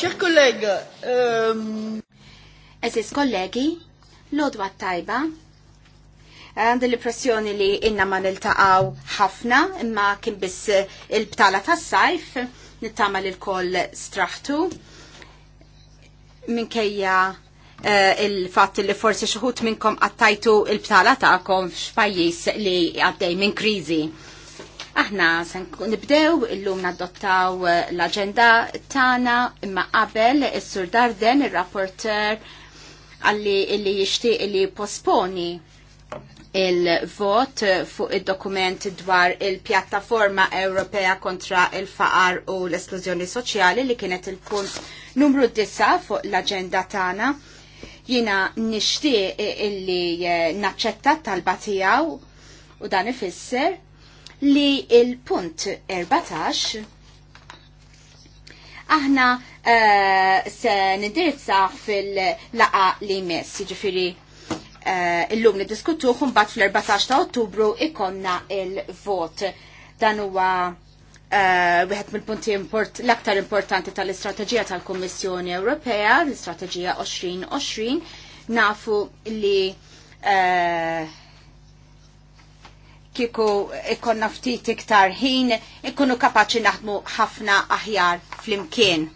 Chers collègues, um... Euh, Eżis kollegi, lodwa tajba, għand l-impressjoni li inna ma niltaqaw ħafna imma kien biss il-btala tas sajf nittama li l-koll straħtu minkejja uh, eh, il-fat li forsi xuħut minkom għattajtu il-btala ta'kom f'pajjiż li għaddej minn krizi. Aħna sen nibdew illum nadottaw eh, l-agenda tana imma qabel is-Sur eh, Darden, il-rapporter għalli illi jixtieq li posponi il-vot eh, fuq il-dokument dwar il-pjattaforma Ewropea kontra il-faqar u l-esklużjoni soċjali li kienet il-punt numru 9 fuq l-agenda tagħna. Jina nixtieq illi naċċetta tal-batijaw u dan ifisser li il-punt 14 aħna uh, se nindirizza fil-laqa li mess, ġifiri uh, eh, illum nidiskutu bat fl-14 ta' ottubru ikonna il-vot. Dan huwa uh, wieħed mill-punti import, l-aktar importanti tal-istrateġija tal-Kommissjoni Ewropea, l-istrateġija 2020, nafu li uh, kieku ikon ftit iktar ħin ikunu kapaċi naħdmu ħafna aħjar fl-imkien.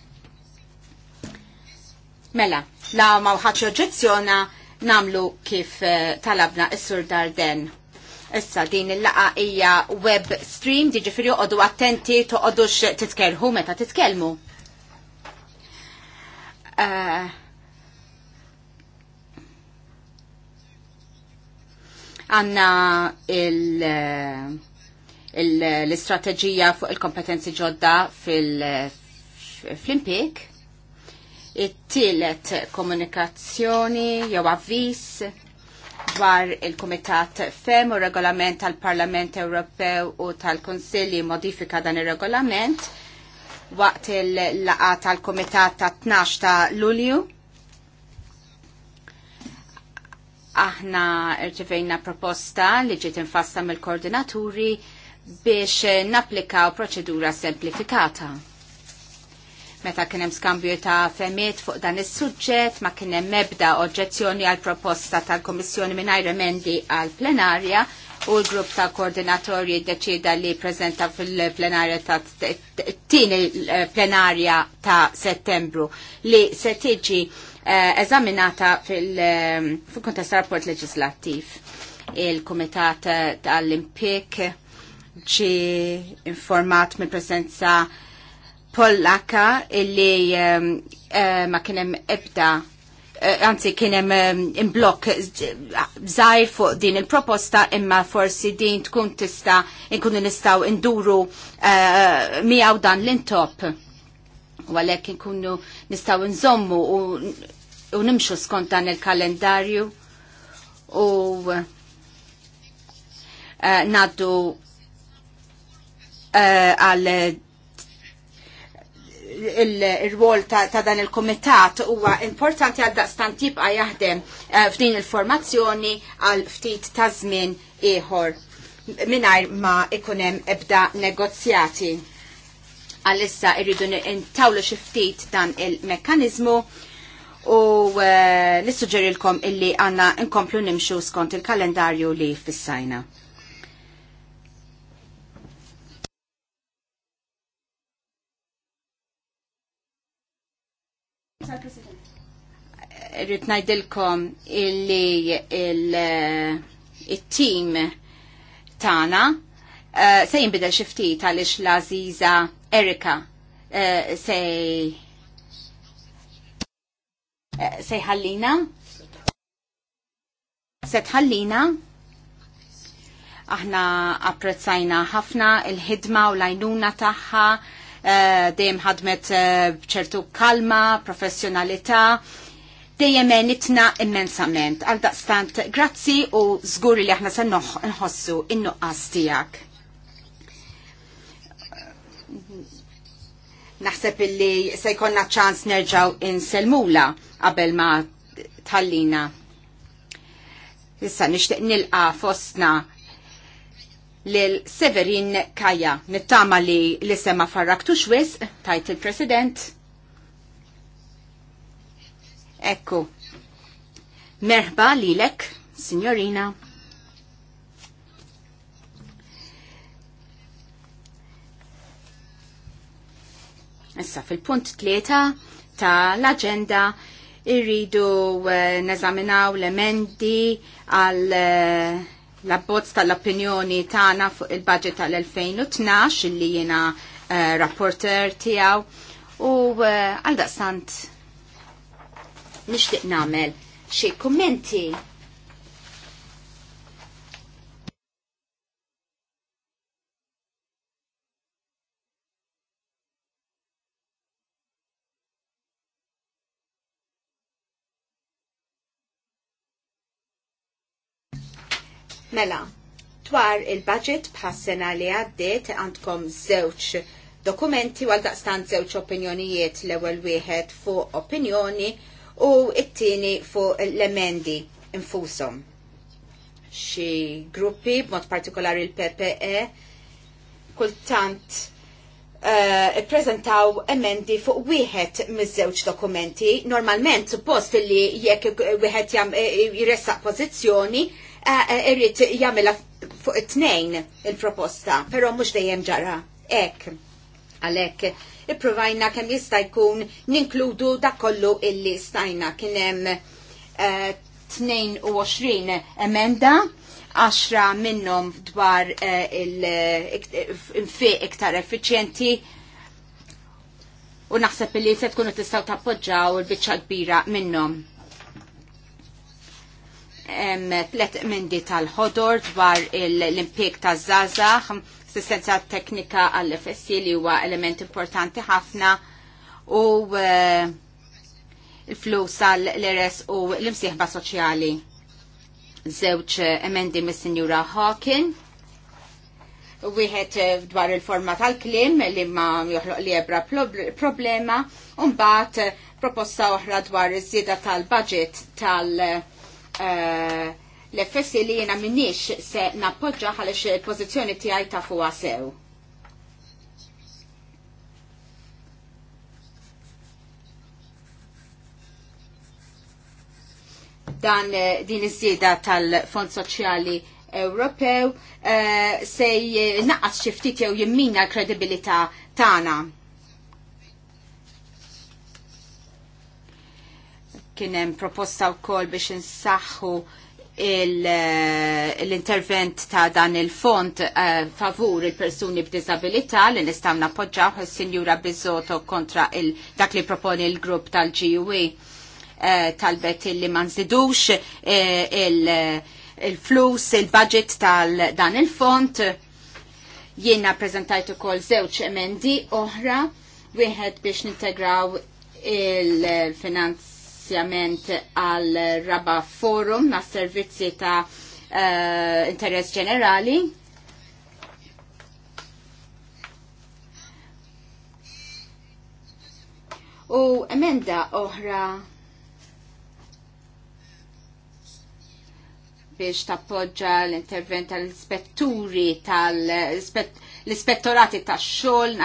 Mela, la ma ħaċ oġġezzjona namlu kif eh, talabna is-sur Darden. Issa din il-laqa hija web stream, jiġifieri joqogħdu attenti toqgħodux titkellħu meta titkellmu. Uh, eh, Għanna eh, eh, l-istrateġija fuq il-kompetenzi ġodda fil eh, flimpik it-tielet komunikazzjoni jew avvis dwar il-Komitat FEM u regolament tal-Parlament Ewropew u tal-Konsilli modifika dan il-regolament waqt il-laqa tal-Komitat ta' 12 ta' Lulju Aħna rċevejna proposta li ġiet infassa mill-koordinaturi biex napplikaw proċedura semplifikata. Meta kien hemm skambju ta' femiet fuq dan is-suġġett ma kien hemm mebda oġġezzjoni għal proposta tal komissjoni mingħajr emendi għal plenarja u l-grupp ta' koordinatorji deċida li prezenta fil-plenarja ta' t-tini plenarja ta' settembru li se tiġi Eh, eżaminata fil-kontest eh, rapport leġislattiv. Il-Komitat eh, tal-Olimpik ġi informat mill presenza Pollaka illi ma kienem ebda anzi kienem imblok zaħir fuq din il-proposta imma forsi din tkun tista nkunu nistaw induru mi dan l-intop għalek inkunu nistaw nżommu u u nimxu skont dan il-kalendarju u eh, naddu eh, għal il-rwol ta, dan il-komitat huwa importanti għal daqstan tibqa jaħdem eh, f'din il-formazzjoni għal ftit ta' żmien ieħor mingħajr ma ikunem ebda negozjati. Għalissa irridu intawlu xi ftit dan il mekanizmu u eh, nissuġġerilkom illi għanna inkomplu nimxu skont il-kalendarju li fissajna. Rrit najdilkom illi il-team eh, tana eh, se jimbidel xifti tal-ix l Erika se sejħallina setħallina aħna apprezzajna ħafna il-ħidma u l-għajnuna taħħa eh, dejjem ħadmet eh, bċertu kalma, professjonalità, dejjem nitna immensament. Għaldaqstant grazzi u żguri li aħna se nħossu in-nuqqas tiegħek. Naħseb illi se jkollna ċans nerġaw inselmula qabel ma tallina. Issa nixtieq nilqa fostna lil Severin Kaja nittama li li sema farraktu xwis tajt il-President. Ekku, merħba lilek, signorina. Issa fil-punt tlieta ta' l-agenda irridu eh, neżaminaw l-emendi għal eh, l-abbozz tal-opinjoni tagħna fuq il-budget tal-2012 illi jiena eh, rapporter tiegħu u għal daqstant nixtieq nagħmel xi kummenti Mela, dwar il-budget bħas-sena li għaddiet għandkom żewġ dokumenti għal daqstant żewġ opinjonijiet l-ewwel wieħed fuq opinjoni u it-tieni fuq l-emendi infushom. Xi gruppi b'mod partikolari l-PPE kultant uh, eh, prezentaw emendi fuq wieħed miż-żewġ dokumenti. Normalment suppost li jekk wieħed jam eh, jiressaq pożizzjoni irrit jagħmilha fuq it-tnejn il-proposta, però mhux dejjem ġara. Ek, għalek, ipprovajna kemm jista' jkun ninkludu dak kollu illi stajna kien hemm e, uh, 22 emenda, 10 minnhom dwar e, e, il-fi iktar effiċjenti u naħseb li se tkunu tistgħu tappoġġaw il-biċċa kbira minnhom tlet mindi tal-ħodor dwar l-impieg ta' zazax, assistenza teknika għall-FSC li huwa element importanti ħafna u e, l flus għall-RS u l-imsieħba soċjali. Zewċ emendi mis sinjura Hawking. Wieħed e, dwar il-forma tal-klim li ma joħloq li ebra problema, un mbagħad e, proposta oħra dwar iż-żieda tal-budget tal-, -budget, tal Eh, l-effessi li jena minnix se nappoġġa għalix il-pozizjoni tijaj ta' fuqa sew. Dan eh, din iż-żieda tal-Fond Soċjali Ewropew eh, se naqqas xiftit jew jimmina l-kredibilità tagħna. Kienem proposta u kol biex nsaxħu eh, l-intervent ta' dan il-font eh, favur il-persuni b'disabilità li nistaw napoġġaw il-Sinjura Bizzoto kontra dak li proponi il-grupp tal-GUE tal eh, talbet li ma nżidux il il-budget tal-dan il-font. Jiena prezentajt ukoll żewġ emendi oħra, wieħed biex nintegraw il-finanz finanzjament għal raba forum na servizzi ta' uh, interess ġenerali. U emenda oħra biex tappoġġa l-intervent tal-ispetturi tal-ispettorati tal Xol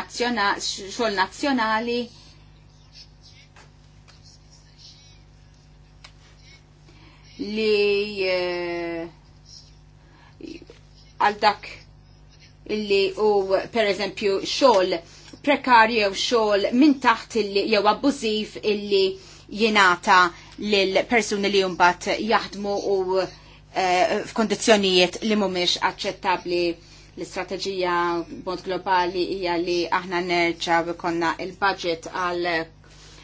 nazjonali. li eh, għal dak illi u per eżempju xogħol prekarju jew xogħol minn taħt illi jew abbużiv illi jingħata lil persuni li mbagħad jaħdmu u uh, li mhumiex aċċettabbli l-istrateġija mod globali hija li aħna nerġaw ikonna il-budget għal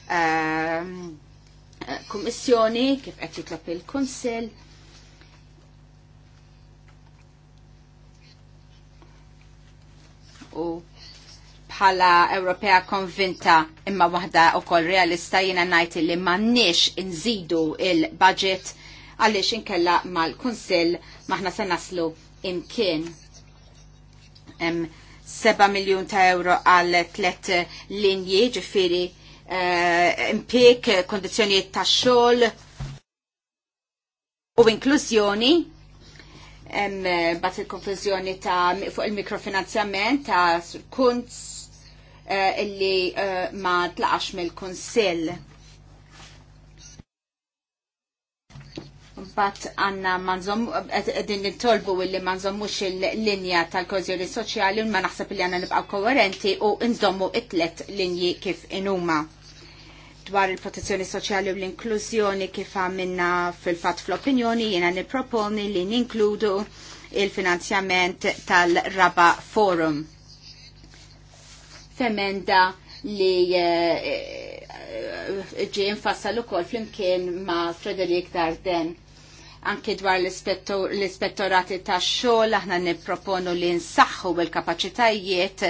uh, Eh, kummissjoni kif qed jitlob il-Kunsill. U bħala Ewropea konvinta imma waħda wkoll realista jiena ngħid li m'għandniex inżidu il-budget għaliex inkella mal-Kunsill maħna se naslu imkien. Em, 7 miljon ta' euro għal tlet linji ġifiri Eh, impiek, eh, kondizjoni ta' xogħol u inklużjoni eh, bat il-konfuzjoni ta' fuq il-mikrofinanzjament ta' kunz illi ma tlaqax mill-konsill Bat għanna manżom, din nitolbu illi mux il-linja tal-kozjoni soċjali ma naħseb li għanna nibqaw koherenti u nżommu it-tlet linji kif inuma. Dwar il-protezzjoni soċjali u l-inklużjoni kif għamilna fil-fat fl-opinjoni jena niproponi li ninkludu il-finanzjament tal-Raba Forum. Femenda li eh, eh, ġi infassal ukoll flimkien ma' Frederik Darden anki dwar l-ispettorati ta' xogħol aħna nipproponu li nsaħħu bil kapaċitajiet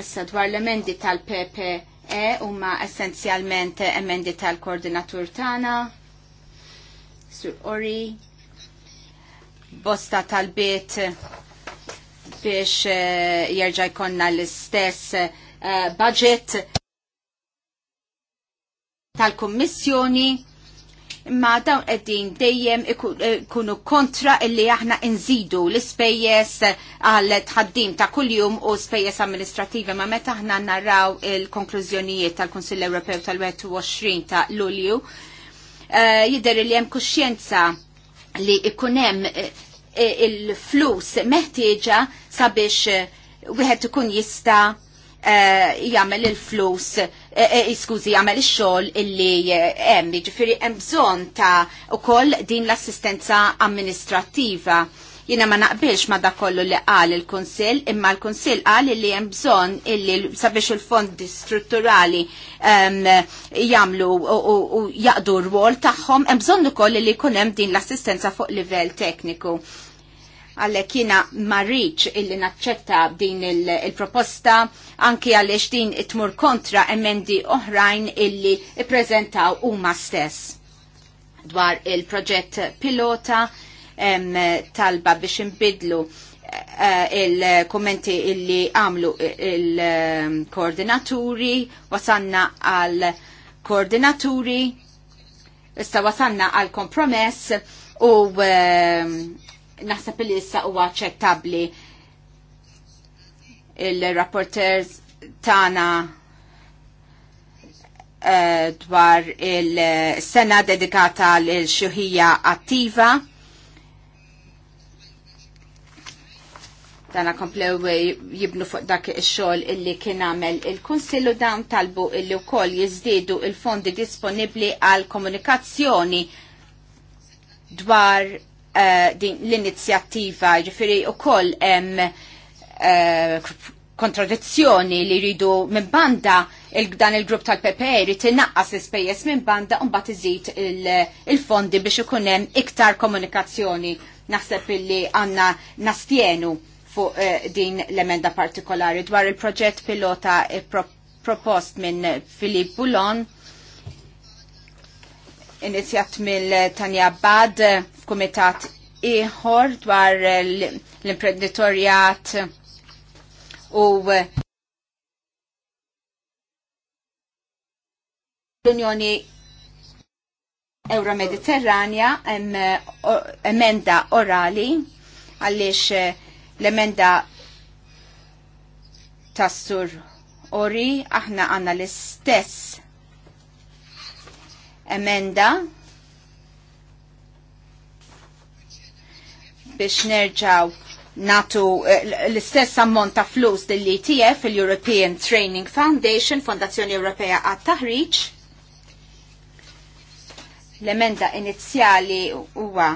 Issa dwar l-emendi tal-PPE huma essenzjalment emendi tal-koordinatur tagħna sur ori bosta tal-bit biex eh, jerġa' jkollna l-istess eh, budget tal-Kummissjoni imma dawn qegħdin dejjem eh, ikunu kontra illi aħna nżidu l-ispejjeż għal tħaddim ta' kuljum u spejjeż amministrativa ma meta aħna narraw il-konklużjonijiet tal-Kunsill Ewropew tal-21 ta' Lulju eh, jidher li hemm kuxjenza li ikun hemm eh, il-flus meħtieġa sabiex wieħed ikun jista' jagħmel il-flus Eh, eh, skużi, għamel ix-xogħol illi eh, hemm, jiġifieri hemm bżonn ta' ukoll din l-assistenza amministrattiva. Jiena ma naqbilx ma da kollu li qal il-Kunsill, imma l-Kunsill qal li hemm bżonn illi sabiex il-fondi strutturali ehm, jagħmlu u jaqdu r wol tagħhom, hemm bżonn ukoll li jkun hemm din l-assistenza fuq livell tekniku għallek jina marriċ illi naċċetta din il-proposta il anki għalix din itmur kontra emendi oħrajn illi prezentaw huma stess dwar il-proġett pilota em, talba biex imbidlu eh, il-kommenti illi għamlu il-koordinaturi wasanna għal koordinaturi issa wasanna għal kompromess u eh, naħseb li issa huwa aċċettabbli il-rapporters tagħna eh, dwar il-sena dedikata l xuhija attiva. dana komplew jibnu fuq dak il-xol illi kien għamel il-Kunsillu dawn talbu illi u koll jizdidu il-fondi disponibli għal komunikazzjoni dwar Eh, din l-inizjattiva ġifiri u koll eh, kontradizzjoni li rridu minn banda il dan il-grupp tal-PP jrid e naqqas l-ispejjeż minn banda u mbagħad iżid il-fondi il biex ikun hemm iktar komunikazzjoni naħseb illi għandna nastjenu fuq uh, din l-emenda partikolari dwar il-proġett pilota il propost minn Filip Boulon inizjat mill-Tanja Bad f'kumitat ieħor dwar l-imprenditorjat u l-Unjoni Euro Mediterranja emenda orali għaliex eh, l-emenda tas-sur ori aħna għanna l-istess emenda biex nerġaw natu eh, l-istess ammont ta' flus dell-ETF, il-European Training Foundation, Fondazzjoni Ewropea għat taħriġ L-emenda inizjali huwa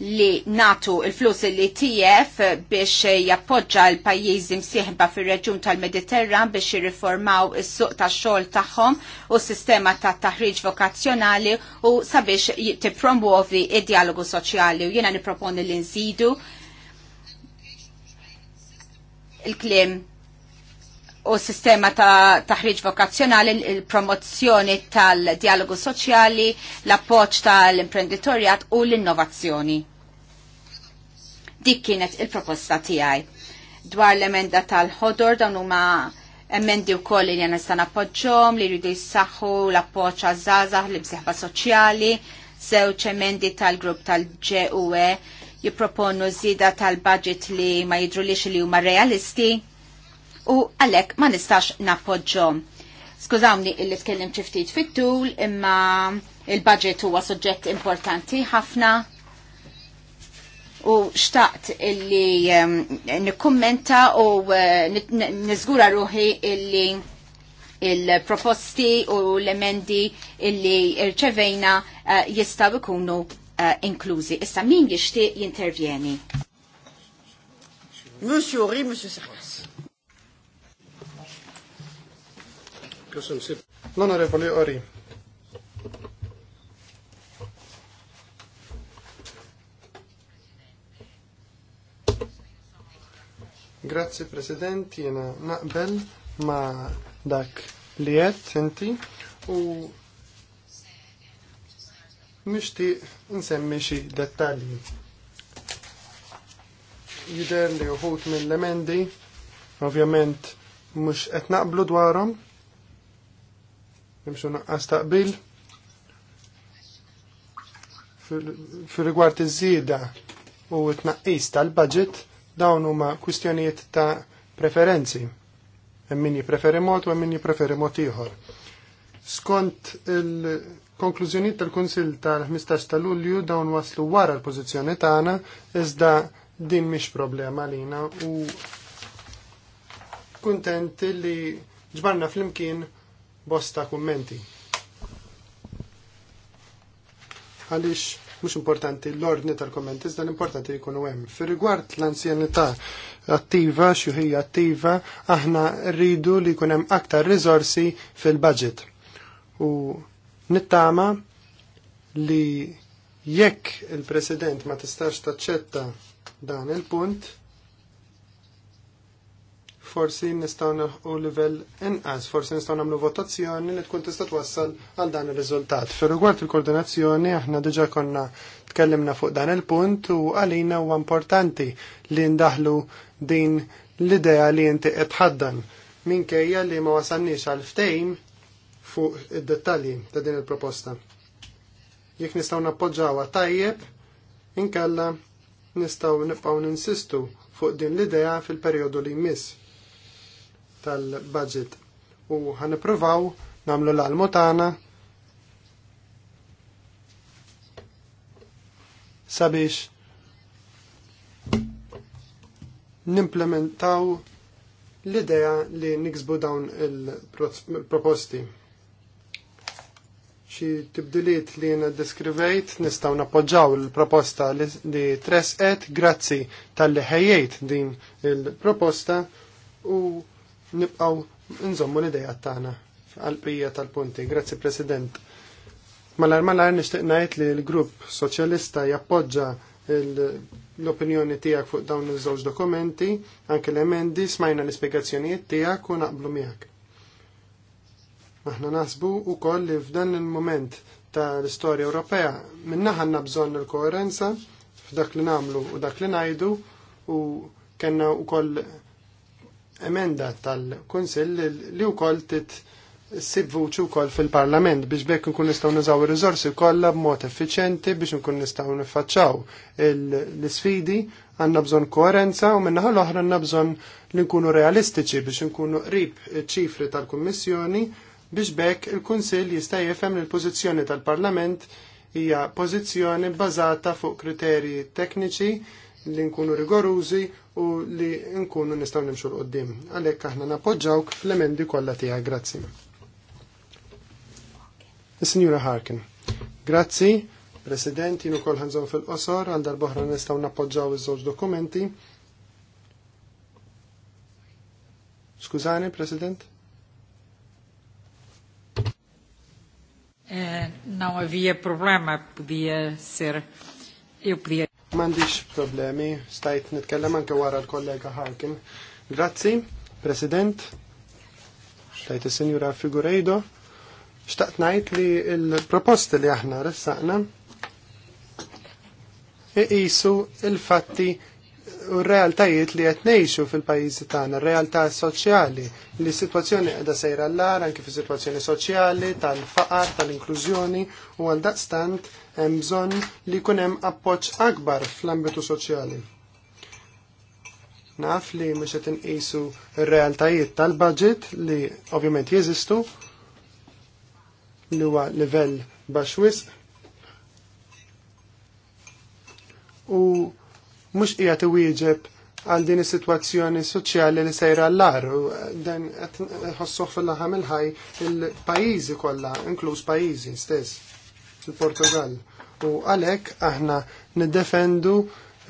li natu il-flus li tijef biex jappoġġa l-pajjiżi msieħba fir-reġjun tal-Mediterran biex jirriformaw is-suq tax-xogħol tagħhom u s-sistema ta' taħriġ vokazzjonali u sabiex tippromuovi id-dialogu soċjali u jiena nipproponi li nżidu il-kliem u sistema ta' taħriġ vokazzjonali, il-promozzjoni tal-dialogu soċjali, l-appoċ tal-imprenditorjat u l-innovazzjoni. Dik kienet il-proposta tiegħi. Dwar l-emenda tal-ħodor dawn huma emmendi u koll li jena stan appoġġom, li jridu jissaħħu l-appoġġ żgħażagħ li bsiħba soċjali, żewġ emendi tal-grupp tal-ġeue, jiproponu zida tal-budget li ma jidru li huma realisti, u għalek ma nistax nappoġġom. Skużawni illi tkellim ċiftit fit-tul, imma il-budget huwa suġġett importanti ħafna, u xtaqt illi um, nikkummenta u uh, nizgura ruħi illi il-proposti u l-emendi illi irċevejna uh, jistaw ikunu uh, inklużi. Issa min jishti jintervjeni? Monsieur Ri, Monsieur Serkas. L-Onorevoli Ori, Grazzi President, jena naqbel ma dak li jett inti u nishtiq nsemmi xi dettalji. Jider li uħut mill-emendi, ovvjament mux qed naqblu dwarhom, nimxu naqqas taqbil. Fil-rigward iż-żieda u t-naqqis tal-budget, Dawn huma kwistjonijiet ta' preferenzi. Hemm min jippreferi mod u hemm min jippreferi mod ieħor. Skont il-konklużjonijiet tal-Kunsill tal-15 ta' Lulju dawn waslu wara l-pożizzjoni tagħna iżda din mhix problema lina u kuntent li ġbarna flimkien bosta kummenti. Għaliex mhux importanti l-ordni tal-kommenti iżda l-importanti jkunu hemm. Fir-rigward l-anzjanità attiva, xuħija attiva, aħna rridu li jkun hemm aktar rizorsi fil-budget. U nittama li jekk il-President ma tistax taċċetta dan il-punt, forsi nistgħu naħu livell inqas, forsi nistgħu nagħmlu votazzjoni li tkun tista' twassal għal dan ir-riżultat. Fir-rigward il-koordinazzjoni aħna diġà konna tkellimna fuq dan il-punt u għalina huwa importanti li ndaħlu din l-idea li inti qed minkejja li ma wasalniex għal ftejm fuq id-dettalji ta' din il-proposta. Jekk nistgħu nappoġġawha tajjeb, inkella nistgħu nibqgħu ninsistu fuq din l-idea fil-perjodu li jmiss tal-budget u ħanipruvaw namlu l-almu sabiex nimplementaw l-idea li niksbu dawn il-proposti. Xi tibdiliet li jena deskrivejt nistaw nappoġġaw il-proposta li tresqet grazzi tal-li ħejjejt din il-proposta u nibqaw nżommu l-ideja tagħna għalbija tal-punti. Grazzi President. Malar malar nixtieq ngħid li l-grupp soċjalista jappoġġa l-opinjoni tiegħek fuq dawn iż-żewġ dokumenti, anke l-emendi smajna l-ispjegazzjonijiet tiegħek u naqblu miegħek. Aħna naħsbu wkoll li f'dan il-mument ta' l-istorja Ewropea minna ħanna bżonn il-koerenza f'dak li nagħmlu u dak li ngħidu u kellna wkoll emenda tal-Kunsill li wkoll tit sib vuċi wkoll fil-Parlament biex bekk nkun nistgħu nużaw ir-riżorsi kollha b'mod effiċenti biex nkun nistgħu niffaċċaw l-isfidi għandna bżonn koerenza u minna l-oħra għanna bżonn li nkunu realistiċi biex nkunu qrib ċifri tal-Kummissjoni biex bekk il-Kunsill jista' jifhem li l-pożizzjoni tal-Parlament hija pożizzjoni bbażata fuq kriterji tekniċi li nkunu rigorużi u li nkunu nistaw nimxu l qoddim Għalek aħna napoġġawk fl-emendi kolla tija, grazzi. Is-Sinjura Harkin. Grazzi, President, jien kol ħanżaw fil-qosor għal darb'oħra nistaw nappoġġaw iż żoġ dokumenti. Skużani, President? Eh, não havia problema, podia ser. Eu podia. Mandiċ problemi, stajt nitkellem anke wara l-kollega Harkin. Grazzi, President, stajt il-Senjura Figurejdo. Xtaqt najt li il-proposti li aħna ressaqna iqisu il-fatti u r-realtajiet li qed ngħixu fil-pajjiżi tagħna, realtà soċjali, li s-sitwazzjoni qiegħda sejra l-lar anki fis-sitwazzjoni soċjali tal-faqar, tal-inklużjoni u għal daqstant hemm bżonn li jkun hemm appoġġ akbar fl-ambitu soċjali. Naf li mhux qed inqisu r-realtajiet tal-budget li ovvjament jeżistu li huwa livell baxx u mhux qiegħed iwieġeb għal din is-sitwazzjoni soċjali li sejra l-lar dan qed ħossuh fil-laħam il-ħaj il-pajjiżi kollha, inkluż pajjiżi stess, il-Portugal. U għalhekk aħna niddefendu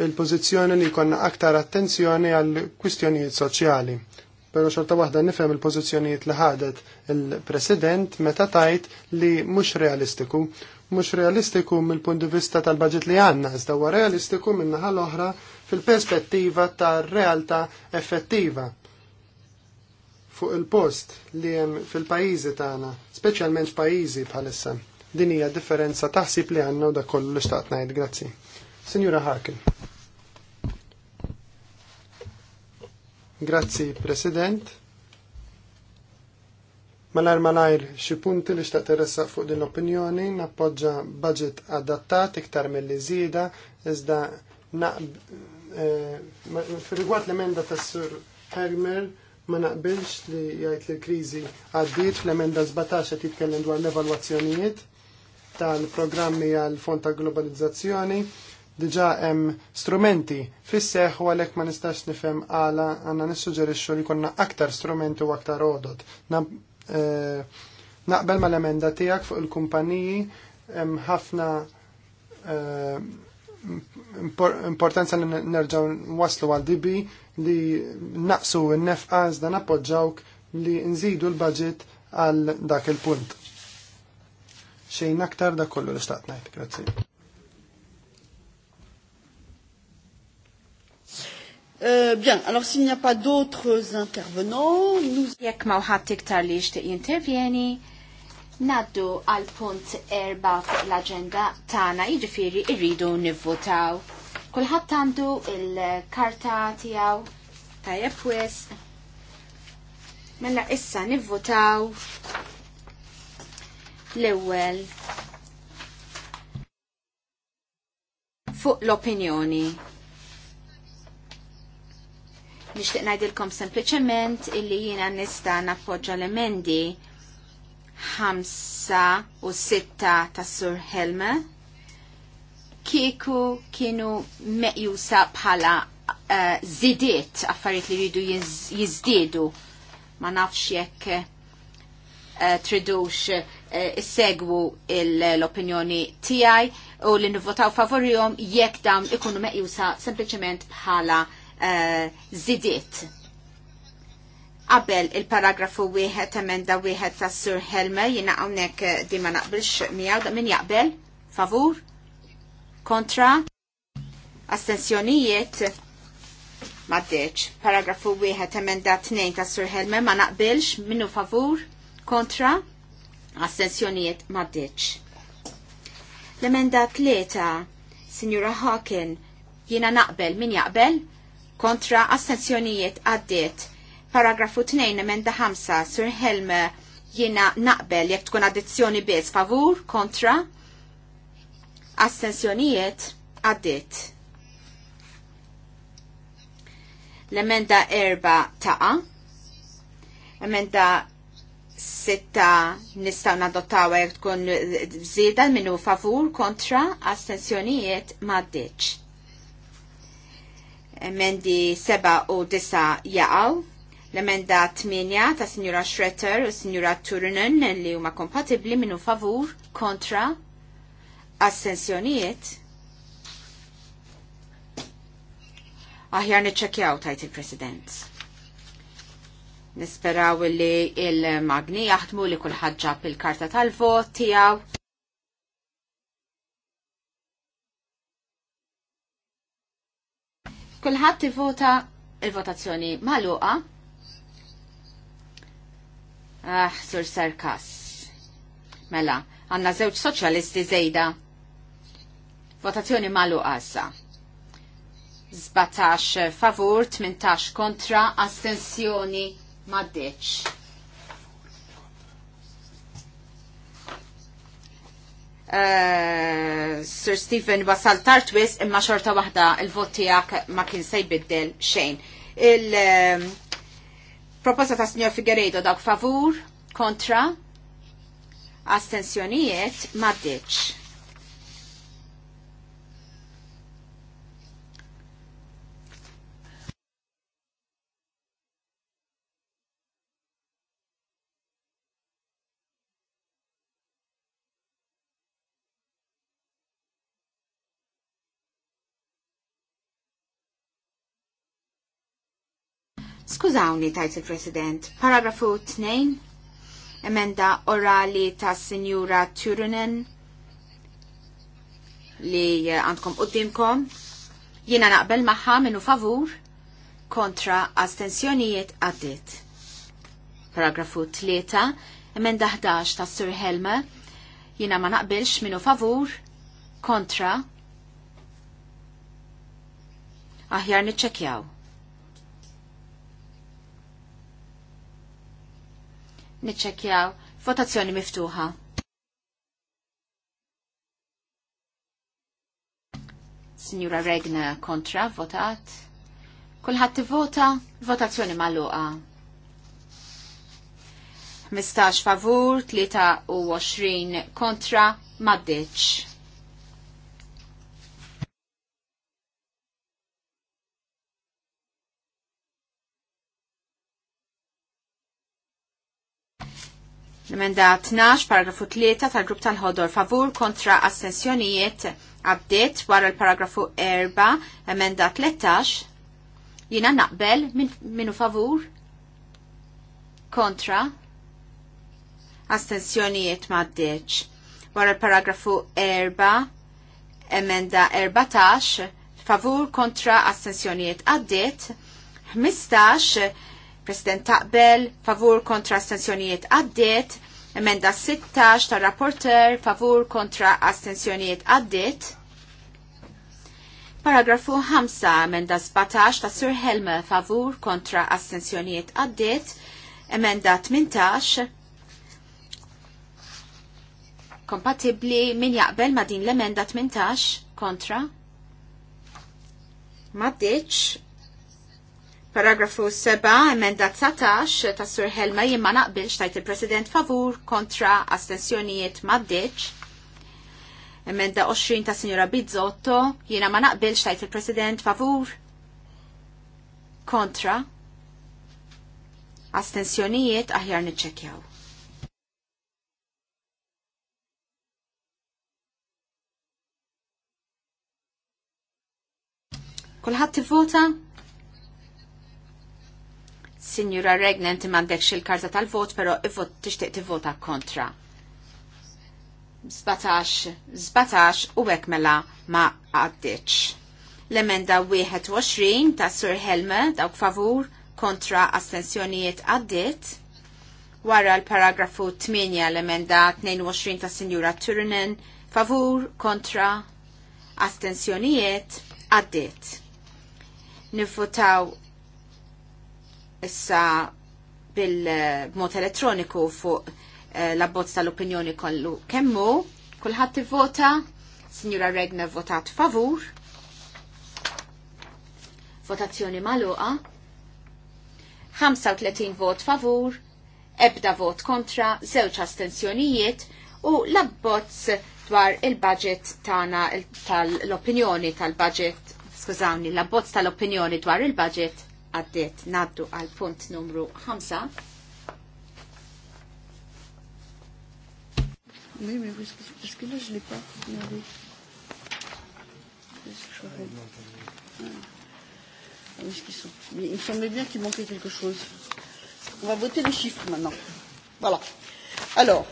il-pożizzjoni li jkollna aktar attenzjoni għal kwistjonijiet soċjali. Pero xorta waħda nifhem il-pożizzjonijiet li ħadet il-President meta tajt li mhux realistiku mhux realistiku mill-punt di vista tal-budget li għandna, iżda huwa realistiku minn naħa l-oħra fil-perspettiva tar-realtà effettiva fuq il-post li hemm fil-pajjiżi tagħna, speċjalment f'pajjiżi bħalissa. Din hija differenza taħsib li għandna u dakollu l li xtaqt ngħid, grazzi. Sinjura Harkin. Grazzi, President. Malar malajr xi punti li xtaq teressa fuq din l-opinjoni nappoġġa budget adattat iktar mill-li żieda iżda eh, rigward l-emenda ta' sur Hermer ma naqbilx li jgħid li l-kriżi għaddiet fl-emenda 17 qed jitkellem dwar l-evalwazzjonijiet tal-programmi għal fond ta' globalizzazzjoni diġa hemm strumenti fis-seħ u għalhekk ma nistax nifhem għala għandna nissuġġerixxu li konna aktar strumenti u aktar għodod. Eh, naqbel mal-emenda tiegħek fuq il-kumpaniji hemm ħafna eh, importanza li nerġaw waslu għal dibi li naqsu n nefqaz dan appoġġawk li nżidu l-budget għal dak il-punt. Xejn aktar da kollu l istatnajt ngħid, grazzi. Euh, bien, alors s'il n'y a pas d'autres intervenants, nous... Jekk ma uħat iktar li jishtiq jintervjeni, naddu għal punt erba l-agenda tana jiġifieri irridu nivvotaw. Kulħadd għandu il-karta tiegħu tajjeb wis. Mela issa nivvotaw l-ewwel fuq l-opinjoni Nixtieq ngħidilkom sempliċement illi jiena nista' nappoġġa l-emendi 5 u sitta tas Sur Helme kieku kienu meqjusa bħala uh, zidiet affarijiet li jridu jizdiedu ma nafx jekk uh, tridux uh, eh, segwu l-opinjoni tiegħi u li nivvotaw favorihom jekk dawn ikunu meqjusa sempliċement bħala Eh, zidiet. Qabel il-paragrafu wieħed emenda wieħed tas Sur Helme jiena hawnhekk eh, di ma naqbilx miegħu min jaqbel? Favur? Kontra? Astensjonijiet? Maddeċ. Paragrafu wieħed emenda tnejn tas Sur Helme ma naqbilx minnu favur? Kontra? Astensjonijiet? Maddeċ. L-emenda tlieta, Signora Hawken, jiena naqbel, min jaqbel? kontra assenzjonijiet għaddiet. Paragrafu 2 emenda 5 Sur Helm jiena naqbel jekk tkun addizzjoni biss favur kontra assenzjonijiet għaddiet. L-emenda erba taqa. Emenda sitta nistaw nadottawa jek tkun zida minnu favur kontra astensjonijiet maddiċ emendi 7 u 9 jaqaw, l-emenda 8 ta' Signora Shretter u Signora Turunen li huma kompatibli minnu favur kontra assenzjonijiet. Aħjar niċċekjaw tajt il-President. Nisperaw li il-magni jaħdmu li kullħadġa il karta tal-vot tijaw. Kulħadd ivota il-votazzjoni magħluqa. Ah, sur sarkas. Mela, għandna żewġ soċjalisti żejda. Votazzjoni maluqa sa, 17 favur, 18 kontra, astensjoni maddeċ. Uh, Sir Stephen wasal tartwis imma xorta waħda il-vot tiegħek ma kien se jbiddel xejn. Il-proposta eh, ta' Signor Figueredo dak favur, kontra, astensjonijiet ma' ditx. Skużawni, tajt il-President, paragrafu 2, emenda orali ta' Signora Turunen li eh, għandkom uddimkom, Jiena naqbel maħħa minnu favur kontra astensjonijiet għaddit. Paragrafu 3, emenda 11 ta' Sir Helme, jiena ma naqbilx minnu favur kontra aħjar niċċekjaw. Niċċekjaw. Votazzjoni miftuħa. Signora Regna kontra votat. Kulħadd vota votazzjoni magħluqa. 15 favur, 23 kontra, maddeċ. L-emenda 12, paragrafu 3 tal-grupp tal-ħodor favur kontra assenzjonijiet għaddit wara l-paragrafu 4, emenda 13, jina naqbel min, minu favur kontra astensjonijiet maddeċ. Wara l-paragrafu 4, emenda 14, favur kontra astensjonijiet għaddit, 15, President taqbel, favur kontra astensjonijiet għaddit, emenda 16 tal rapporter, favur kontra astensjonijiet għaddit. Paragrafu 5, emenda 17 ta' Sir Helme, favur kontra astensjonijiet għaddit, emenda 18, kompatibli min jaqbel ma din l-emenda 18 kontra. Maddiċ, Paragrafu 7, emenda 19 ta' Sur Helma jimma naqbilx tajt il-President favur kontra astensjonijiet maddeċ. Emenda 20 ta' Signora Bizzotto jiena ma naqbilx tajt il-President favur kontra astensjonijiet aħjar niċċekjaw. Kulħadd tivvota? Signora Regnen timandekx il karza tal-vot, pero i-vot tixtiq tivvota kontra. Zbatax, zbatax u hekk mela ma għaddiċ. L-emenda 21 ta' Sir Helme dawk favur kontra astensjonijiet għaddit. Wara l-paragrafu 8 l-emenda 22 ta' Signora Turinen favur kontra astensjonijiet għaddit. Nivvotaw issa bil-mod elettroniku fuq eh, l-abbozz tal-opinjoni kollu kemmu, kulħadd ivvota, Signora Regna votat favur, votazzjoni maluqa, 35 vot favur, ebda vot kontra, żewġ astensjonijiet u l-abbozz dwar il-budget tana tal-opinjoni tal-budget, skużawni, l-abbozz tal-opinjoni dwar il-budget għaddiet naddu għal punt numru 5. Oui, mais parce que, parce que là, je ne l'ai pas. Ah. Ah il me bien qu'il manquait quelque chose. On va voter les chiffres maintenant. Voilà. Alors,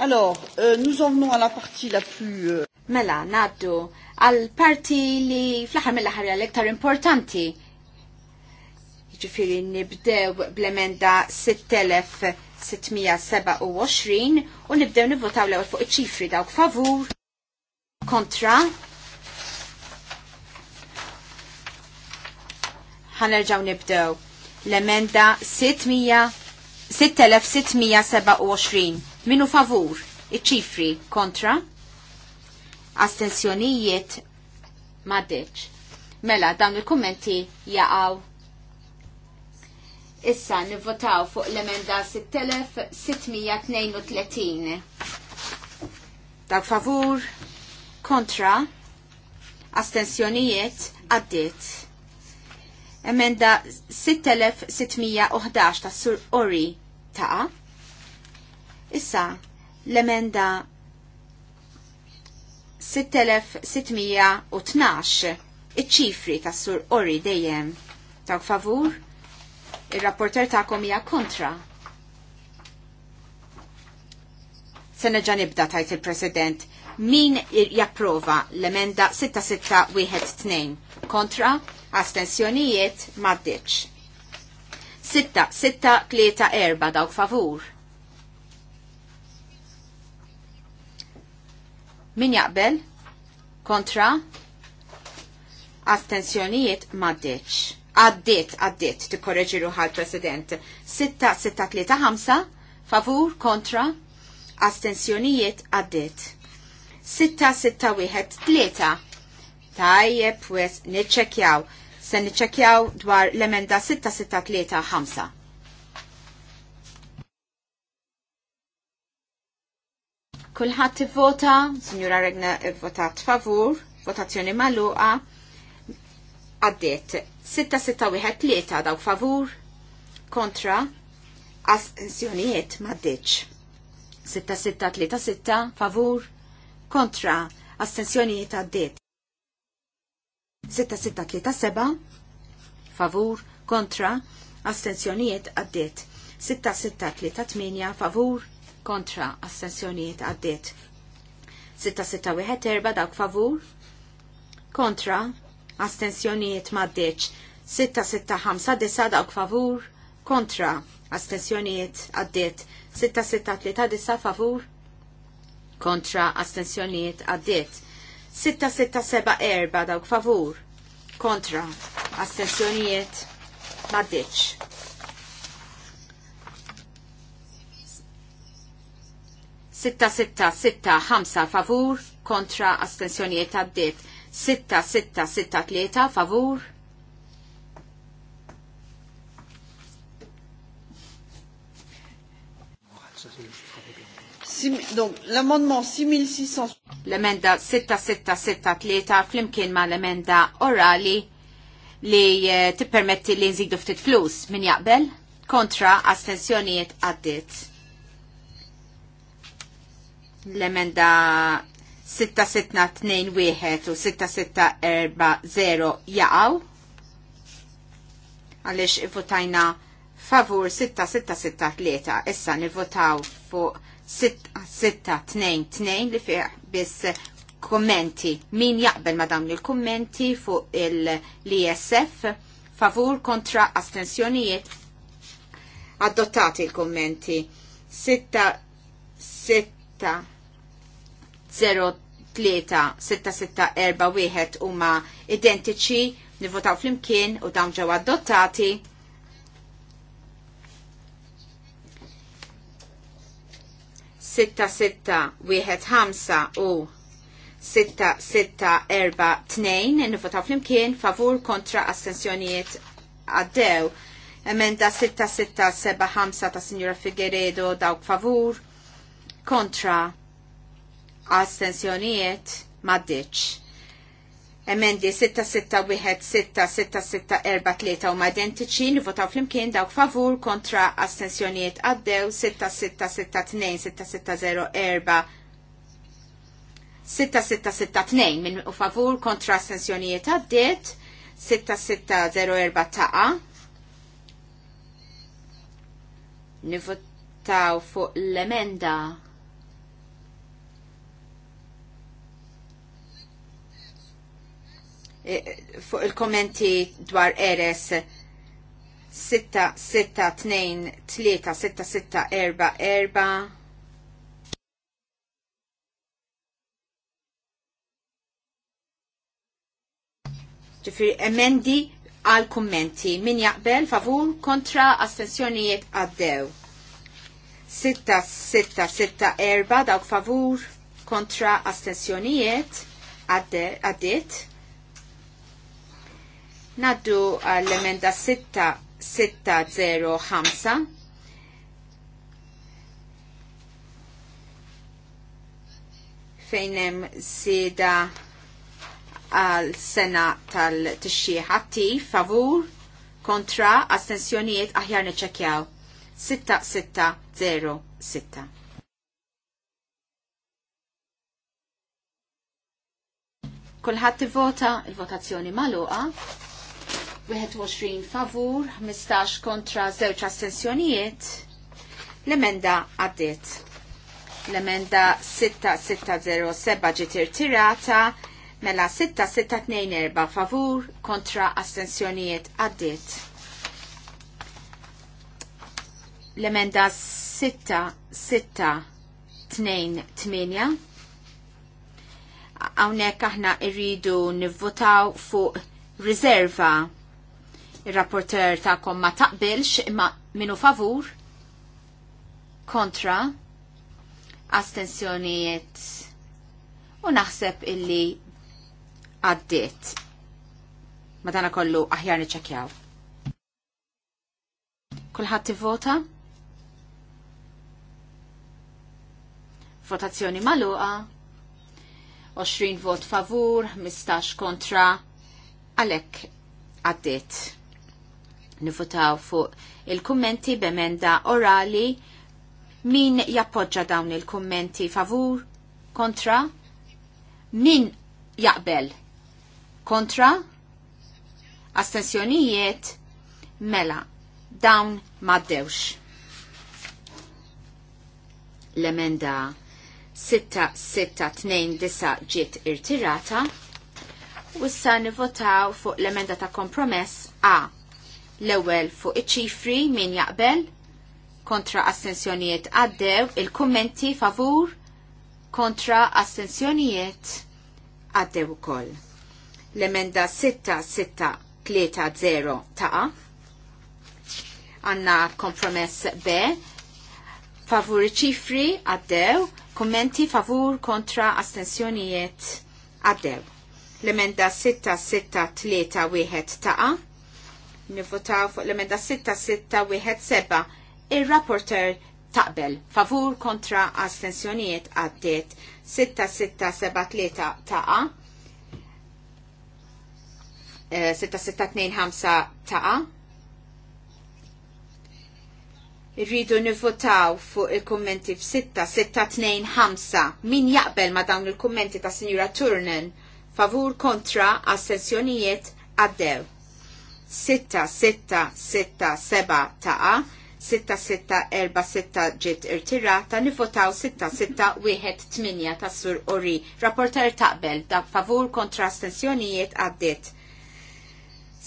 Alors, euh, nous en venons à la partie la plus... Euh... Mela, naddu, għal parti li fl-ħar mill-ħar l-iktar importanti. Ġifiri nibdew bl-emenda 6627 u nibdew nivvotaw l-ewel fuq iċ-ċifri dawk favur, kontra, ħanerġaw nibdew l-emenda 6627. Minu favur, iċ-ċifri kontra, astensjonijiet maddeċ. Mela, dawn il-kommenti jaqaw. Issa nivvotaw fuq l-emenda 6632. Dak favur, kontra, astensjonijiet għaddit. Emenda 6611 ta' Sur Ori ta' Issa, l-emenda 6612, iċ-ċifri tas sur Ori dejjem. Ta' favur, il-rapporter ta' hija kontra. Se nibda tajt il-President. Min japprova l-emenda 6612 kontra astensjonijiet maddiċ. 6-6-3-4 dawk favur Min jaqbel? Kontra? Astenzjonijiet maddeċ. Għaddit, għaddit, korreġiru ruħal president. 6-6-3-5, favur, kontra, astenzjonijiet għaddit. 6-6-1-3, tajjeb, wes, nitċekjaw. Se nitċekjaw dwar l-emenda 6-6-3-5. Kulħadd ivvota, Sinjura Regna votat favur, votazzjoni magħluqa. Għaddiet 6-6-1-3 daw favur, kontra, assjonijiet maddiċ. 6-6-3-6 favur, kontra, astensjonijiet għaddiet. 6-6-3-7 favur, kontra, astensjonijiet għaddiet. 6-6-3-8 favur, kontra astensjoniet għaddit. 6-6-1-4 dawk favur kontra astensjoniet maddeċ 6-6-5-9 dawk favur kontra astensjoniet għaddit 6-6-3-9 favur kontra astensjoniet għaddit 6-6-7-4 dawk favur kontra astensjoniet maddeċ 6-6-6-5 favur kontra astensjonijiet għaddit 6-6-6-3 favur L-amendment 6600. L-emenda 6663 flimkien ma l-emenda orali li eh, tippermetti li nżidu ftit flus minn jaqbel kontra astensjoniet għaddit l-emenda 6621 u 6640 jaqaw għalix votajna favur 6663 issa nivvotaw fuq 6622 li fiħ bis kommenti min jaqbel ma dawn il-kommenti fuq l-ISF favur kontra astensjonijiet adottati il-kommenti 6 0 3 6 6 4 1 huma identiċi nivvotaw flimkien u dawn ġew adottati. Sitta sitta wieħed ħamsa u sitta sitta erba tnejn nivvotaw flimkien favur kontra assenzjonijiet għaddew. Emenda sitta sitta seba ħamsa ta' Signora Figueredo dawk favur kontra astensjonijiet maddiċ. Emendi 6-6-1-6-6-4-3 u ma identiċi nivotaw flimkien dawk favur kontra astensjonijiet għaddew 6-6-6-2-6-6-0-4 6-6-6-2 minn u favur kontra astensjonijiet għaddiet 6-6-0-4 taqa nivotaw fuq l emenda Eh, fuq il-kommenti dwar eres 6-6-2-3-6-6-4-4 ġifiri emendi għal kommenti Min jaqbel favur kontra astensjonijiet għaddew. 6-6-6-4 dawk favur kontra astensjonijiet għaddit. Naddu għall-emenda 6605. fejnem sida għal sena tal-tixxieħ attiv, favur, kontra, astensjonijiet aħjar neċekjaw. 6606. Kulħadd ivota il-votazzjoni magħluqa. 21 favur, 15 kontra 0 astensjonijiet. L-emenda għaddiet. L-emenda 6607 ġiet tirata, mela 6624 favur kontra astensjonijiet għaddiet. L-emenda 6628 għawnek aħna irridu nivvotaw fuq riserva Il-rapporter ta'kom ma taqbilx imma minu favur kontra astensjonijiet u naħseb illi għaddiet. Madana kollu aħjar niċċekjaw. Kulħadd ivvota? Votazzjoni maluqa. 20 vot favur, 15 kontra, għalek għaddiet nifutaw fuq il-kummenti b'emenda orali min jappoġġa dawn il-kummenti favur, kontra, min jaqbel, kontra, astensjonijiet, mela, dawn maddewx. L-emenda 6629 ġiet irtirata u issa nivotaw fuq l-emenda ta' kompromess A l-ewwel fuq iċ-ċifri min jaqbel kontra astensjonijiet għaddew il-kummenti favur kontra astensjonijiet għaddew ukoll. L-emenda 6630 taqa. Għanna kompromess B. Favur ċifri għaddew, kummenti favur kontra astensjonijiet għaddew. L-emenda 6631 ta'. Nivvotaw fuq l-emenda 6-6-1-7. Il-rapporter taqbel. Favur kontra astensjonijiet għaddiet. 6-6-7-3 taqa. 6-6-2-5 taqa. Irridu nivvotaw fuq il-kommenti f-6-6-2-5. Min jaqbel ma dawn il-kommenti ta' Sinjura Turnen favur kontra astensjonijiet għaddew. 6-6-6-7 taqa, 6-6-4-6 ġiet irtirata, nivotaw 6-6-1-8 ta' sur ori. Rapporter taqbel, da' favur kontra stensjonijiet għaddit.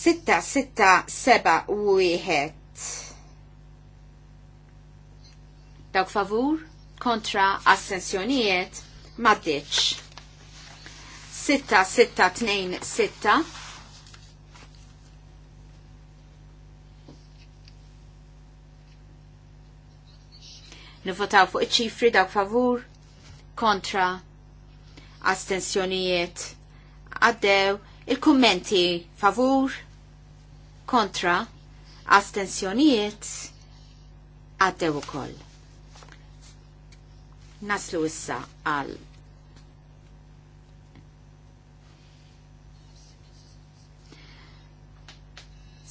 6-6-7-1 Dawk favur kontra assenzjonijiet maddiċ. 6-6-2-6 Nivotaw fuq iċ-ċifri dawk favur kontra astensjonijiet għaddew il-kummenti favur kontra astensjonijiet għaddew ukoll. Naslu issa għal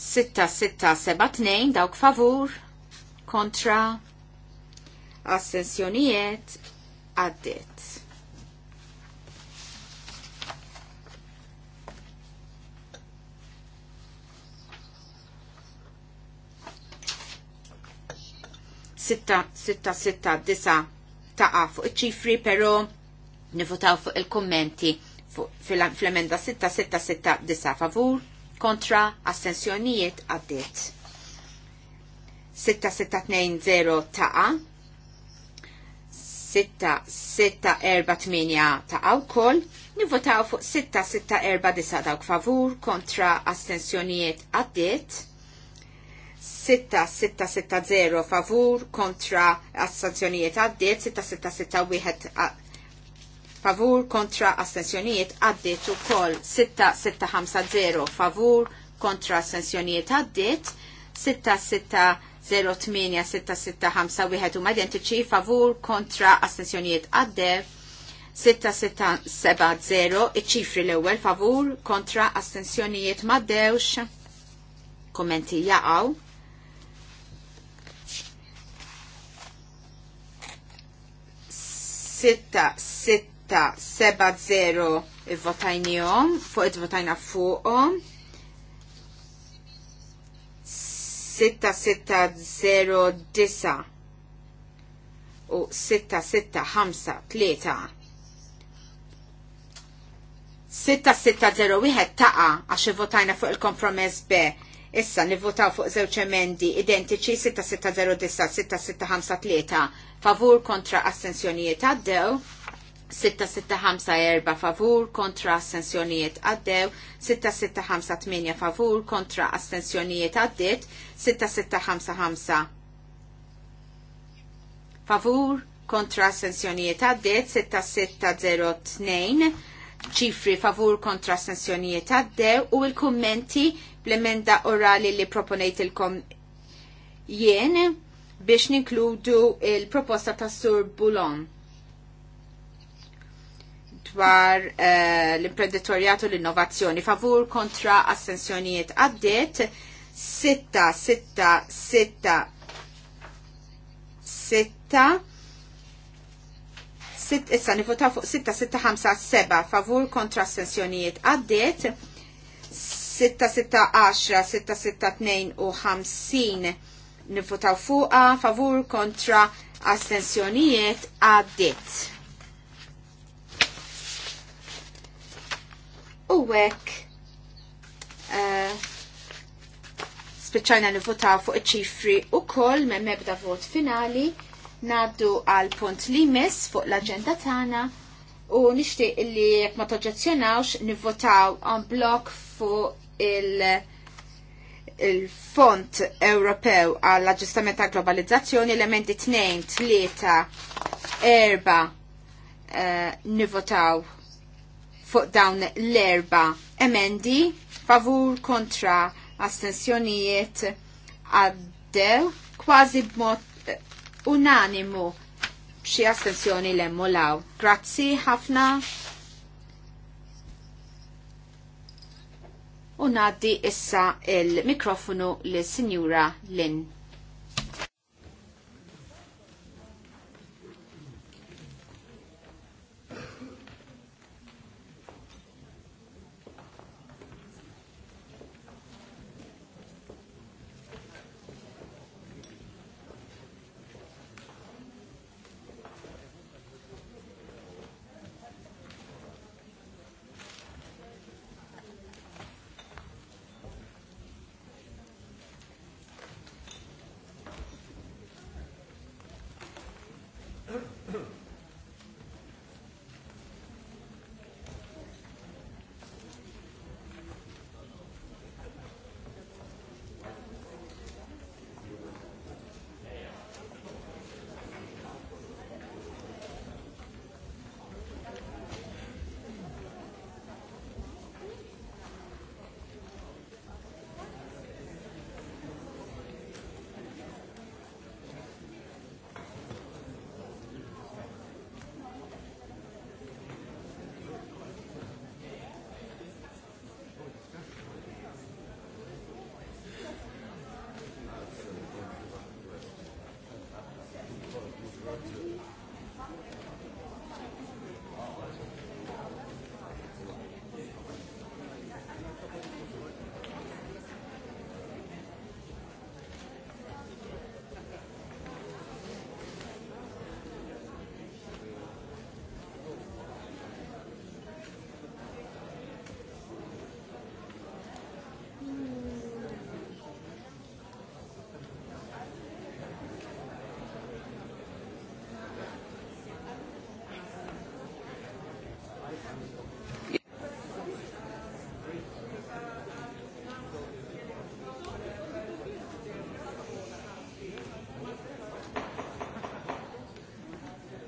sitta sitta seba' tnejn dawk favur kontra assenzjonijiet għaddit. Sitta, sitta, sitta, disa taqa fuq iċifri, pero nifutaw fuq il-kommenti fil-emenda sitta, sitta, sitta, disa favur, kontra, assenzjonijiet, għaddit. Sitta, sitta, tnejn, zero, taqa, 6-6-4-8 ta' awkoll, nivvotaw fuq 6-6-4-9 dawk favur kontra astensjonijiet għaddit, 6-6-6-0 favur kontra astensjonijiet għaddit, 6-6-6-1 favur kontra astensjonijiet għaddit u koll 6-6-5-0 favur kontra astensjonijiet għaddit, 6 6 08665 huma identiċi favur kontra astensjonijiet għaddew 6670 iċifri l-ewwel favur kontra astensjonijiet maddewx Kommenti jaqgħu. Sitta, sitta, seba, zero, votajnijom, fuq id-votajna fuqom. 6609 u 6653. 6601 taqa għax votajna fuq il-kompromess B. Issa nivvotaw fuq żewġ emendi identiċi 6609 6653 favur kontra astensjonijiet għaddew 6-6-5-4 favur kontra astensjonijiet għaddew, 6-6-5-8 favur kontra astensjonijiet għaddit, 6-6-5-5 favur kontra astensjonijiet għaddit, 6-6-0-2 ċifri favur kontra astensjonijiet għaddew u il-kommenti bl-emenda orali li proponejt il-kom jien biex ninkludu il-proposta ta' Sur Bulon dwar uh, l-imprenditorjat u l-innovazzjoni. Favur kontra assenzjonijiet għaddiet 6 6 6 6 Sitt fuq 6-6-5-7 favur kontra assenzjonijiet għaddiet 6-6-10 u 50 nivotaw fuqa favur kontra assenzjonijiet għaddit. u hekk speċajna eh, spiċċajna fuq iċ-ċifri kol me mebda vot finali naddu għal punt li mis fuq l-aġenda tagħna u nixtieq li jekk ma toġġezzjonawx nivotaw on blok fuq il- il font Ewropew għall aġġustament ta' globalizzazzjoni l-emendi 2, 3, 4 nivotaw fuq dawn l-erba emendi favur kontra astensjonijiet għaddew kważi b'mod eh, unanimu b'xi astensjoni lemmu law. Grazzi ħafna. U naddi issa il-mikrofonu l-Sinjura Lin.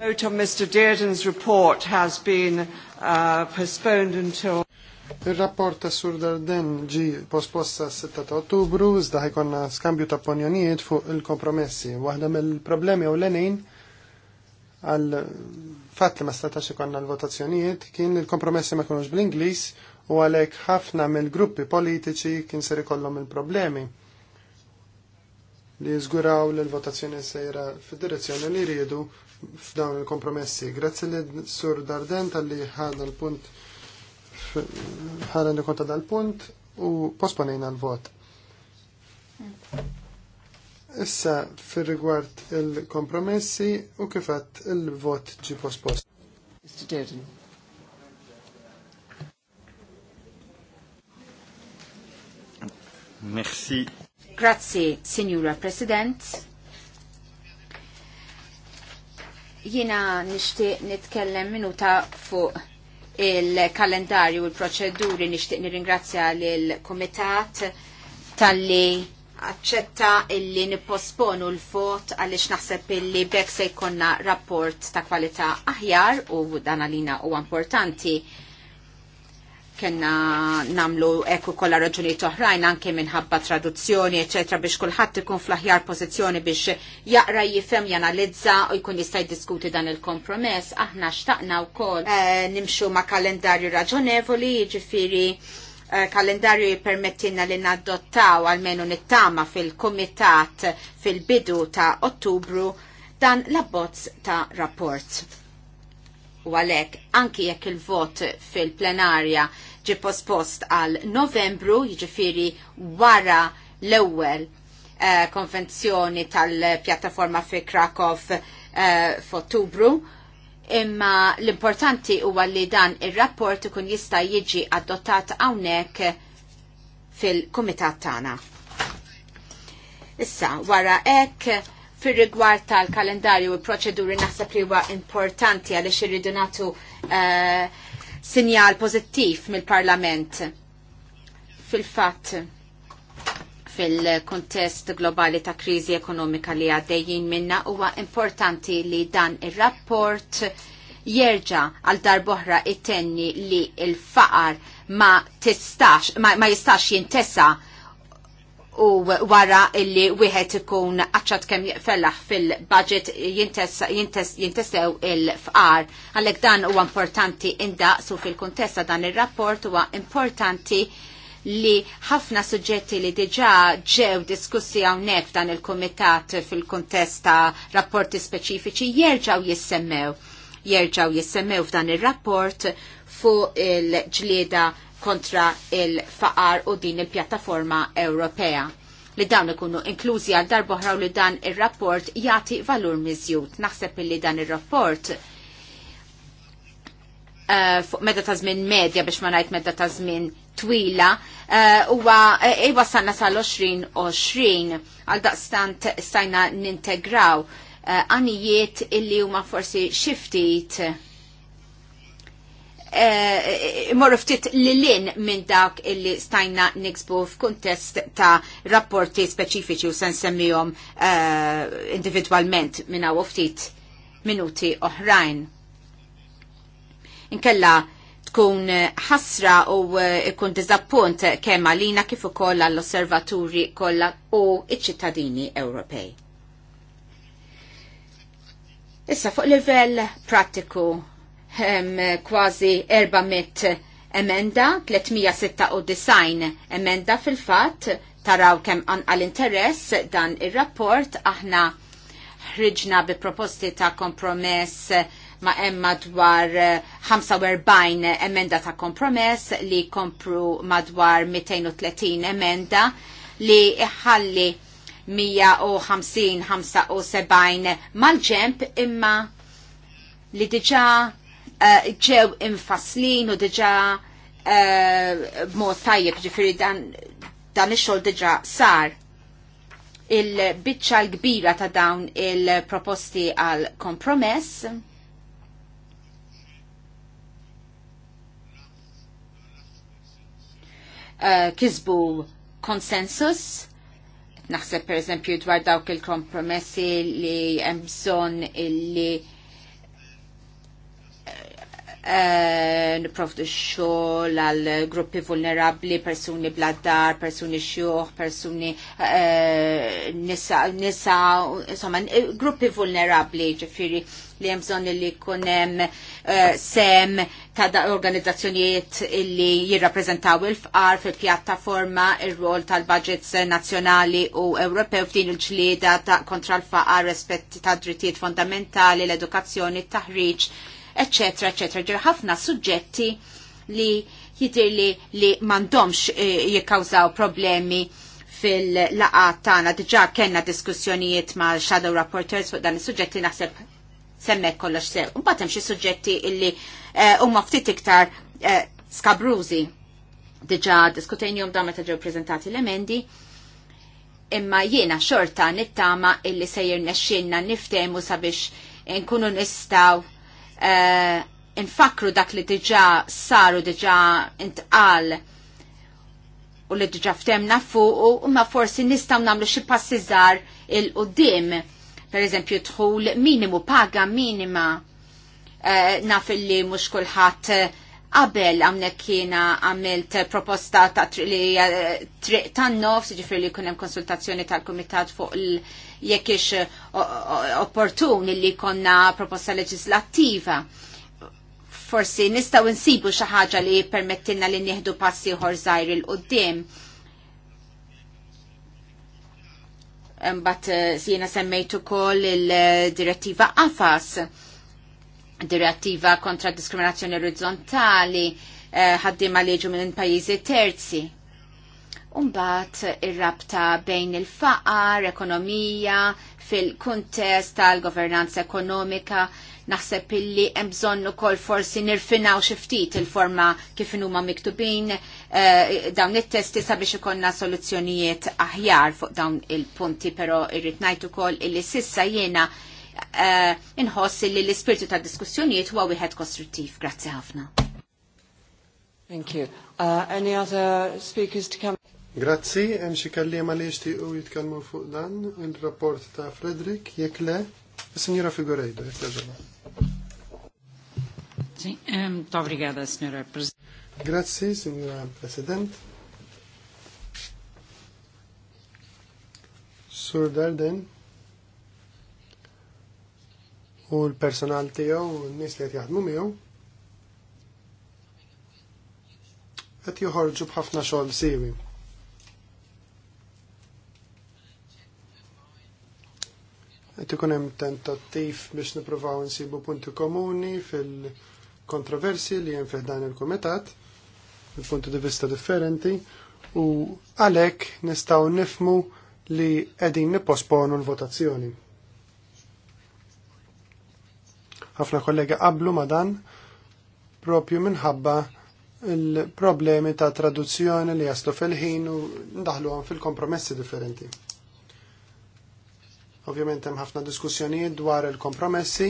Vote on Mr. Dearden's report has been uh, postponed until Il-rapport ta' Sur Darden ġi posposta 6 ta' Ottubru, zda ħajkonna skambju ta' ponjonijiet fuq il-kompromessi. Waħda mill-problemi u l-enin għal fatt li ma statax ikonna l-votazzjonijiet kien il-kompromessi ma konux bl-Inglis u għalek ħafna mill-gruppi politiċi kien ser ikollhom il-problemi. il problemi li jizguraw li l-votazzjoni sejra fid-direzzjoni li jridu f'dawn il-kompromessi. Grazzi li sur Darden tal-li ħadna l-punt ħadna konta dal-punt u posponejna l-vot. Issa fir-rigward il-kompromessi u kifat il-vot ġi pospost. Mr. Durden. Merci Grazzi, Signora President. Jina nishtiq nitkellem minuta fuq il-kalendarju u l-proċeduri nishtiq nirringrazzja l-Komitat tal-li accetta illi nipposponu l-vot għalix naħseb illi bekk se jkonna rapport ta' kwalità aħjar u dan għalina u importanti kena namlu ekku kolla raġuni toħrajn anke minħabba traduzzjoni, eccetera, biex kullħat ikun fl-aħjar pozizjoni biex jaqra jifem janalizza u jkun jista' jiddiskuti dan il-kompromess. Aħna xtaqna wkoll e, nimxu ma' kalendarju raġonevoli, ġifiri eh, kalendarju jipermettina li nadottaw għalmenu nittama fil-komitat fil-bidu ta' Ottubru dan l-abbozz ta' rapport. U għalek, anki jekk il-vot fil-plenarja ġi pospost għal novembru, jiġifiri wara l-ewwel uh, konvenzjoni tal-pjattaforma fi Krakow eh, f'Ottubru, imma l-importanti huwa li dan ir-rapport ikun jista' jiġi adottat hawnhekk fil-kumitat tagħna. Issa, wara hekk fir rigward tal-kalendarju u proċeduri naħseb li huwa importanti għaliex irridu nagħtu eh, sinjal pożittiv mill-Parlament fil-fatt fil-kontest globali ta' kriżi ekonomika li għaddejjin minna huwa importanti li dan ir-rapport jerġa' għal darboħra it-tenni li il-faqar ma tistax ma, ma jistax jintesa' u wara illi wieħed ikun aċċat kemm fellaħ fil-budget jintessew il-fqar. Għalhekk dan huwa importanti indaqsu fil-kuntesta dan ir-rapport huwa importanti li ħafna suġġetti li diġa ġew diskussi hawnhekk f'dan il-kumitat fil-kuntest ta' rapporti speċifiċi jerġgħu jissemmew jerġgħu jissemmew f'dan ir-rapport fuq il-ġlieda kontra il-faqar u din il-pjattaforma Ewropea li dawn ikunu inklużi għal darboħra u li dan il-rapport jati valur miżjut. Naħseb li dan il-rapport uh, fuq medda ta' żmien medja biex ma ngħid medda ta' żmien twila eh, huwa uh, eh, iwasanna sal-2020 għal daqstant stajna nintegraw għanijiet uh, illi huma forsi xiftit Eh, imorru ftit lilin minn dak illi stajna niksbu f'kuntest ta' rapporti speċifiċi u sen semmijom eh, individualment minna u ftit minuti oħrajn. Inkella tkun ħasra u eh, ikun dizappunt kemm għalina kif ukoll għall-osservaturi kollha u iċ-ċittadini Ewropej. Issa fuq livell pratiku Eh, kważi 400 emenda, 396 emenda fil-fat, taraw kem għal interess dan il-rapport, aħna ħriġna bi proposti ta' kompromess ma' emma dwar 45 eh, emenda ta' kompromess li kompru madwar 230 emenda li iħalli 150-75 mal-ġemp imma li diġa Eh, ġew infaslin u diġa eh, mod tajjeb ġifiri dan, dan ix-xogħol diġa sar il-biċċa l-kbira ta' dawn il-proposti għal kompromess eh, kisbu konsensus naħseb per eżempju dwar dawk il-kompromessi li hemm bżonn illi. Eh, niprofdu xogħol għal gruppi vulnerabbli, persuni bladdar, persuni xjuħ, persuni eh, nisa, insomma, gruppi vulnerabbli ġifiri li hemm bżonn li jkun hemm eh, sem ta' organizzazzjonijiet li jirrappreżentaw il-fqar fil-pjattaforma il rol tal-budgets nazzjonali u Ewropew f'din il-ġlieda ta' kontra l-faqar, rispetti ta' drittijiet fondamentali, l-edukazzjoni, t-taħriġ eccetera, eccetera. Ġer ħafna suġġetti li jidir li, li mandomx eh, jikkawżaw problemi fil-laqat tagħna Dġa kellna diskussjonijiet ma' shadow rapporters fuq dan is-suġġetti naħseb semmek kollox sew. Mbagħad hemm xi suġġetti illi eh, huma uh, ftit iktar uh, skabrużi. Diġà diskutejnihom dan meta ġew preżentati l-emendi imma jiena xorta nittama illi sejjer nesċinna niftehmu sabiex nkunu nistaw Eh, infakru dak li diġa saru diġa intqal u li diġa ftemna fuq u ma forsi nistaw namlu xi passi żgħar il-qudiem. Per eżempju tħul minimu, paga minima. Uh, naf li mhux kulħadd eh, qabel għamnek kiena għamilt proposta ta' triq tan nofs, ġifri li kunem konsultazzjoni tal-komitat fuq il- jekk ix eh, opportun li konna proposta leġislattiva forsi nistaw insibu xi ħaġa li permettilna li nieħdu passi ieħor żgħir il qudiem Mbagħad eh, jiena semmejt ukoll il-direttiva AFAS, direttiva kontra diskriminazzjoni orizzontali, eh, ħaddiema liġu minn pajjiżi terzi. Umbat ir-rabta bejn il-faqar, ekonomija, fil-kuntest tal-governanza ekonomika, naħseb illi hemm bżonn ukoll forsi nirfinaw xi ftit il-forma kif huma miktubin eh, dawn it-testi sabiex ikollna soluzzjonijiet aħjar fuq dawn il-punti, però irrid ngħid ukoll illi sissa jiena eh, inħoss illi l-ispirtu tad diskussjonijiet huwa wieħed kostruttiv. Grazzi ħafna. Thank you. Uh, any other speakers to come? Grazzi, hemm xi kelliema li jixtiequ jitkellmu fuq dan il-rapport ta' Frederick, jekk le, is-Sinjura Figurejdu, jekk leġa. Sì, Signora Grazzi, Signora President. Sur Darden u l-personal tiegħu u n-nies li qed jaħdmu miegħu qed joħorġu b'ħafna xogħol siewi. qed ikun hemm tentattiv biex nippruvaw insibu punti komuni fil-kontroversi li hemm fih dan il-kumitat punti di vista differenti u għalhekk nistgħu nifmu li qegħdin nipposponu l-votazzjoni. Ħafna kollega qablu ma dan propju minħabba il-problemi ta' traduzzjoni li jaslu fil-ħin u ndaħlu fil-kompromessi differenti. Ovvjament hemm ħafna diskussjonijiet dwar il-kompromessi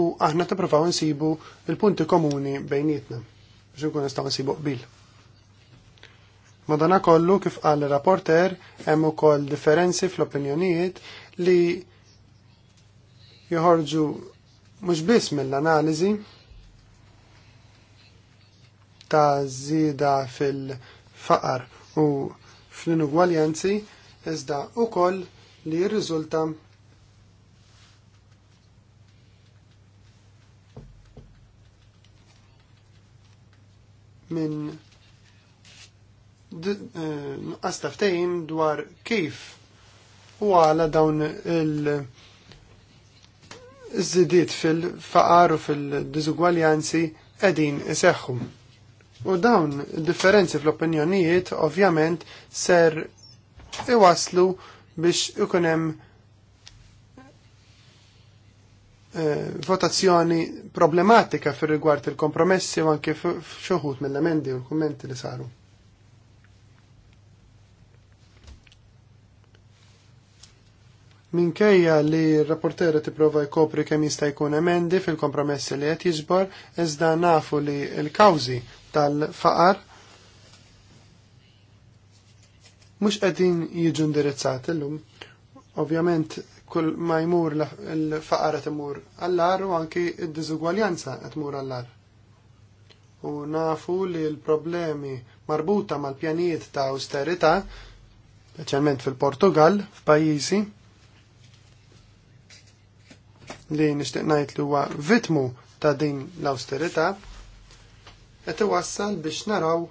u aħna tippruvaw insibu il-punti komuni bejnietna biex nkun nistgħu nsibu qbil. Madanakollu kollu kif qal il-rapporter hemm ukoll differenzi fl-opinjonijiet li joħorġu mhux biss mill-analiżi ta' żieda fil-faqar u fl-inugwaljanzi iżda ukoll li jirriżulta minn eh, nuqqas dwar kif u għala dawn il- Iż-żidiet fil-faqar u fil-diżugwaljanzi qegħdin iseħħu. U dawn differenzi fl-opinjonijiet ovvjament ser iwaslu biex ikun hemm eh, votazzjoni problematika fir rigward il-kompromessi u anke xoħut mill-emendi u l kommenti li saru. Minkejja li r-rapportera tipprova jkopri kemm jista' jkun emendi fil-kompromessi li qed jiġbor, iżda nafu li l-kawżi tal-faqar mhux qegħdin jiġu indirizzati l-lum. Ovvjament kull ma jmur l-faqar qed imur għall-ar u anki d dizugwaljanza qed tmur għall-ar. U nafu li l-problemi marbuta mal-pjanijiet ta' austerita, speċjalment fil-Portugal, f'pajjiżi, li nixtieq ngħid li huwa vitmu ta' din l-austerità, qed iwassal biex naraw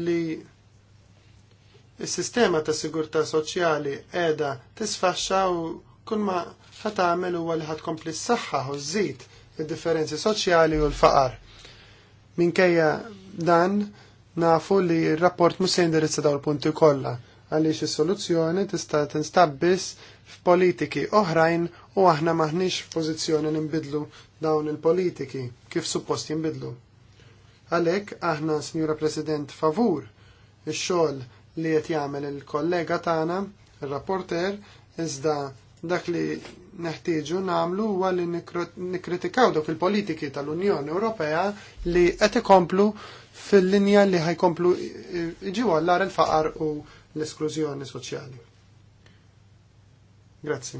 li Is-sistema ta' sigurtà soċjali edha tisfaxxa u kun ma ħadd tagħmel huwa li ħadd s-saħħa u żżid id-differenzi soċjali u l-faqar. Minkejja dan nafu li r-rapport mhux se jindirizza l punti kollha għaliex is-soluzzjoni tista' tinstabbiss f'politiki oħrajn u aħna maħniex f'pożizzjoni nimbidlu dawn il-politiki kif suppost jinbidlu. Għalhekk aħna, Sinjura President, favur ix-xogħol li qed jagħmel il-kollega tagħna, ir-rapporter, iżda dak li neħtieġu nagħmlu huwa li nikkritikaw dawk il-politiki tal-Unjoni Ewropea li qed ikomplu fil-linja li ħajkomplu iġiw għallar il-faqar u l-esklużjoni soċjali. Grazzi.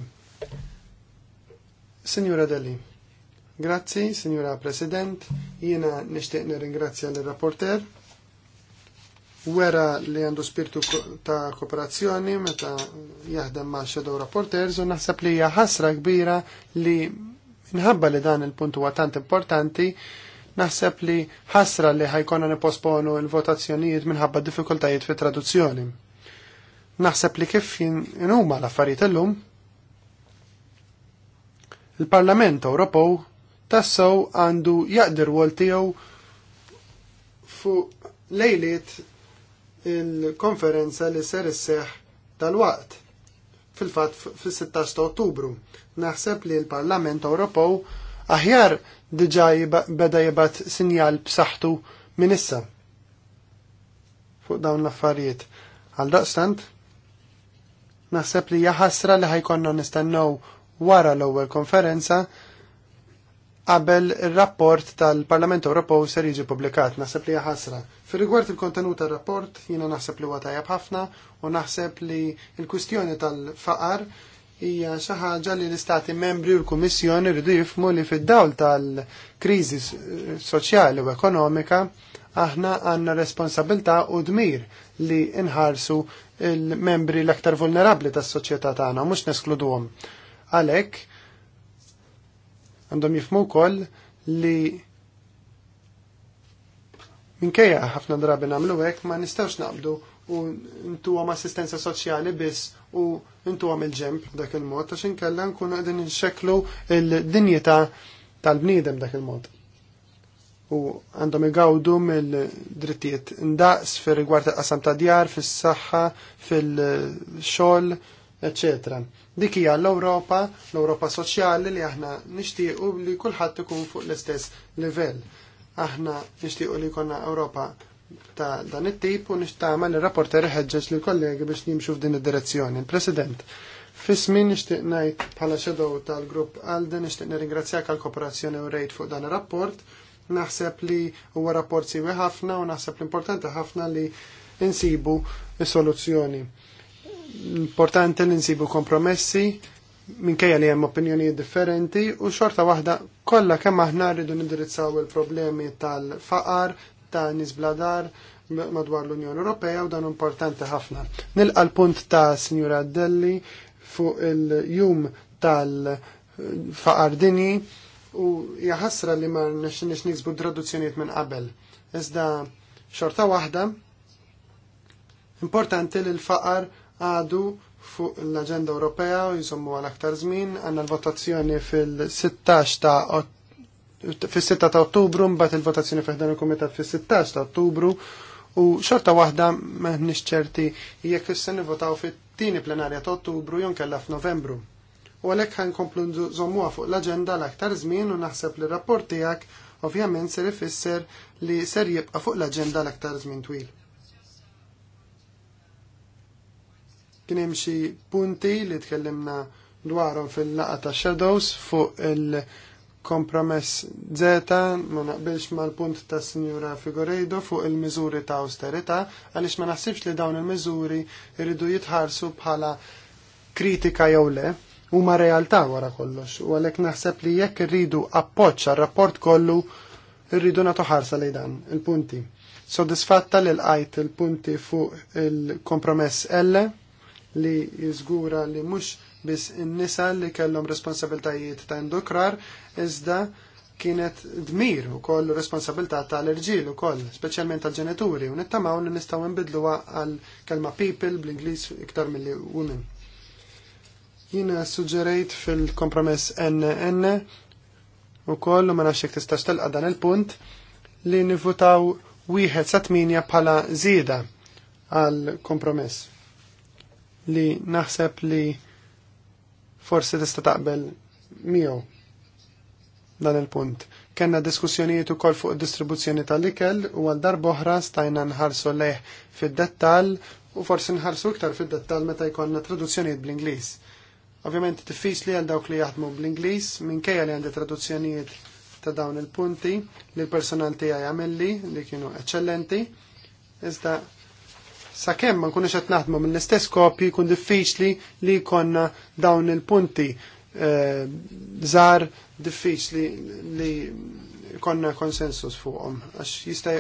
Signora Deli, grazzi, signora President, jiena nishtiq nirringrazzja l-rapporter wera li għandu spiritu ta' kooperazzjoni meta jaħdem ma' Shadow Rapporters u naħseb li hija ħasra kbira li minħabba li dan il-punt huwa tant importanti naħseb li ħasra li ħajkonna niposponu l votazzjonijiet minħabba diffikultajiet fi traduzzjoni. Naħseb li kif huma l-affarijiet illum il-Parlament Ewropew tassew għandu jaqdir wol tiegħu fuq lejliet il-konferenza li ser isseħ tal-waqt fil-fat fil-16 ta' ottubru. Naħseb li l-Parlament Ewropew aħjar diġa beda jibat sinjal b'saħħtu minn issa fuq dawn l-affarijiet. Għal daqstant, naħseb li jaħasra li ħajkonna nistennew wara l-ewwel konferenza qabel ir-rapport tal-Parlament Ewropew ser jiġi publikat. Naħseb li jaħasra. Fir rigward il-kontenut tar-rapport, jiena naħseb li huwa tajjeb ħafna u naħseb li l-kwistjoni tal-faqar hija xi ħaġa li l-Istati membri u l-Kummissjoni rridu jifhmu li fid-dawl tal-kriżi soċjali u ekonomika aħna għandna responsabilità u dmir li nħarsu il-membri l-aktar vulnerabbli tas-soċjetà tagħna mhux neskluduhom. Għalhekk għandhom jifmu wkoll li Minkejja ħafna drabi nagħmlu hekk ma nistgħux naqbdu u ntuhom assistenza soċjali biss u għam il-ġemp dak il-mod għax inkella nkunu qegħdin nxekklu l-dinjità tal-bniedem dak il-mod. U għandhom igawdu mill-drittijiet ndaqs fil rigward qasam ta' djar, fis-saħħa, fil-xogħol, eccetera. Dik hija l-Ewropa, l-Ewropa soċjali li aħna nixtiequ li kulħadd ikun fuq l-istess livell Aħna nixtiequ li jkollna Ewropa ta' dan it-tip u nixtama li rapporter ħeġġeġ li kollegi biex jimxu f'din id-direzzjoni. Il-President, fismin nixtieq ngħid bħala xedow tal-grupp Alden nixtieq nirringrazzjak għal kooperazzjoni u rejt fuq dan ir-rapport. Naħseb li huwa rapport siwi ħafna u naħseb l-importanti ħafna li insibu soluzzjoni. Importanti li nsibu kompromessi minkejja li hemm opinjonijiet differenti u xorta waħda kollha kemm aħna rridu nindirizzaw il-problemi tal-faqar, ta' nisbladar madwar l-Unjoni Ewropea u dan importanti ħafna. Nilqa l-punt ta' Sinjura Delli fuq il-jum tal-faqar dini u jaħasra li ma nix nisbu traduzzjoniet minn qabel. Iżda xorta waħda importanti li l-faqar għadu fuq l-Aġenda Ewropea jisommu għal aktar żmien għandna l-votazzjoni fil-16 ta' fil-6 ta' Ottubru, mbagħad il-votazzjoni fih dan il-Kumitat fil-16 ta' Ottubru u xorta waħda m'aħniex ċerti jekk issa nivvotaw fit-tieni plenarja ta' Ottubru jew kellha f'Novembru. U għalhekk nkomplu nżommuha fuq l-aġenda l-aktar żmien u naħseb li rapport tiegħek ovvjament ser ifisser li ser jibqa' fuq l-aġenda l-aktar żmien twil. Kien hemm xi punti li tkellimna dwarhom fil-laqa ta' Shadows fuq il-kompromess Z ma naqbilx mal-punt ta' Sinjura Figurejdo fuq il-miżuri ta' austerità għaliex ma naħsibx li dawn il-miżuri jridu jitħarsu bħala kritika jew le huma realtà wara kollox u għalhekk naħseb li jekk irridu appoġġ għar-rapport kollu irridu nagħtu ħarsa lejn dan il-punti. Sodisfatta li l-qajt il-punti fuq il-kompromess L li jiżgura li mhux biss in-nisa li kellhom responsabiltajiet ta' indukrar iżda kienet dmir u koll responsabilità tal-irġiel ukoll, speċjalment tal-ġenituri, u nittamaw li nistgħu nbidluha għal kelma people bl-Ingliż iktar milli women. Jiena suġġerejt fil-kompromess NN u koll u ma nafxek tistax telqa dan il-punt li nivutaw wieħed sa tminja bħala żieda għal kompromess li naħseb li forsi tista' taqbel miegħu dan il-punt. Kenna diskussjonijiet ukoll fuq distribuzzjoni tal-ikel u għal oħra stajna nħarsu leħ fid-dettal u forsi nħarsu iktar fid-dettal meta jkollna traduzzjonijiet bl-Ingliż. Ovvjament tifis li għal dawk li jaħdmu bl-Ingliż minkejja li għandi traduzzjonijiet ta' dawn il-punti li l-personal tiegħi jagħmel li kienu eċċellenti. Iżda Sakemm ma nkunux qed naħdmu mill-istess kopji jkun diffiċli li jkollna dawn il-punti eh, żgħar diffiċli li jkollna konsensus fuqhom għax jista'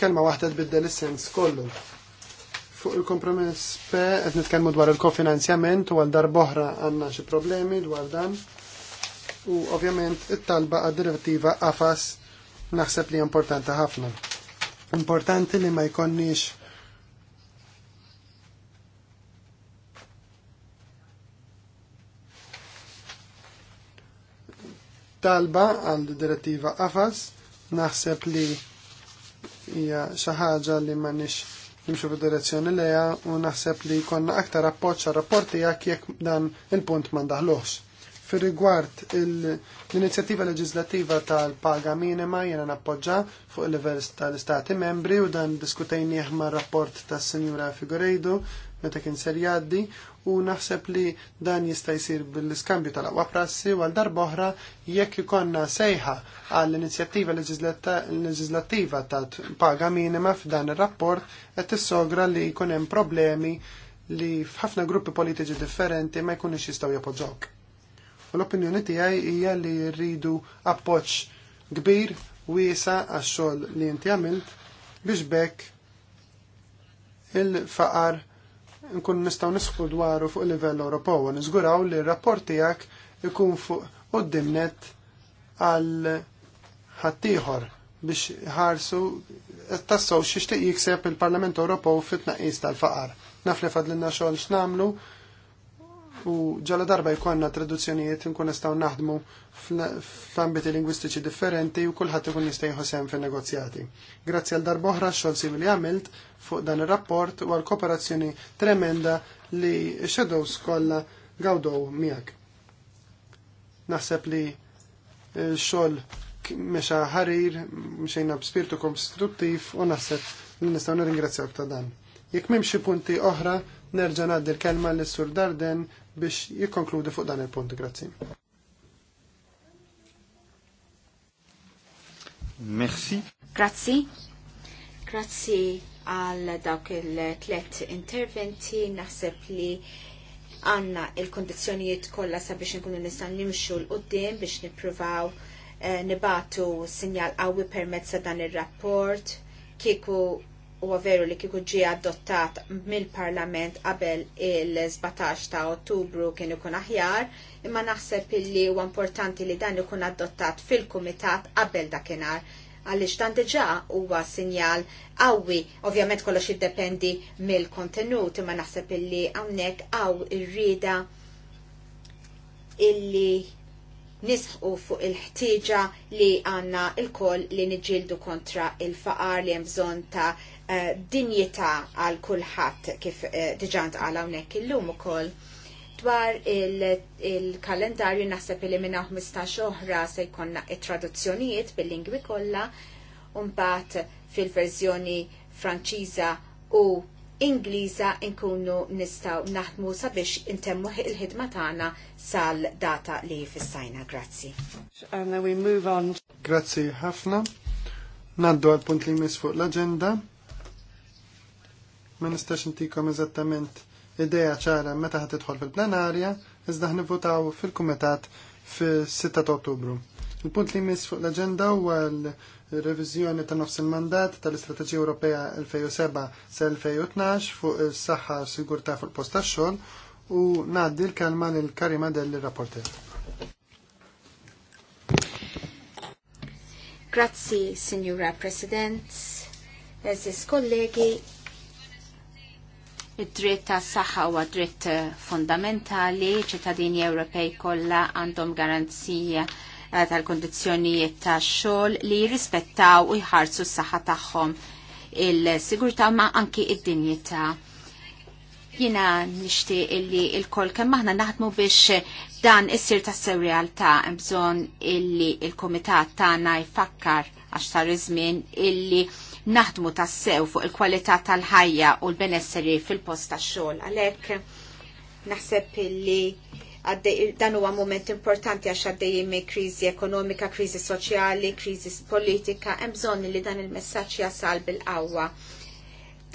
kelma waħda tbiddel is-sens kollu. Fuq il-kompromess P qed nitkellmu dwar il-kofinanzjament u għal darboħra għandna xi problemi dwar dan u ovvjament it-talba għad-direttiva AFAS naħseb li importanti ħafna. Importanti li ma jkonniex talba għal direttiva AFAS, naħseb li hija xi ħaġa li m'għandniex nimxu fid-direzzjoni lejha u naħseb li konna aktar appoġġ għar rapporti tiegħek jekk dan il-punt ma fil Fir-rigward l-inizjattiva leġislativa tal-paga minima jena nappoġġa fuq il-level tal-Istati membri u dan diskutejnieħ ma' rapport tas Sinjura Figurejdu meta kien ser jaddi u naħseb li dan jista' jsir bil-iskambju tal-aqwa prassi u għal darba oħra jekk ikonna sejħa għall inizjattiva leġislattiva ta' paga minima f'dan ir-rapport qed tissogra li jkun hemm problemi li f'ħafna gruppi politiċi differenti ma jkunux jistgħu jappoġġok. U l-opinjoni tiegħi hija li rridu appoġġ kbir wiesa għax-xogħol li inti għamilt biex bekk il-faqar nkun nistgħu nisħu dwaru fuq livell Ewropew u niżguraw li r-rapport tiegħek ikun fuq qudiemnet għal ħaddieħor biex ħarsu tassaw xi jikseb il-Parlament Ewropew fit-tnaqqis tal-faqar. Naf li fadlinna xogħol x'namlu u ġala darba jkollna traduzzjonijiet nkun nistgħu naħdmu f'ambiti lingwistiċi differenti u kulħadd ikun jista' jħossem fin-negozjati. Grazzi għal darba oħra xogħol simili għamilt fuq dan ir-rapport u għal kooperazzjoni tremenda li x-shadows kollha gawdow miegħek. Naħseb li eh, xogħol mexa ħarir, mxejna b'spirtu konstruttiv u naħseb li nistgħu nirringrazzjawk ta' dan. Jekk m'hemm xi punti oħra, nerġa' ngħaddi l-kelma lis sur Darden biex jikkonkludi fuq dan il-punt. Grazzi. Merci. Grazzi. Grazzi għal dawk il-tlet interventi. Naħseb li għanna il-kondizjonijiet kollha sabiex nkunu nistgħu nimxu l qudiem biex nippruvaw eh, nibatu sinjal qawwi permezz dan ir-rapport kieku huwa veru li kieku ġie adottat mill-Parlament qabel il-17 ta' Ottubru kien ikun aħjar, imma naħseb illi huwa importanti li dan ikun adottat fil-Kumitat qabel dakinhar għaliex dan diġà huwa sinjal qawwi, ovvjament kollox jiddependi mill-kontenut, imma naħseb illi hawnhekk għaw irrida illi nisħu fuq il-ħtieġa li għanna il-koll li nġildu kontra il-faqar li hemm bżonn ta' Eh, dinjità għal kulħadd kif eh, diġant il hawnhekk illum ukoll dwar il-kalendarju il naħseb li minna 15 oħra se jkonna it-traduzzjonijiet bil-lingwi kollha mbagħad fil-verżjoni Franċiża u Ingliża nkunu nistgħu naħdmu sabiex intemmu il-ħidma tagħna sal-data li fissajna. Grazzi. And then we move on. Grazzi ħafna. Naddu għal punt li jmiss fuq l-agenda ma nistax intikom eżattament ideja ċara meta ħad tidħol fil-plenarja, iżda ħnivvutaw fil-kumitat fil-6 ta' Ottubru. Il-punt li mis fuq l-agenda huwa l-reviżjoni ta' nofs il-mandat tal-Istrateġija Ewropea 2007 sa 2012 fuq is-saħħa sigurtà fuq post tax-xogħol u ngħaddi l-kelma lil Karima Delli rapporter. Grazzi, Signora President, eżis kollegi, Id-dritt ta' saħħa huwa dritt eh, fundamentali, ċittadini Ewropej kollha għandhom garanzija eh, tal-kondizzjonijiet ta' xogħol li jirrispettaw u jħarsu s-saħħa tagħhom il-sigurtà ma' anki id-dinjità. Jiena nixtieq illi l-koll kemm aħna naħdmu biex dan issir ta' sew realtà hemm bżonn illi l-kumitat tagħna jfakkar għax tar iż-żmien illi naħdmu tassew fuq il-kwalità tal-ħajja u l-benesseri fil-post tax-xogħol. Għalhekk naħseb li dan huwa moment importanti għax għaddejjin minn kriżi ekonomika, kriżi soċjali, kriżi politika, hemm bżonn li dan il-messaġġ jasal bil-qawwa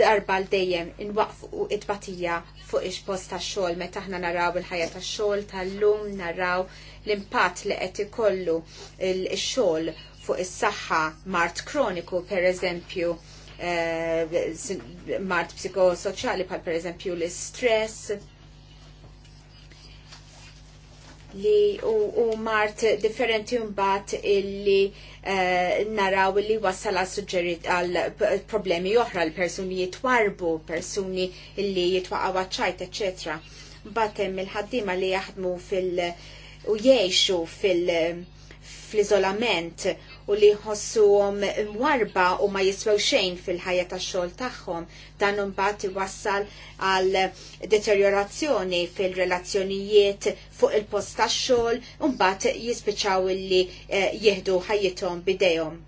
darba l dejjem inwaqfu it-batija fuq ix-post tax-xogħol meta aħna naraw il-ħajja tax-xogħol tal-lum naraw l-impatt li qed ikollu x-xogħol fuq is-saħħa mart kroniku per eżempju eh, mart psikosoċjali bħal per eżempju l-istress li u, u mart differenti mbagħad illi eh, naraw li wassal għal problemi oħra l persuni jitwarbu, persuni illi jitwaqgħu ċajt, etc. Batem il ħaddima li jaħdmu fil- u jiexu fil- fl-izolament u li jħossuhom mwarba u ma jiswew xejn fil-ħajja tax-xogħol tagħhom. Dan imbagħad iwassal għal deteriorazzjoni fil-relazzjonijiet fuq il-post tax-xogħol u mbagħad jispiċċaw illi eh, jieħdu ħajjithom bidejhom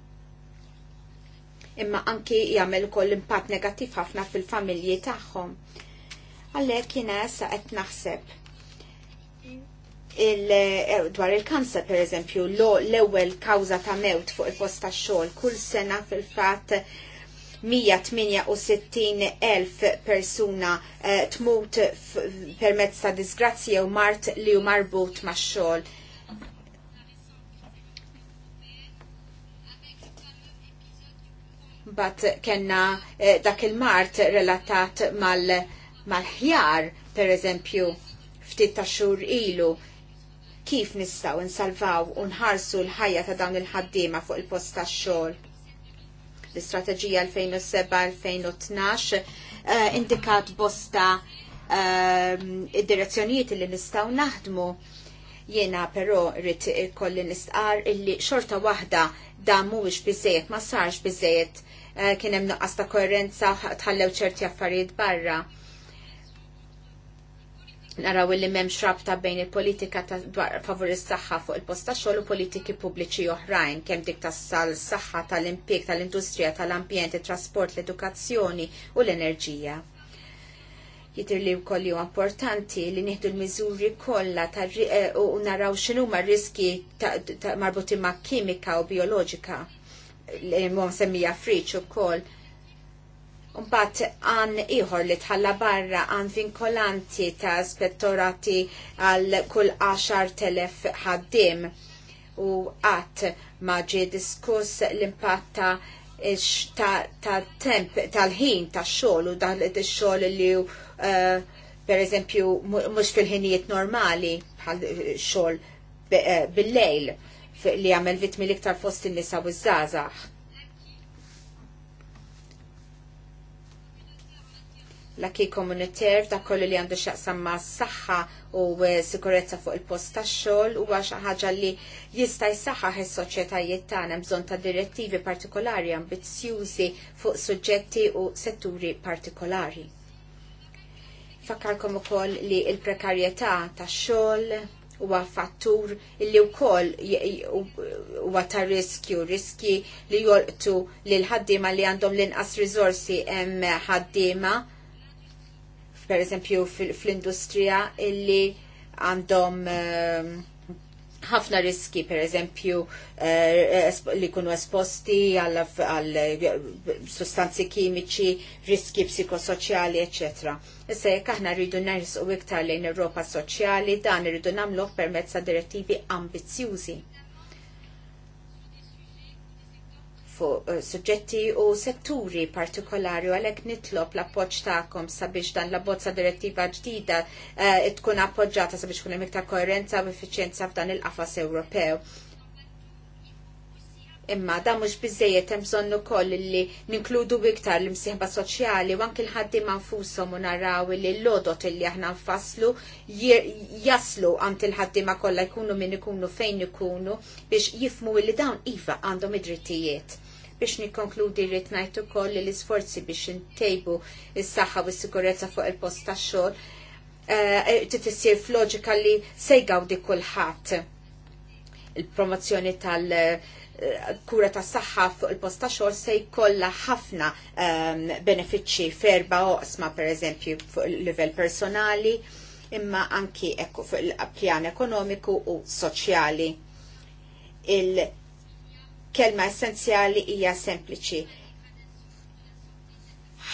imma anki jagħmel ukoll impatt negattiv ħafna fil-familji tagħhom. Għalhekk jiena qed naħseb Eh, dwar il-kansa per eżempju, l-ewwel kawża ta' mewt fuq il-post ta' xogħol kull sena fil-fatt 168.000 persuna uh, tmut permezz ta' disgrazzi jew mart li hu marbut ma' xogħol. Bat kenna uh, dak il-mart relatat mal-ħjar, mal per eżempju, ftit ta' xhur ilu kif nistaw nsalvaw u nħarsu l-ħajja ta' dawn il-ħaddiema fuq il-post ta' xogħol. L-istrateġija 2007-2012 eh, indikat bosta eh, id-direzzjonijiet li nistaw naħdmu Jiena però rrit kolli nistqar illi xorta wahda da mhuwiex biżejjed ma sarx biżejjed eh, kien hemm nuqqas ta' koerenza tħallew ċerti affarijiet barra naraw li memx rabta bejn il-politika ta' favur is-saħħa fuq il-posta xogħol u politiki pubbliċi oħrajn, kemm dik sal saħħa tal-impjeg tal-industrija tal-ambjent, it-trasport, l-edukazzjoni u l-enerġija. Jitir li wkoll huwa importanti li nieħdu l-miżuri kollha eh, u naraw x'inhuma r-riski marbuti ma' kimika u bioloġika li huma semmija friċ ukoll Unbat għan iħor li tħalla barra għan vinkolanti ta' spettorati għal kull 10.000 ħaddim u għat maġi diskuss l-impatt ta' temp tal-ħin ta' xol u dal-xol li uh, per eżempju mux fil-ħinijiet normali bħal xol uh, bil-lejl li għamel vitmi liktar fost in-nisa u z zazax l-akki komuniter ta' kollu li għandu xaqsam ma' s-saxħa u eh, sikurezza fuq il-post ta' xol u għax ħaġa li jista' jsaħħa is soċjetajiet tagħna bżonn ta' direttivi partikolari ambizzjużi fuq suġġetti u setturi partikolari. Fakkarkom ukoll li l-prekarjetà tax xogħol huwa fattur li wkoll huwa ta' riskju, riski li jolqtu l ħaddiema li għandhom l-inqas riżorsi hemm ħaddiema per eżempju fl-industrija illi għandhom ehm, ħafna riski, per eżempju, eh, li kunu esposti għal eh, sustanzi kimiċi, riski psikosoċjali, ecc. Issa jekk aħna rridu nersu iktar lejn Ewropa soċjali, dan rridu nagħmluh permezz ta' direttivi ambizzjużi fuq eh, suġġetti u setturi partikolari u għalhekk nitlob l-appoġġ tagħkom sabiex dan l-abbozza direttiva ġdida eh, tkun appoġġata sabiex kun hemm iktar koerenza u effiċjenza f'dan il-qafas Ewropew. Imma da mhux biżejjed hemm bżonn ukoll li ninkludu iktar l-imsieħba soċjali u anki l ħaddi nfushom u naraw li l-lodot illi aħna nfasslu jaslu għand il ma kollha jkunu min ikunu fejn ikunu biex jifmu li dawn iva għandhom id-drittijiet biex nikkonkludi rrit ngħid ukoll li l-isforzi biex intejbu is-saħħa u s-sigurezza fuq il-post tax-xogħol eh, titissir f'loġika li sejgaw di kulħadd il-promozzjoni tal- uh, kura ta' saħħa fuq il-post ta' xogħol se jkollha ħafna um, benefiċċji ferba oqsma pereżempju fuq il-livell personali imma anki fuq il-pjan ekonomiku u soċjali. Il-kelma essenzjali hija sempliċi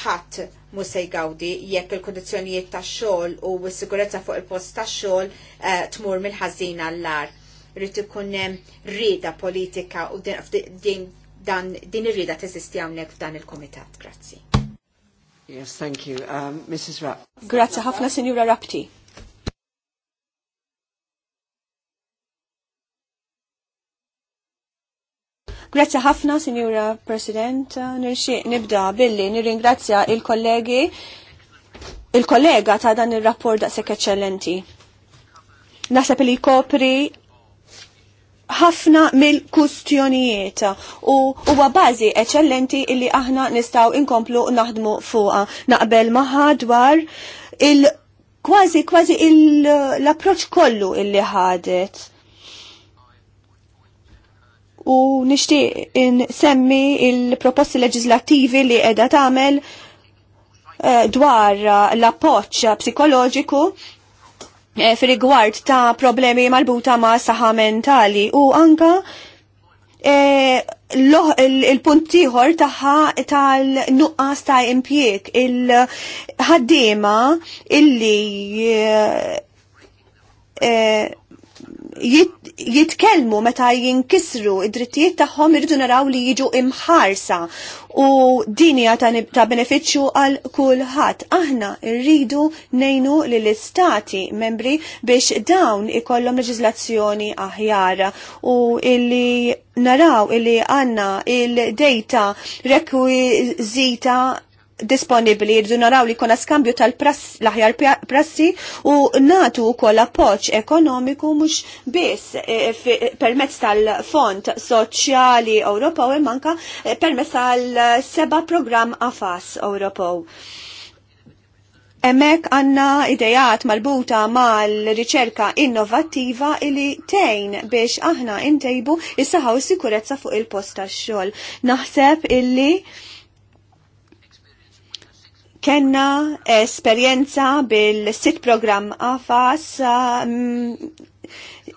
ħadd mhux se jgawdi jekk il-kundizzjonijiet tax-xogħol u s-sigurezza fuq il-post tax-xogħol uh, eh, tmur mill-ħażin għall-ar rrit ikun hemm politika u din dan t ir-rieda teżisti hawnhekk f'dan il-kumitat. Grazzi. Yes, thank you. Um, Mrs. Rapp. Grazzi ħafna Sinjura Rapti. Grazzi ħafna, Signora President. Nirxie nibda billi nirringrazzja il-kollegi il-kollega ta' dan il-rapport da' sekk eccellenti. Nasab li kopri ħafna mill-kustjonijiet u huwa bażi eċċellenti illi aħna nistgħu inkomplu naħdmu fuqha naqbel maħa dwar il kważi kważi l-approċċ kollu illi ħadet. U nixtieq insemmi il-proposti leġislattivi li qiegħda tagħmel eh, dwar l-appoċ psikoloġiku Eh, fil-rigward ta' problemi marbuta ma' saħa mentali u anka eh, il-punt taħħa tal-nuqqas ta' impjek il-ħaddima illi eh, jitkellmu meta jinkisru id-drittijiet tagħhom irridu naraw li jiġu imħarsa u din hija ta' benefiċċju għal kulħadd. Aħna rridu nejnu lill istati membri biex dawn ikollhom leġiżlazzjoni aħjar u illi naraw illi għanna il-data rekwizita disponibli jirdu naraw li kuna skambju tal-aħjar prassi u natu kolla poċ ekonomiku mux biss eh, permezz tal-Fond Soċjali Ewropew e manka eh, permezz tal-seba program AFAS Ewropew. Emmek għanna idejat marbuta mal-riċerka innovativa illi tejn biex aħna intejbu is-saħaw sikurezza fuq il-post tax-xogħol. Naħseb illi Kenna esperjenza bil-sit program AFAS um,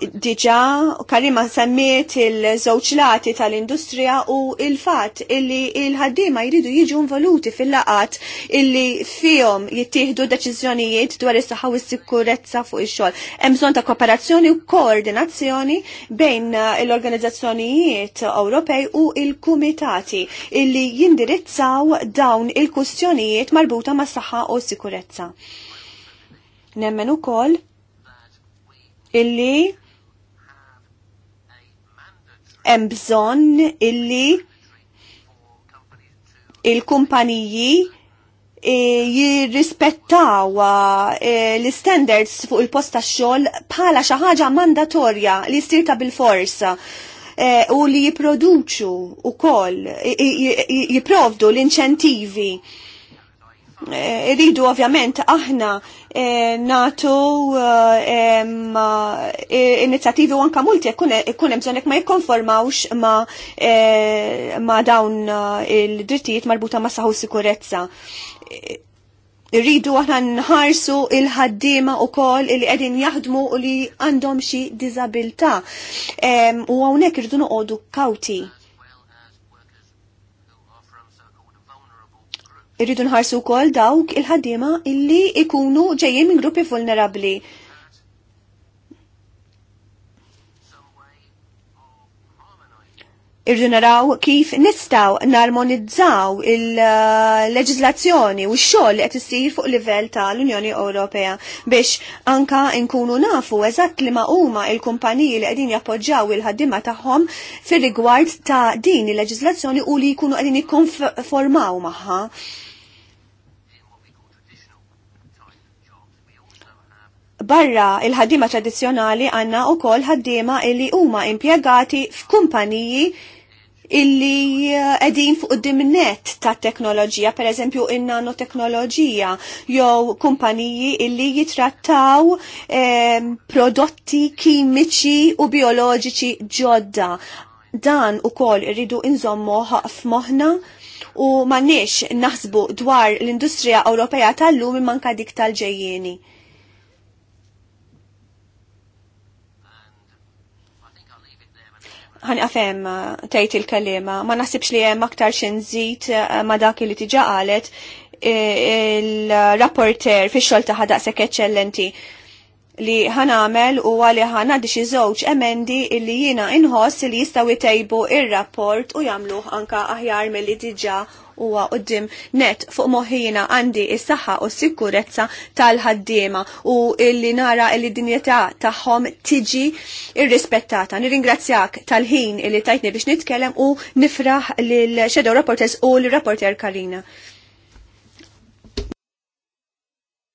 diġa Karima semmiet il-żewġ lati tal-industrija u il-fat illi il-ħaddima jridu jiġu involuti fil-laqat illi fihom jittieħdu deċiżjonijiet dwar is-saħħa u s-sikurezza fuq ix-xogħol. Hemm bżonn ta' kooperazzjoni u koordinazzjoni bejn l-organizzazzjonijiet Ewropej u il-kumitati illi jindirizzaw dawn il-kustjonijiet marbuta mas-saħħa u s-sikurezza. Nemmen ukoll illi hemm bżonn illi il-kumpaniji eh, jirrispettaw eh, l-standards fuq il-post tax-xogħol bħala xi ħaġa mandatorja li jsir ta' bil-forsa eh, u li jipproduċu ukoll jipprovdu l-inċentivi Eh, Iridu ovvjament aħna eh, natu eh, inizjativi anka multi jkun hemm bżonn ma jikkonformawx ma dawn il-drittijiet marbuta ma' saħu sikurezza rridu aħna nħarsu il-ħaddima u kol li għedin jaħdmu u li għandhom xi dizabilta. U għawnek rridu noqogħdu kawti. Irridu nħarsu wkoll dawk il-ħaddiema illi ikunu ġejjin minn gruppi vulnerabbli. irridu naraw kif nistaw narmonizzaw il-leġizlazzjoni u x-xogħol li qed isir fuq livell tal-Unjoni Ewropea biex anka nkunu nafu eżatt li ma huma il-kumpaniji li qegħdin jappoġġjaw il-ħaddiema tagħhom fir-rigward ta' din il-leġizlazzjoni u li jkunu qegħdin jikkonformaw magħha. barra il-ħaddima tradizjonali għanna u kol ħaddima illi huma impiegati f'kumpaniji illi eh, edin fuq dimnet ta' teknoloġija, per eżempju in-nanoteknoloġija, jew kumpaniji illi jitrattaw eh, prodotti kimiċi u bioloġiċi ġodda. Dan u kol irridu inżommu f'moħna u ma' naħsbu dwar l-industrija Ewropea tal-lum manka dik tal-ġejjeni. għafem eh, tajt il-kalima, ma nasibx li hemm aktar xinżit eh, ma dak li tiġa qalet eh, il-rapporter fi xol taħħa daqshekk eċċellenti li ħan għamel u għali ħana di żewġ emendi illi jina inħoss li jistaw jtejbu il-rapport u jamluħ anka aħjar mill-li diġa huwa qudiem net fuq moħħina għandi is-saħħa u s-sikurezza tal-ħaddiema u illi nara illi dinjetà tagħhom tiġi irrispettata. Nirringrazzjak tal-ħin illi tajtni biex nitkellem u nifraħ lil Shadow Reporters u l-rapporter Karina.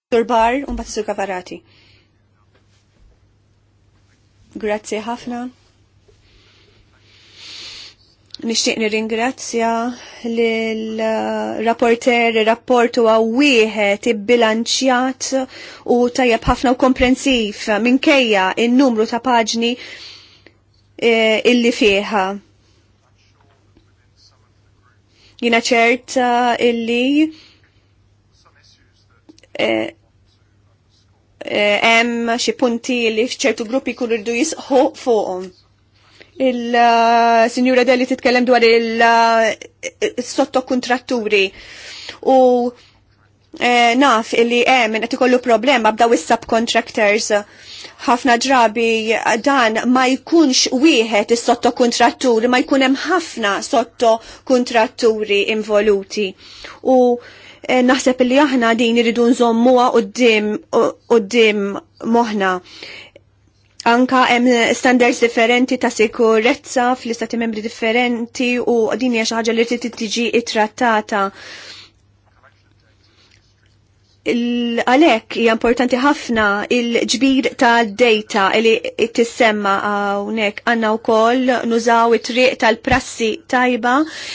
Turbar un bat Kavarati. Grazie ħafna. Nishtiq nirringrazzja l-rapporter, uh, rapportu rapport huwa wieħed u tajjeb ħafna u komprensiv minnkejja il numru ta' paġni eh, illi fieħa jina ċerta uh, illi eh, eh, hemm xi punti li f'ċertu gruppi jkunu rridu jisħu fuqhom il-Sinjura Deli titkellem dwar il-sottokontratturi u eh, naf illi hemm qed ikollu problema b'daw is-subcontractors ħafna drabi dan ma jkunx wieħed is sottokontratturi ma jkun hemm ħafna sottokontratturi involuti. U eh, naħseb illi aħna din iridu nżommuha quddiem moħħna. Anka hemm standards differenti ta' sikurezza fl-istati membri differenti u din hija xi ħaġa li trid tiġi ittrattata għalek hija importanti ħafna il-ġbir tal data li tissemma hawnhekk għandna wkoll nużaw it-triq tal-prassi tajba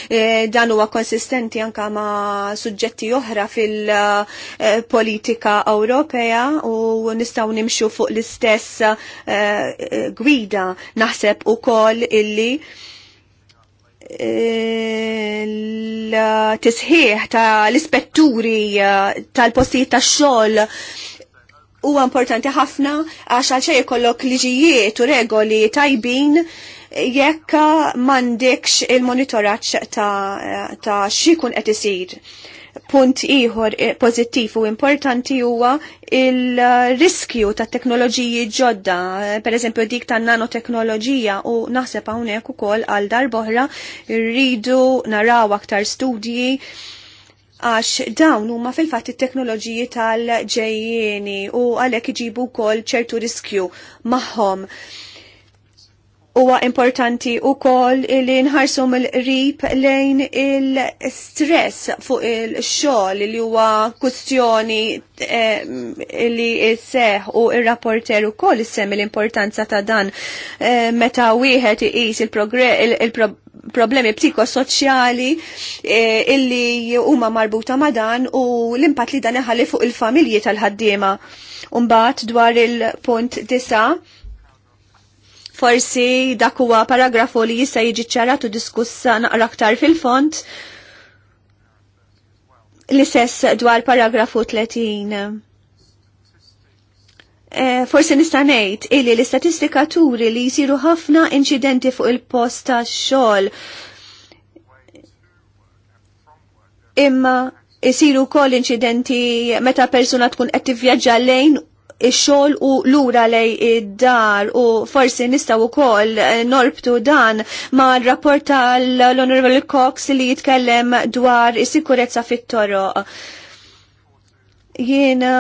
e, dan huwa konsistenti anka ma' suġġetti oħra fil-politika Ewropea u nistgħu nimxu fuq l-istess e, e, gwida naħseb ukoll illi l-tisħiħ ta' l-ispetturi eh, tal-postijiet ta' xogħol huwa importanti ħafna għax għal xejn ikollok liġijiet u regoli tajbin jekk m'għandekx il-monitoraġġ ta', eh, ta xikun qed isir. Punt ieħor eh, pozittiv u importanti huwa il-riskju ta' teknoloġiji ġodda, per eżempju dik ta' nanoteknoloġija u naħseb hawnhekk ukoll għal darboħra rridu naraw aktar studji għax dawn huma fil-fatt it-teknoloġiji tal-ġejjieni u għalhekk iġibu wkoll ċertu riskju magħhom huwa importanti u koll li nħarsu mill-rib lejn il-stress fuq il-xol li huwa kustjoni eh, li seħ u il-rapporter u koll sem l-importanza ta' dan eh, meta wieħed iqis il-problemi psikosoċjali eh, illi huma marbuta ma' dan u l-impatt li dan iħalli fuq il-familji tal-ħaddiema. Umbat dwar il-punt disa' forsi dak huwa paragrafu li jista' jiġi ċarat u diskussa naqra aktar fil-font li sess dwar paragrafu 30. E, forsi nista' ngħid illi l istatistikaturi turi li jsiru ħafna inċidenti fuq il-post tax-xogħol. Imma jsiru wkoll inċidenti meta persuna tkun qed tivvjaġġa lejn ix-xogħol u lura lej id-dar u forsi nistgħu wkoll eh, norbtu dan ma' rapport tal honorable Cox li jitkellem dwar is-sikurezza fit-toroq. Jiena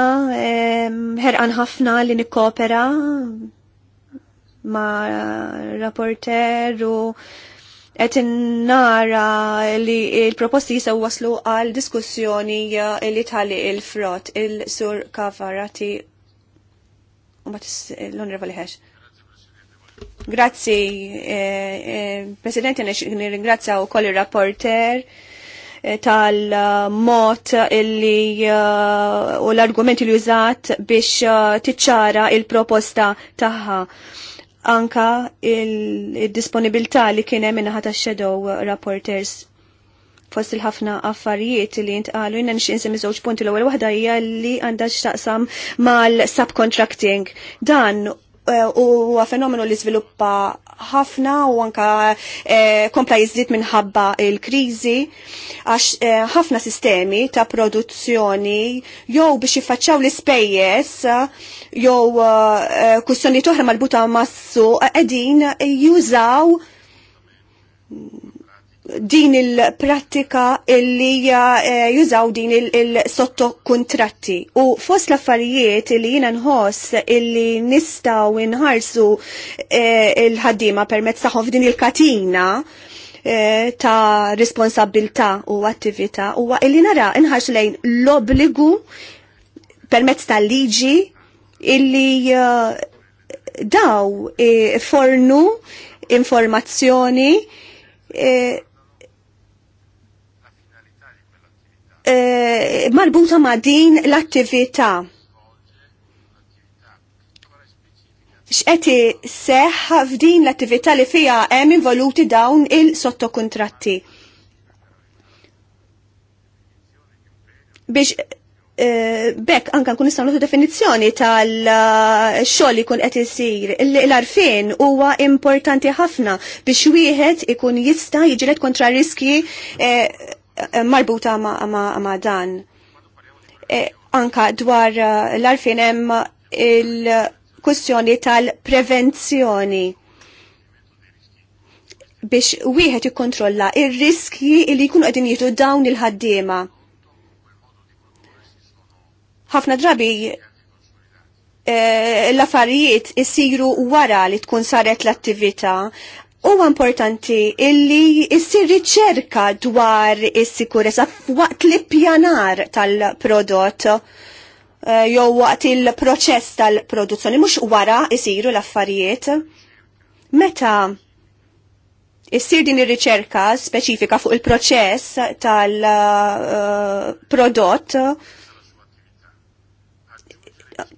eh, ħerqan ħafna li nikkopera ma' rapporter u qed nara li il-proposti jisaw waslu għal diskussjoni eh, li tali il-frott il-sur kafarati Umbat eh, l-Onorevoli Hesh. Grazzi, eh, eh, Presidenti, nirringrazzja u koll il-rapporter tal-mot illi u l-argumenti li użat biex tiċċara il-proposta taħħa anka il-disponibilità li kienem ħata shadow rapporters fost il-ħafna affarijiet li jintqalu jina nix insemmi żewġ punti l-ewwel waħda hija li għandha x'taqsam mal-subcontracting. Dan eh, huwa fenomenu li żviluppa ħafna u anka eh, kompla jizdit minħabba il-kriżi għax eh, ħafna sistemi ta' produzzjoni jew biex jiffaċċaw l-ispejjeż jew kussjoni toħra marbuta massu qegħdin jużaw din il-prattika illi eh, jużaw din il-sottokontratti. U fost l-affarijiet illi jina nħoss illi nistaw inħarsu eh, il-ħaddima permezz taħħom f'din il-katina eh, ta' responsabilta u attività huwa illi nara inħarx lejn l-obligu permezz tal-liġi illi eh, daw fornu informazzjoni Eh, marbuta ma' din l-attività. X'qed seħ f'din l-attività li fiha hemm involuti dawn il-sottokuntratti. Biex eh, bekk anka nkun nistgħu nagħtu definizzjoni tal-xogħol ikun qed isir. l arfien huwa importanti ħafna biex wieħed ikun jista' jiġilet kontra riski eh, marbuta ma' dan. E, anka dwar eh, l-arfin hemm il-kwestjoni tal-prevenzjoni biex wieħed ikkontrolla ir-riski li jkunu qegħdin jiġu dawn il-ħaddiema. Ħafna drabi eh, l-affarijiet isiru wara li tkun saret l-attività Huwa importanti illi issir riċerka dwar is-sikurezza f'waqt l-ippjanar tal-prodott eh, jew waqt il-proċess tal-produzzjoni mhux wara jsiru l-affarijiet. Meta jissir din ir-riċerka speċifika fuq il-proċess tal-prodott eh, uh,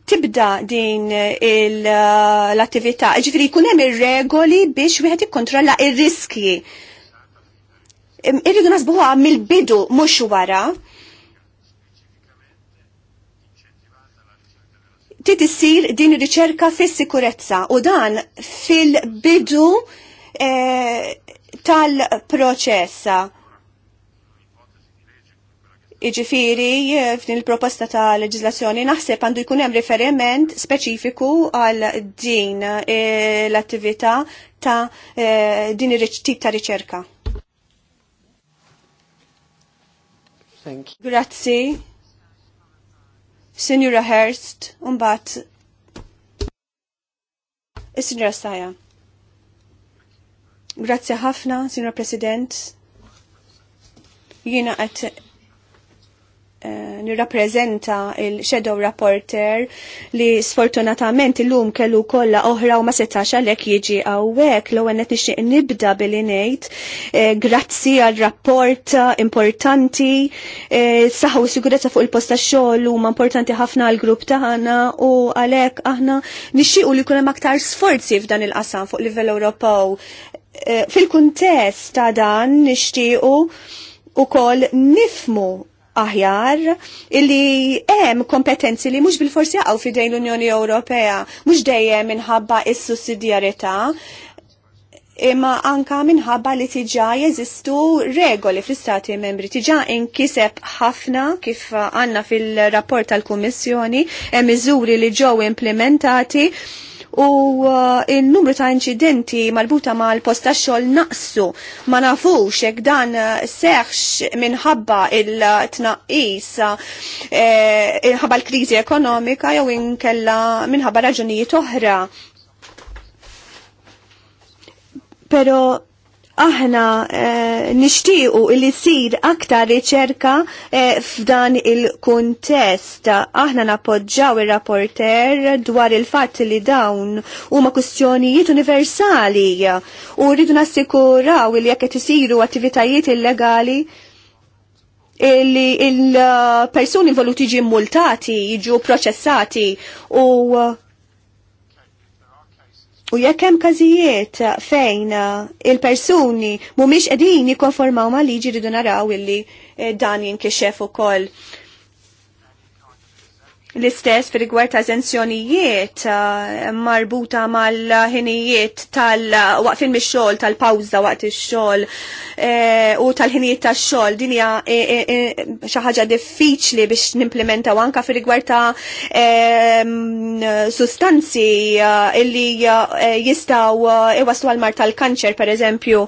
tibda din eh, eh, l-attività. Ġifiri, kunem ir-regoli biex wieħed ikkontrolla il riski Irridu nasbuħa mill-bidu mhux wara. Trid issir din ir-riċerka fis-sikurezza u dan fil-bidu eh, tal-proċessa Iġifiri, eh, f'din il-proposta ta' leġislazzjoni naħseb għandu jkun hemm riferiment speċifiku għal din eh, l-attività ta' eh, din ir-tip ta' riċerka. Grazzi. Signora Hurst unbat. Signora Saja. Grazzi ħafna, Signora President. Jiena qed Eh, nirrapprezenta il-Shadow Rapporter li sfortunatament illum kellu kollha oħra u ma setax għalhekk jiġi hawnhekk l qed nixtieq nibda billi ngħid eh, grazzi għal rapport importanti eh, saħħu sigurezza fuq il-post tax-xogħol huma importanti ħafna għal grupp tagħna u għalhekk aħna nixtiequ li jkun hemm aktar sforzi f'dan il-qasam fuq livell Ewropew. Fil-kuntest ta' dan nixtiequ u kol nifmu aħjar illi hemm kompetenzi li mhux bil-forsi jaqgħu fidejn l-Unjoni Ewropea, mhux dejjem minħabba s-sussidjarjetà, imma anka minħabba li tiġa jeżistu regoli fl-istati membri. Tiġa inkiseb ħafna kif għanna fil-rapport tal-Kummissjoni, hemm miżuri li ġew implementati u uh, il-numru ta' incidenti malbuta ma' l-posta xol naqsu. Ma' nafux ek dan uh, seħx minħabba il-tnaqis uh, eh, minħabba l-krizi ekonomika jew inkella minħabba raġunijiet oħra. Pero aħna eh, nishtiqu illi sir aktar riċerka eh, f'dan il-kuntest. Aħna napoġġaw il-rapporter dwar il-fatt li dawn huma kustjonijiet universali u rridu nassikuraw li jekk qed isiru attivitajiet illegali illi il-persuni voluti ġi multati, jiġu proċessati u U jekk hemm każijiet fejn eh, il-persuni mhumiex qegħdin jikkonformaw ma' liġi ridu naraw illi eh, dan jinkixef ukoll. koll L-istess fil rigward ta' zenzjonijiet eh, marbuta mal-ħinijiet tal-waqt il-mixxol, tal-pawza waqt il xol tal eh, pawza waqt il xol u tal-ħinijiet ta' xol Din hija eh, xi ħaġa diffiċli biex nimplementaw anka fil rigward ta' sustanzi illi jistaw iwaslu għal-mar tal-kanċer, per eżempju.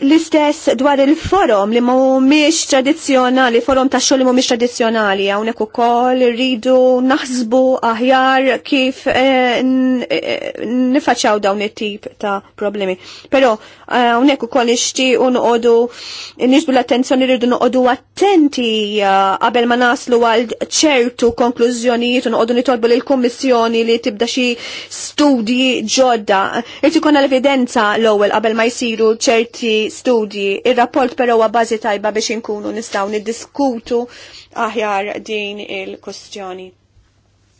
L-istess dwar il-forum li mhumiex tradizzjonali, forum ta' xogħol li mhumiex tradizzjonali, hawnhekk ukoll irridu naħsbu aħjar kif eh, eh, nifaċċaw dawn it-tip ta' problemi. Però eh, hawnhekk ukoll nixtiequ noqogħdu niġbu l-attenzjoni rridu noqogħdu attenti qabel ma naslu għal ċertu konklużjonijiet u noqogħdu nitolbu lill-Kummissjoni li tibda xi studji ġodda. Irid ikun l-evidenza l-ewwel qabel ma jsiru ċerti studji. Ir-rapport però huwa bażi tajba biex inkunu nistgħu niddiskutu aħjar din il-kwestjoni.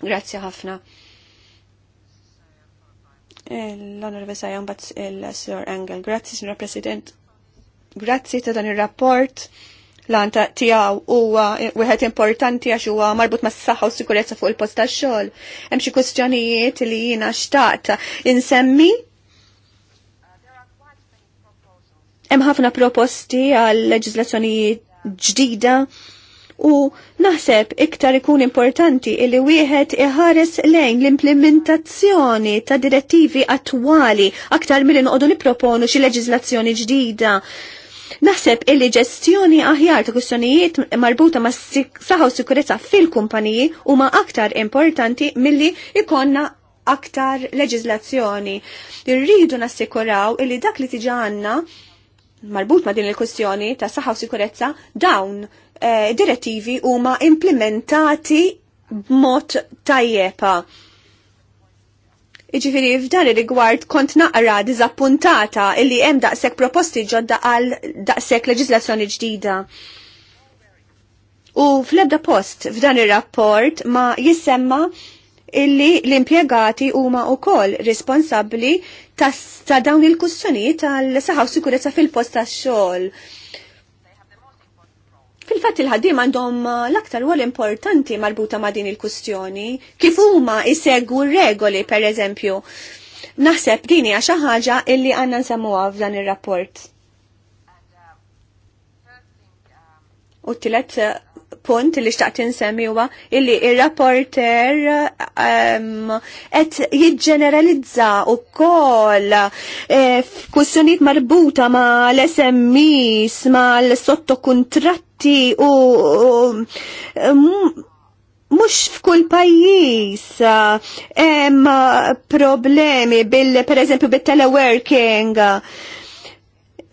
Grazzi ħafna. L-onorve Sajan bat il-Sir Engel. Grazzi, Signor President. Grazzi ta' dan il-rapport. L-anta tijaw huwa wieħed importanti għax huwa marbut s-saxħa u sikurezza fuq il-post tax-xogħol. Hemm xi kwistjonijiet li jiena xtaqta insemmi Hemm ħafna proposti għal leġislazzjoni ġdida u naħseb iktar ikun importanti illi wieħed iħares lejn l-implementazzjoni ta' direttivi attwali aktar mill noqogħdu nipproponu xi leġiżlazzjoni ġdida. Naħseb illi ġestjoni aħjar ta' kwistjonijiet marbuta ma' u sikurezza fil-kumpaniji huma aktar importanti milli ikonna aktar leġiżlazzjoni. Irridu nassikuraw illi dak li tiġi għandna marbut ma' din il-kwestjoni ta' saħħa u sikurezza, dawn eh, direttivi huma implementati b'mod tajjeba. Iġifiri, f'dan ir-rigward kont naqra diżappuntata illi hemm daqshekk proposti ġodda għal daqshekk leġislazzjoni ġdida. U fl-ebda post f'dan ir-rapport ma jissemma illi l-impiegati huma wkoll responsabbli ta' dawn il-kussjonijiet tal-saħħa u sikurezza fil-post tax-xogħol. Fil-fatt il-ħaddim għandhom l-aktar għol importanti marbuta ma' din il-kustjoni. Kif huma jsegwu regoli, per eżempju. Naħseb dini għaxa ħaġa illi għanna nsemmuha f'dan ir rapport U t-tilet eh, punt li xtaqt insemmi huwa illi ir-rapporter qed ehm, jiġġeneralizza wkoll eh, kwistjonijiet marbuta ma' l-SMEs, ma' l-sottokuntratti u mux f'kull pajjiż eh, hemm problemi bil per bit-teleworking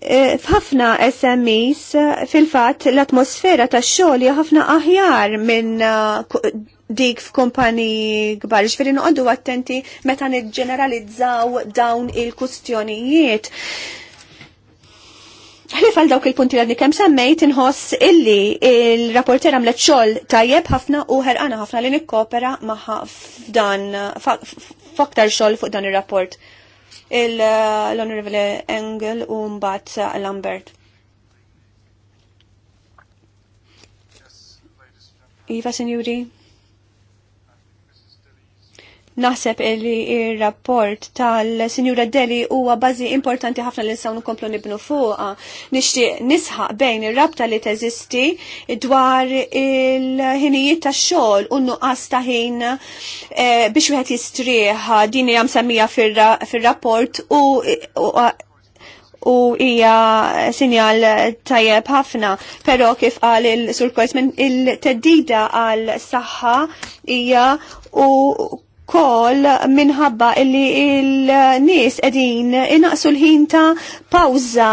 Eh, f'ħafna SMEs eh, fil-fatt l-atmosfera ta' xogħol hija ħafna aħjar minn eh, dik f'kumpani kbar. Ġifieri noqogħdu attenti meta niġġeneralizzaw dawn il-kustjonijiet. Ħlif għal dawk il-punti li kemm semmejt inħoss illi il-rapporter għamlet xogħol tajjeb ħafna u ħerqana ħafna li nikkopera magħha f'dan f'aktar xogħol fuq dan ir-rapport l-Honorable Engel u mbagħad Lambert. Iva, Sinjuri? Naħseb li il-rapport tal-Sinjura Deli huwa bażi importanti ħafna li nsawnu nkomplu nibnu fuqha. Nixtieq nisħaq bejn ir-rabta li teżisti dwar il-ħinijiet tax-xogħol u nuqqas ta' ħin eh, biex wieħed jistrieħ din hija msemmija fir-rapport u u hija sinjal tajjeb ħafna, però kif qal il-Sur Koisman il-teddida għal saħħa hija u Kol minħabba illi il-nies qegħdin inaqsu l-ħin ta' pawża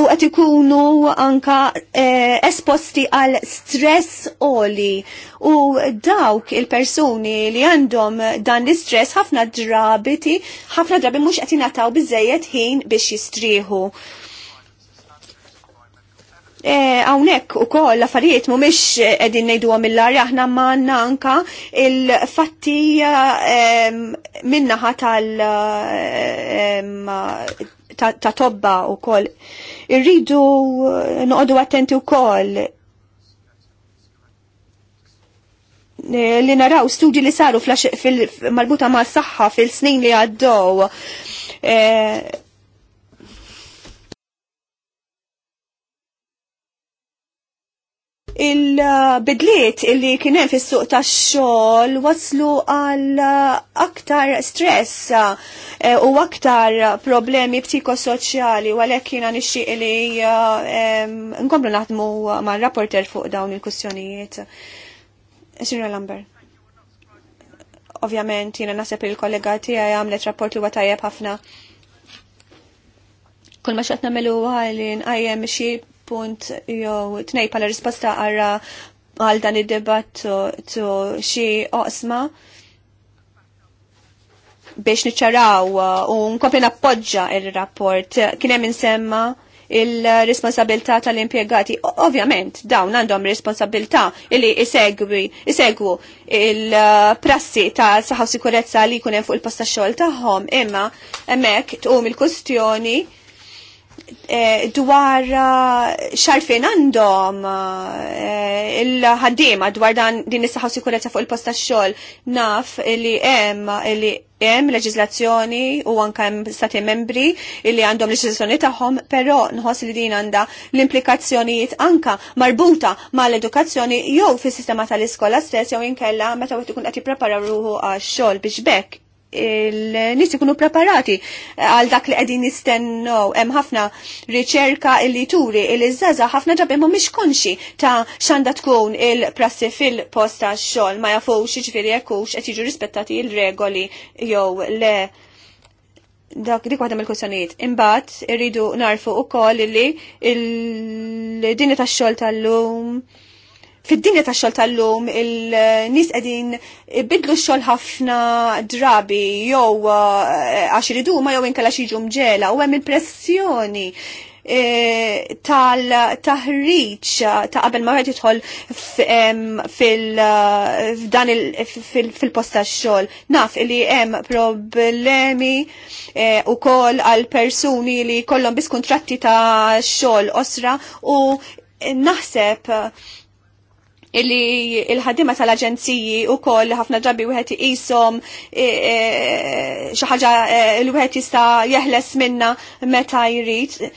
u qed ikunu anka eh, esposti għal stress oli u dawk il-persuni li għandhom dan l-istress ħafna drabiti ħafna drabi mhux qed jingħataw biżejjed ħin biex jistrieħu. E, għawnek u koll l-affarijiet mu miex e, edin nejdu għamillar, aħna manna anka il-fatti e, minnaħa tal- ta' tobba u koll. Irridu noqdu attenti u koll li naraw studi li saru marbuta ma' s-saxħa fil-snin li għaddow il-bidliet illi kienem fis suq ta' xol waslu għal uh, aktar stress uh, u aktar problemi psikosoċjali u għalek jina nixxie illi uh, nkomplu naħdmu ma' rapporter fuq dawn il-kussjonijiet. Sinra Lambert. Ovvjament jina nasib il-kollega tija għamlet rapport li għatajab ħafna kull ma xatna melu għalin għajem xie punt jew tnej pala risposta għarra għal dan id-debattu tu xi oqsma biex niċċaraw u nkompli nappoġġa il-rapport. Kien hemm insemma il-responsabilità tal-impiegati. Ovvjament, dawn għandhom responsabilità li isegwi, isegwu il-prassi ta' saħaw sikurezza li kunem fuq il-posta xogħol tagħhom, imma hemmhekk tqum il-kustjoni Eh, dwar eh, xarfin għandhom eh, il-ħaddima dwar dan din is-saħħa sikurezza fuq il-post tax-xogħol naf li hemm li hemm leġiżlazzjoni u anke hemm stati membri li għandhom leġiżlazzjoni tagħhom, però nħoss li din għandha l-implikazzjonijiet anka marbuta mal-edukazzjoni jew fis-sistema tal-iskola stess jew inkella meta wieħed ikun qed jipprepara ruħu għax-xogħol biex bekk il-nis ikunu preparati għal dak li qegħdin nistennew hemm ħafna riċerka illi turi il izzaza ħafna ġabi ma mish konxi ta' x'għandha tkun il-prassi fil posta tax-xogħol ma jafux jiġifieri jekkux qed jiġu rispettati il-regoli jew le dak dik waħda mill-kwistjonijiet. Imbagħad irridu narfu wkoll illi il-dinja tax-xogħol tal-lum fid-dinja ta' xol tal-lum il-nis edin bidlu xol ħafna drabi jew eh, għax iridu ma jew inkella xieġu mġela u hemm il-pressjoni eh, tal-taħriċ ta' qabel ma wieħed fil-dan fil posta xol. xogħol Naf li hemm problemi eh, kol għal persuni li kollom biskontratti ta' xogħol osra u naħseb illi il-ħadima tal-aġenziji u koll ħafna drabi wieħed isom e, e, xi ħaġa e, li wieħed jista' jeħles minna meta jrid.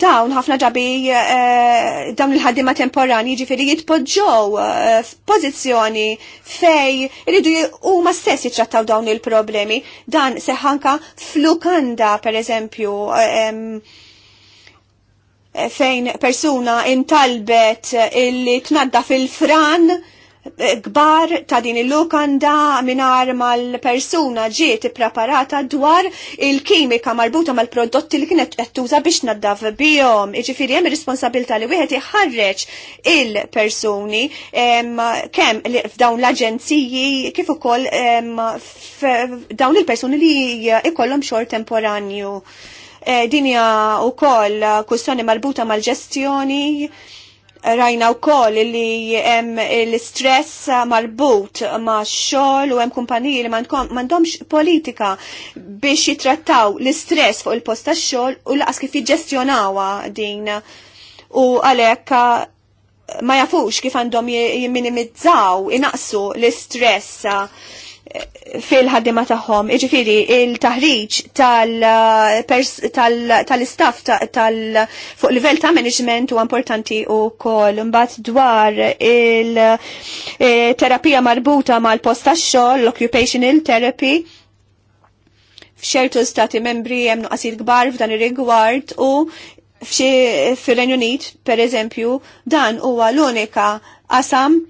Dawn ħafna drabi dawn il-ħadima temporani ġifieri jitpoġġow f'pożizzjoni fej iridu huma stess jittrattaw dawn il-problemi. Dan seħanka flukanda, per eżempju, fejn persuna intalbet illi tnadda fil-fran eh, gbar ta' din il lukanda minar mal-persuna ġiet preparata dwar il-kimika marbuta mal-prodotti li kienet tuża biex naddaf bihom. Iġifiri hemm ir-responsabilità li wieħed iħarreġ il-persuni kemm f'dawn l-aġenziji kif ukoll dawn il-persuni li ikollhom xor temporanju. Eh, dinja u kol kustjoni malbuta mal-ġestjoni, rajna u kol li jem l-stress marbut ma xol u jem kumpaniji li mandomx politika biex jitrattaw l-stress fuq il-post ta' xol u laqas kif jġestjonawa din u għalek eh, ma jafux kif għandhom jimminimizzaw, inaqsu l-stress fil-ħaddima tagħhom. Iġifieri il-taħriġ uh, tal-istaff fuq livell ta' management u importanti u koll. Mbagħad dwar il-terapija eh, marbuta mal-post tax-xogħol, l-occupational therapy, f'xertu stati membri hemm nuqqasir kbar f'dan ir-rigward u f'xi fir-Renju Unit, pereżempju, dan huwa l-unika qasam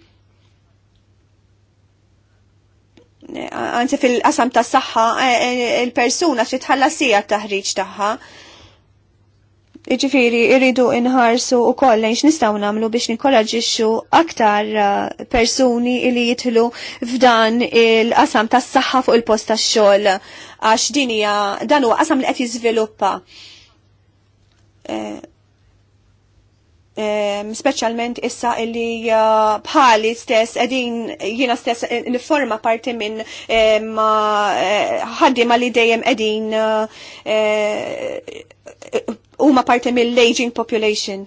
anzi fil-qasam tas saħħa e, e, il-persuna xi tħallasija t-taħriġ tagħha. Iġifiri, irridu inħarsu u koll lejn x'nistgħu nagħmlu biex nikoraġiċu aktar e, persuni li jitlu f'dan il-qasam tas-saħħa fuq il-post tax-xogħol għax din hija dan huwa qasam li qed jiżviluppa specialment issa illi uh, bħali stess edin jiena stess eh, niforma parti minn eh, ma eh, ħaddi ma li dejjem edin huma parti mill-aging population.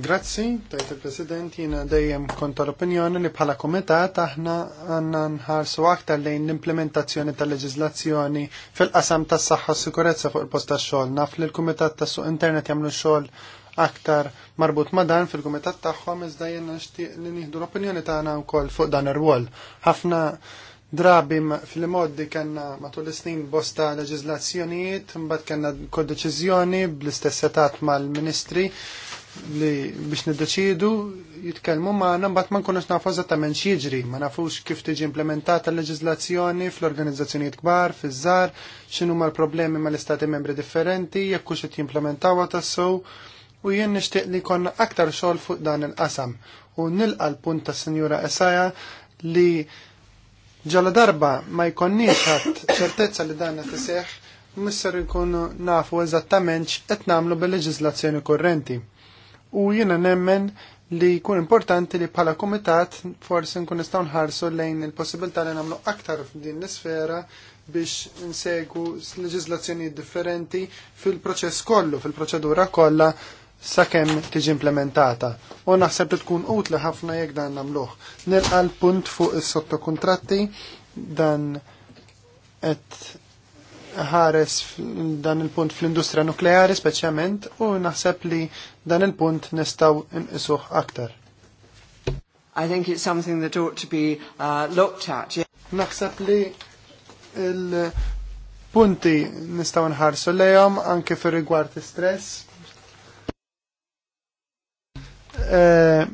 Grazzi, tajt il-President, jina dejjem konta l-opinjoni li bħala komitat aħna għanna nħarsu aktar lejn l-implementazzjoni tal-leġizlazzjoni fil-qasam tas saħħa u sikurezza fuq il-post tax-xogħol. Naf li l-Kumitat tas-Suq Internet jagħmlu xogħol aktar marbut ma' dan fil-kumitat tagħhom iżda jien nixtieq li nieħdu l-opinjoni tagħna wkoll fuq dan ir wol Ħafna drabi fil-moddi kanna matul is-snin bosta leġiżlazzjonijiet, mbagħad kanna kodeċiżjoni bl-istess setat mal-ministri li biex niddeċidu jitkellmu magħna mbagħad ma nkunux nafu eżattament x'jiġri, ma nafux kif tiġi implementata l-leġiżlazzjoni fl-organizzazzjonijiet kbar, fiż-żgħar, x'inhuma l-problemi mal-istati membri differenti, jekk hux qed jimplementawha tassew. So u jien nixtieq li konna aktar xogħol fuq dan il-qasam u nilqa l-punt tas Sinjura Esaja li ġala darba ma jkonniex ħadd ċertezza li dan qed iseħħ misser nkunu nafu eżattament x'qed nagħmlu bil-leġiżlazzjoni kurrenti. U jiena nemmen li jkun importanti li bħala kumitat forsi nkun nistgħu nħarsu lejn il-possibilità li nagħmlu aktar f'din l-isfera biex nsegu leġiżlazzjoni differenti fil-proċess kollu, fil-proċedura kollha sakemm tiġi implementata u naħseb li tkun utli ħafna jekk dan nagħmluh. Nilqa l-punt fuq is-sottokuntratti dan qed ħares dan il-punt fl-industrija nukleari speċjalment u naħseb li dan il-punt nistgħu nqisuh aktar. I think it's something that ought to be uh, looked at. Yeah. Naħseb li il-punti nistgħu nħarsu lejhom anke fir rigward stress Eh,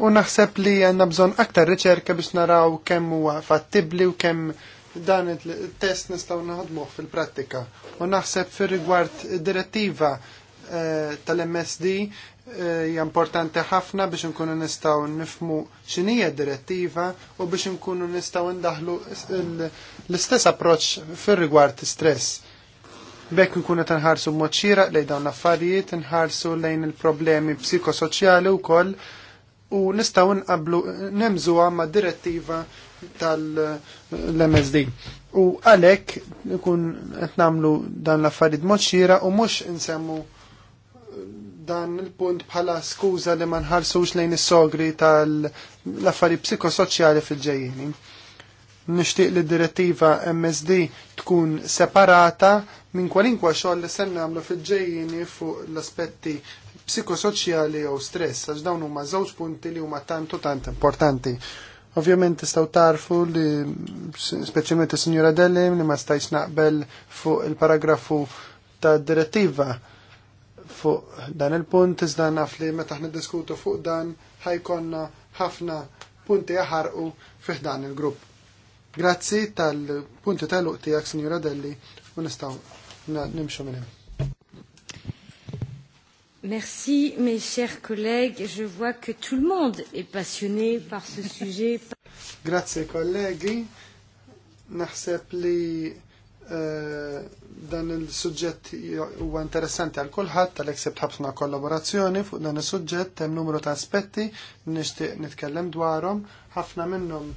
u naħseb li għanna bżon aktar riċerka biex naraw kemm huwa fattibli u kemm dan il-test nistgħu naħdmuh fil-prattika. U naħseb fir-rigward direttiva eh, tal-MSD eh, hija importanti ħafna biex nkunu nistgħu nifmu x'inija direttiva u biex inkunu nistgħu ndaħlu l-istess approċċ fir-rigward stress. Bekk nkunu tanħarsu mod xieraq lejn dawn l-affarijiet, nħarsu lejn il-problemi psikosoċjali wkoll u nistgħu nqablu nemżuha mad direttiva tal-MSD. U għalhekk ikun qed nagħmlu dan l-affarijiet mod u mhux insemmu dan il-punt bħala skuża li ma nħarsux lejn is-sogri tal affarijiet psikosoċjali fil-ġejjini nixtieq li direttiva MSD tkun separata minn kwalinkwa xogħol li se nagħmlu fil-ġejjini fuq l-aspetti psikosoċjali jew stress għax dawn huma żewġ punti li huma tantu tant importanti. Ovvjament tistaw tarfu li speċjalment is-Sinjura Dellim li ma stajx naqbel fuq il-paragrafu ta' direttiva fuq dan il-punt iżda naf li meta ħna diskutu fuq dan ħajkonna ħafna punti jaħarqu fih dan il-grupp. Grazzi tal-punti tal-luq tijak, Signora Delli, unistaw nimxu minn Merci, mes chers collègues. Je vois que tout le monde est passionné par ce sujet. Grazie, kollegi. Naħseb li eh, dan il-sujġett huwa interessanti għal kulħadd tal-eksept ħabsna kollaborazzjoni fuq dan il-sujġett hemm numru ta' aspetti nixtieq nitkellem dwarhom. Ħafna minnhom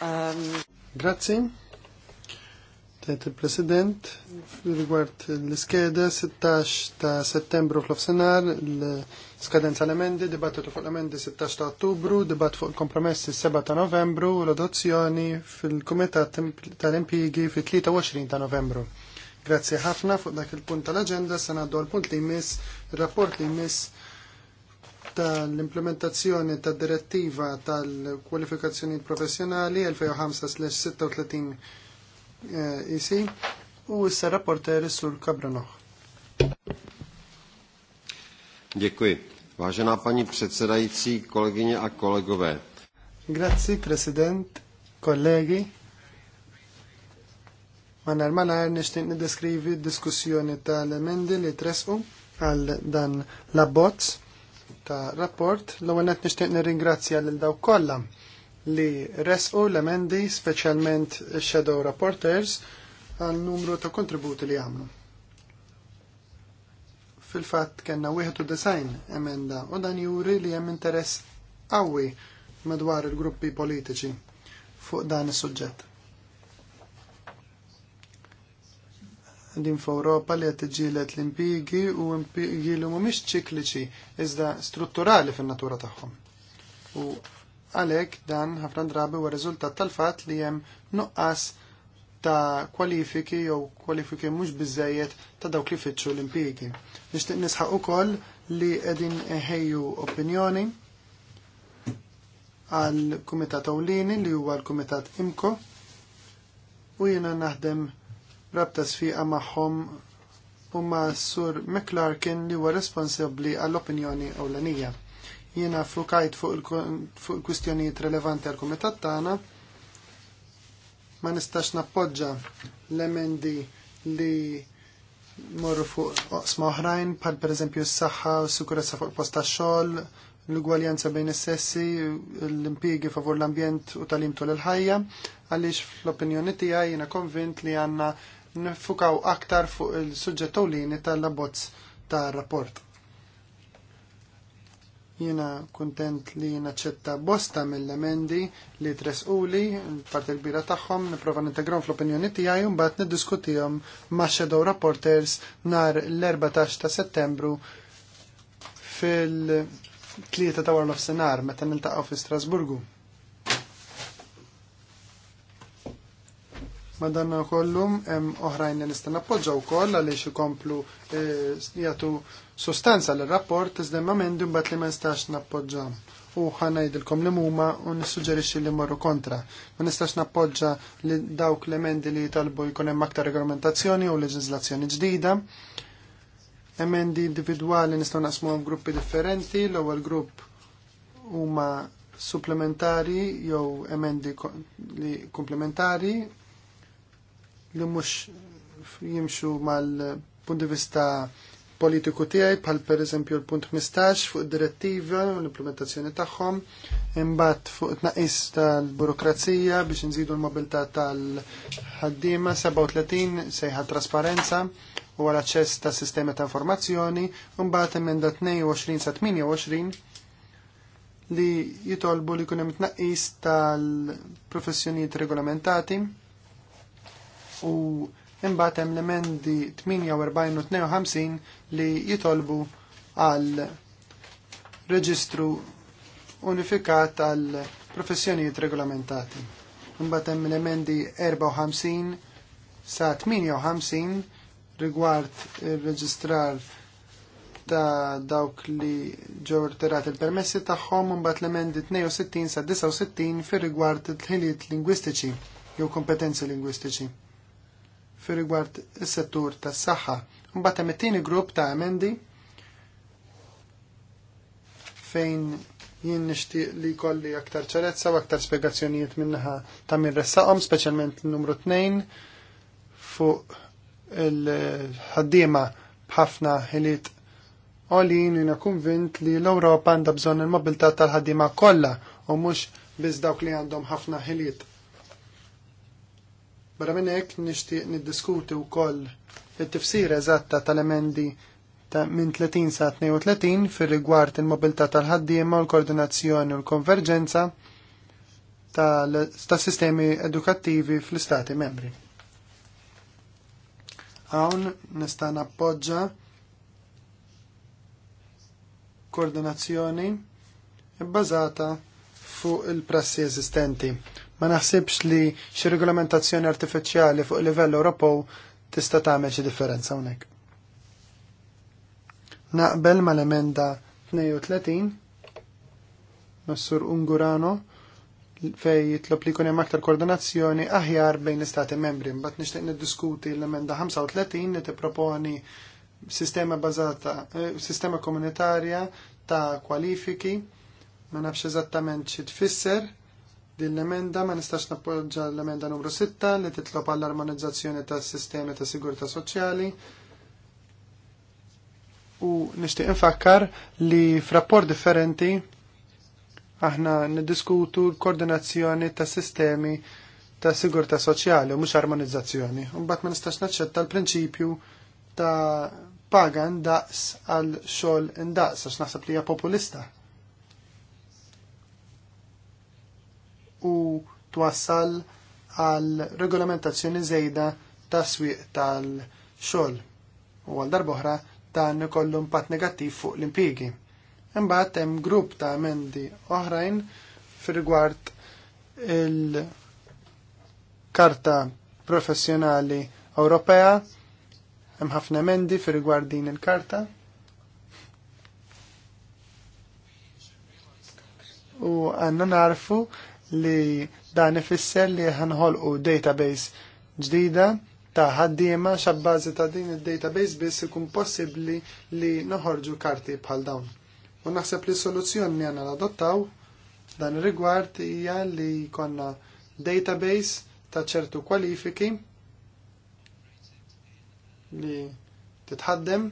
Um... Grazzi. president riguard l skeda 16 ta' settembru fl-ofsenar, l-skadenza l-emendi, dibattitu fuq l-emendi 16 ta' ottubru, dibatt fuq il-kompromessi 7 ta' novembru, l-adozzjoni fil-Kumitat tal-Impigi fil-23 ta' novembru. Grazie ħafna fuq dak il-punt tal-agenda, sanaddu għal-punt li jmiss, il-rapport li jmiss ta' l implementazzjoni ta' direttiva tal-kwalifikazzjoni professjonali 2005-36 IC e u issa rapporter sur Kabranoch. Děkuji. Vážená paní předsedající, kolegyně a kolegové. Grazie, president, kolegi. Manar manar nishtiq nideskrivi diskussjoni tal-emendi li tresqu għal dan la bots ta' rapport. L-ewwel nishtiq nixtieq nirringrazzja lil dawk kollha li resqu l-emendi, speċjalment shadow rapporters, għal numru ta' kontributi li għamlu. Fil-fatt kena wieħed design emenda u dan juri li hemm interess qawwi madwar il-gruppi politiċi fuq dan is-suġġett. din f'Ewropa li qed tiġġieled l impigi u impjigi li mhumiex ċikliċi iżda strutturali fin-natura tagħhom. U għalhekk dan ħafna drabi huwa riżultat tal-fatt li hemm nuqqas ta' kwalifiki jew kwalifiki mhux biżejjed ta' dawk li fitxu l impigi Nixtieq nisħaq ukoll li qegħdin ħejju opinjoni għal kumitat Awlini li huwa l-Kumitat Imko u jiena naħdem rabta sfiqa magħhom u ma' sur McClarkin li huwa responsabbli għall-opinjoni ewlenija. Jiena fukajt fuq il-kwistjonijiet relevanti għal kumitat tagħna ma nistax nappoġġa l-emendi li morru fuq oqsma oħrajn, bħal pereżempju s-saħħa, s-sikurezza fuq posta xogħol, l-ugwaljanza bejn is-sessi, l-impjiegi favur l-ambjent u tal-imtu l-ħajja, għaliex fl-opinjoni tiegħi jiena konvint li għandna nifukaw aktar fuq il-suġġett ewlieni tal-abbozz tar-rapport. Jiena kuntent li naċċetta bosta mill-emendi li tresquli, parti l-bira tagħhom, nipprova nintegrom fl-opinjoni tiegħi u mbagħad niddiskutihom ma' Shadow Reporters nhar l-14 ta' Settembru fil-3 ta' warlof senar meta niltaqgħu fi Strasburgu. Madanna kollum hemm oħrajn nistan nista' nappoġġaw ukoll għaliex ikomplu e, jagħtu sostanza l rapport iżda hemm amendi mbagħad li ma nistax nappoġġa U ħanajdilkom li muma u nissuġġerixxi li mmorru kontra. Ma nistax nappoġġa li dawk l-emendi li jitalbu jkun hemm aktar regolamentazzjoni u leġiżlazzjoni ġdida. Emendi individwali nistgħu naqsmuhom gruppi differenti, l-ewwel grupp huma supplementari jew emendi li komplementari li mhux jimxu mal-punt di vista politiku tiegħi bħal pereżempju l-punt 15 fuq id-direttiva u l-implementazzjoni tagħhom, imbagħad fuq tnaqqis tal-burokrazija biex nżidu l-mobilità tal-ħaddiema 37 sejħa trasparenza u għal aċċess ta' sistemi ta' informazzjoni, imbat emenda 22 sa 28 li jitolbu li kunem t-naqis tal-professjonijiet regolamentati u imbagħad hemm l-emendi 48 u 52 li jitolbu għal reġistru unifikat għal professjonijiet regolamentati. Imbagħad hemm l-emendi 54 sa 58 rigward ir-reġistrar ta' dawk li ġew irterat il-permessi tagħhom mbagħad l-emendi 62 sa 69 fir rigward il-ħiliet lingwistiċi jew kompetenzi lingwistiċi fi rigward is-settur tas-saħħa. Mbagħad hemm it-tieni grupp ta' emendi fejn jien nixtieq li jkolli aktar ċarezza u aktar spjegazzjonijiet minnaħa ta' min ressaqhom, speċjalment l-numru 2 fuq il-ħaddiema bħafna ħiliet għolin jina kunvint li l-Europa għanda bżon il-mobilità tal-ħaddima kollha u mhux biss dawk li għandhom ħafna ħiliet. Bara minn ek nixtieq niddiskuti wkoll il tifsira eżatta tal-emendi ta' minn 30 sa' 32 fir rigward il mobilta tal-ħaddiema u l-koordinazzjoni u l-konverġenza ta' sistemi edukattivi fl-istati membri. Hawn nista' nappoġġa koordinazzjoni bbażata fuq il-prassi eżistenti Ma naħsibx li xi regolamentazzjoni artifiċjali fuq livell Ewropew tista' tagħmel xi differenza hawnhekk. Naqbel mal-emenda 32 Massur Ungurano fej jitlob li jkun hemm aktar koordinazzjoni aħjar bejn l-istati membri. Mbagħad nixtieq niddiskuti l-emenda 35 li tipproponi sistema bazata, eh, sistema komunitarja ta' kwalifiki, ma nafx eżattament xi tfisser, Din l-emenda ma nistax nappoġġa l-emenda numru 6 li titlob għall-armonizzazzjoni tas sistemi ta' sigurta soċjali. U nixtieq infakkar li f'rapport differenti aħna niddiskutu l-koordinazzjoni ta' sistemi ta' sigurta soċjali u mhux armonizzazzjoni. U mbagħad ma nistax naċċetta l-prinċipju ta' pagan daqs għal xogħol indaqs għax naħseb li hija populista u twassal għal regolamentazzjoni żejda ta' swieq tal-xogħol u għal darboħra dan ikollu impatt negattiv fuq l-impjiegi. Imbagħad hemm grupp ta' emendi oħrajn fir-rigward il-karta professjonali Ewropea hemm ħafna emendi fir-rigward din il-karta. U għanna narfu li dan ifisser li ħanħolqu database ġdida ta' ħaddiema xabbażi ta' din id-database biss ikun possibbli li noħorġu karti bħal dawn. U naħseb li soluzzjoni għanna l adottaw dan ir-rigward hija li konna database ta' ċertu kwalifiki li titħaddem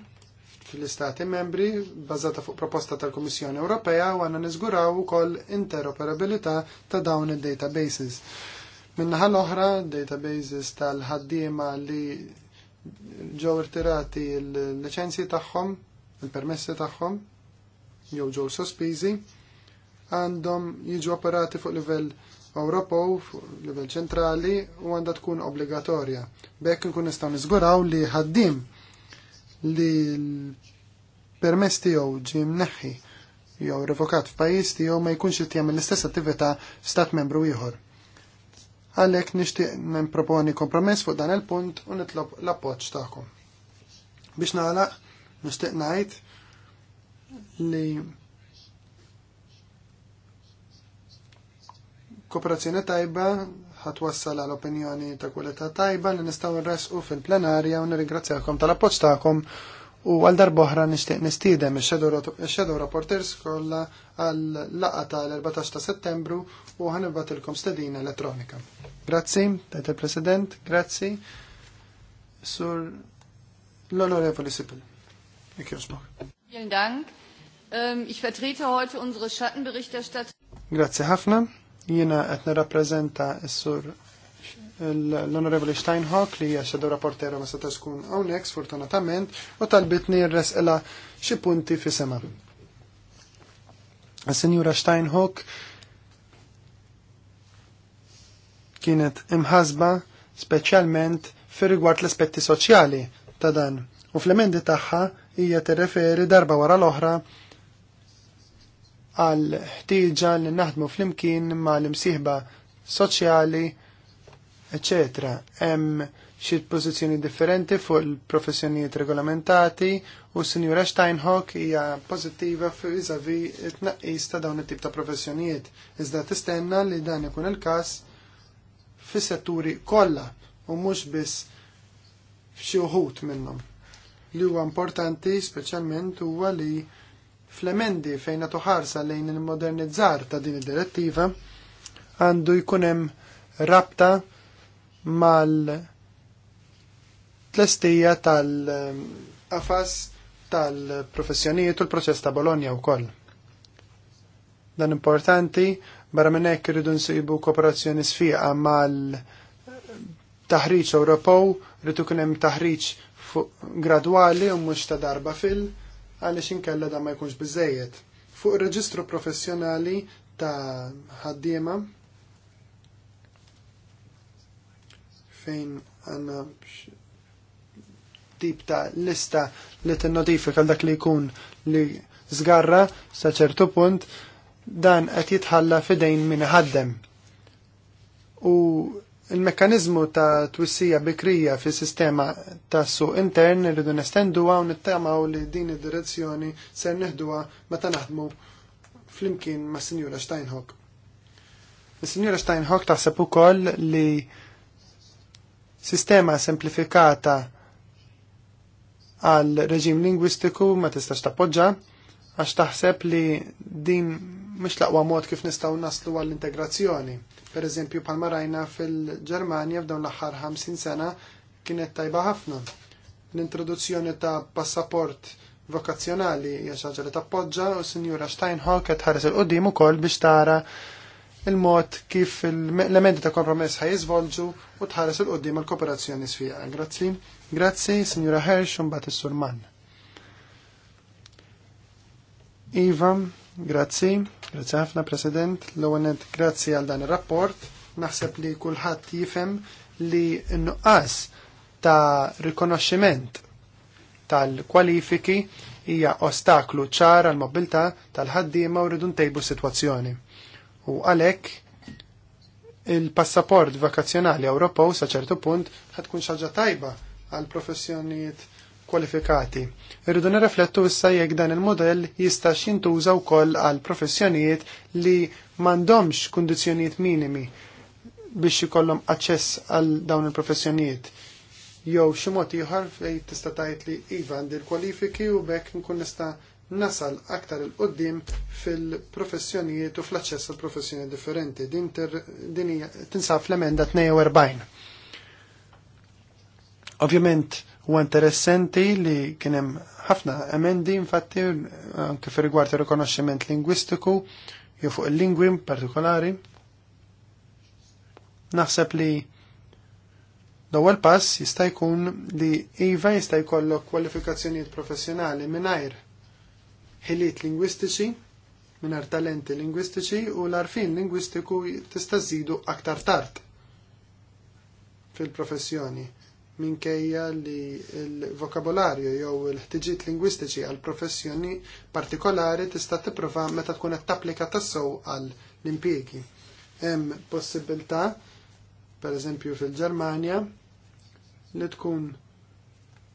fil istati membri bazzata fuq proposta tal-Kummissjoni Ewropea u għandna niżguraw ukoll interoperabilità ta' dawn il-databases. Minna l-oħra, databases tal-ħaddiema li ġew irtirati l-liċenzji tagħhom, il-permessi tagħhom, jew ġew sospiżi, għandhom jiġu operati fuq livell Ewropew fuq livell ċentrali u għandha tkun obbligatorja. Bekk nkun nistgħu niżguraw li ħaddim li l-permess tiegħu ġie mneħħi jew revokat f'pajjiż tiegħu ma jkunx qed jagħmel l-istess attività stat membru ieħor. Għalhekk nixtieq nipproponi kompromess fuq dan il-punt u nitlob l-appoġġ tagħkom. Biex nagħlaq nixtieq ngħid li kooperazzjoni tajba ħatwassal għal opinjoni ta' kwalità tajba li nistgħu nresqu fil-plenarja u nirringrazzjakom tal-appoġġ tagħkom u għal darboħra nixtieq nistiedem ix-shadow rapporters kollha għal laqgħa tal-14 ta' Settembru u ħanibatilkom stedina elettronika. Grazzi, tajt il-President, grazzi. Sur l-Onorevoli Sippel. Vielen Dank. Ähm, ich vertrete heute unsere Schattenberichterstatter. Grazie Hafner. Jiena qed nirrappreżenta s-sur l-Onorevoli Steinhock li hija xedew rapportera ma setax tkun hawnhekk sfortunatament u talbitni rresqela xi punti fi sema. is Steinhock kienet imħasba speċjalment fi rigward l-aspetti soċjali ta' dan u fl-emendi tagħha hija tirreferi darba wara l-oħra għal ħtieġa li naħdmu flimkien ma' l-imsieħba soċjali, etc. Hemm xi pożizzjoni differenti fuq il-professjonijiet regolamentati u Sinjura Steinhock hija pożittiva viżavi t-tnaqqis ta' dawn it-tip ta' professjonijiet. Iżda tistenna li dan ikun il-każ fis-setturi kollha u mhux biss f'xi wħud minnhom. Li huwa importanti speċjalment huwa li fl-emendi fejn nagħtu ħarsa lejn il-modernizzar ta' din id-direttiva għandu jkun hemm rabta mal tlestija tal afas tal-professjonijiet u l-proċess ta' Bologna wkoll. Dan importanti barra minn hekk irridu nsibu kooperazzjoni sfiqa mal taħriġ Ewropew, rridu kunem hemm taħriġ gradwali u mhux ta' darba fil- għaliex inkella da ma jkunx bizzejiet. Fuq reġistru professjonali ta' ħaddiema fejn għanna tip ta' lista li t-notifika dak li jkun li zgarra sa' ċertu punt dan qed jitħalla fidejn minn ħaddem. U Il-mekkanizmu ta' twissija bikrija fis sistema ta' suq intern irridu nestenduha u nittamaw li din id-direzzjoni ser ma meta naħdmu flimkien ma' Sinjura Steinhock. Is-Sinjura Steinhock taħseb ukoll li sistema semplifikata għal reġim lingwistiku ma tistax tappoġġa għax taħseb li din mhux laqwa mod kif nistgħu naslu għall-integrazzjoni Per eżempju, palma rajna fil-Ġermanja f'dawn l-aħħar 50 sena kienet tajba ħafna. L-introduzzjoni ta' passaport vokazzjonali hija xaġa li tappoġġa u Sinjura Steinhock qed ħares il-qudiem ukoll biex tara il-mod kif l-elementi ta' kompromess ħajizvolġu u tħares il-qoddim għal-kooperazzjoni sfiqa. Grazzi. Grazzi, sinjura Hersh, un bat surman Iva, Grazzi, grazzi ħafna President. L-għonet grazzi għal dan il-rapport. Naħseb li kullħat jifem li n-nuqqas ta' rikonoxximent tal-kwalifiki hija ostaklu ċar għal mobilità tal-ħaddiema u rridu ntejbu situazzjoni. sitwazzjoni U għalhekk il-passaport vakazzjonali Ewropew sa ċertu punt ħatkun xaġa tajba għal professjonijiet kwalifikati. Irridu nirreflettu issa jekk dan il-modell jista' jintuża wkoll għal professjonijiet li m'għandhomx kundizzjonijiet minimi biex ikollhom aċċess għal dawn il-professjonijiet jew xi mod ieħor fejn tista' tgħid li iva għandi l-kwalifiki u bekk nkun nista' nasal aktar il qoddim fil-professjonijiet u fl-aċċess għal professjoni differenti. Din, din tinsab fl-emenda 42. Ovvjament U interessanti li kien hemm ħafna emendi infatti anke fi rigward il rikonoxximent lingwistiku jew fuq il-lingwi partikolari. Naħseb li l-ewwel pass jista' jkun li iva jista' jkollok kwalifikazzjonijiet professjonali mingħajr ħiliet lingwistiċi minar talenti lingwistiċi u l-arfin lingwistiku tista' żidu aktar tard fil-professjoni minkejja li il-vokabolarju jew il ħtiġijiet lingwistiċi għal professjoni partikolari tista' tipprova meta tkun qed tapplika tassew għal l-impjiegi. Hemm possibilità, pereżempju fil-Ġermanja, li tkun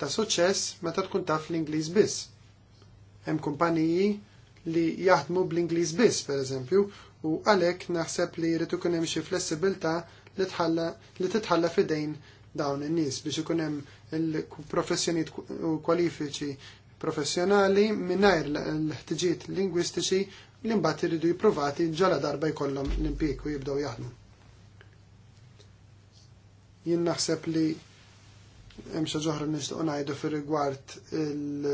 ta' suċċess meta tkun taf l-Ingliż biss. Hemm kumpaniji li jaħdmu bl-Ingliż biss, pereżempju, u għalhekk naħseb li jrid ikun hemm xi flessibilità li titħalla fidejn dawn in-nies biex ikun hemm il-professjonijiet u kwalifiċi professjonali mingħajr l-ħtiġiet lingwistiċi li mbagħad iridu jippruvati ġala darba jkollhom l-impjeg u jibdew jaħdmu. Jien naħseb li hemm xi ġoħra nixtieq ngħidu fir-rigward il-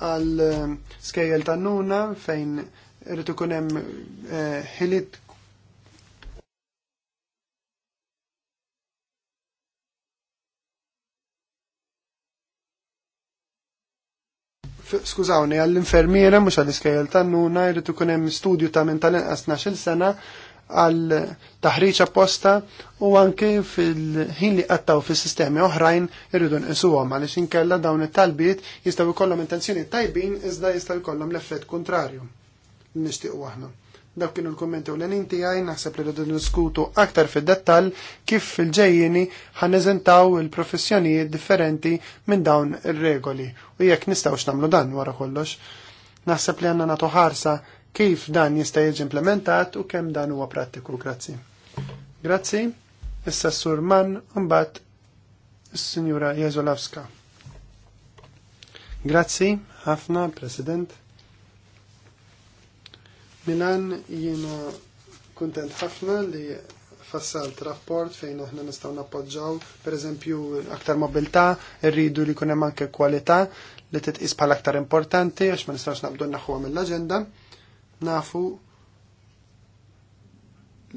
għal ehm, skejjel tan-nuna fejn irid kunem hemm eh, Skużawni, għall-infermiera mhux għall-iskejjel tan-nuna jrid ikun hemm studju ta' minn tal-inqas il sena għal taħriġ apposta u anke fil-ħin li qattaw fis-sistemi oħrajn irridu nqisuhom għaliex inkella dawn it-talbiet jistgħu jkollhom intenzjoni tajbin iżda jistgħu jkollhom l-effett kontrarju. Nixtiequ aħna. Dak kienu l-kummenti u l-għanin tijaj, naħseb li rridu niskutu aktar fid dettal kif fil-ġejjini ħan eżentaw il-professjonijiet differenti minn dawn ir-regoli u jekk nistgħux nagħmlu dan wara kollox. Naħseb li għandna nagħtu ħarsa kif dan jista' jiġi implementat u kemm dan huwa prattiku. Grazzi. Grazzi. Issa Sur Man mbagħad is-Sinjura Jeżolawska. Grazzi ħafna, President. Milan jiena kuntent ħafna li fassalt rapport fejn aħna nistgħu nappoġġaw, pereżempju aktar mobilità, rridu li jkun hemm anke kwalità li titqis bħal aktar importanti għax ma nistgħux naqbdu naħuha mill-aġenda nafu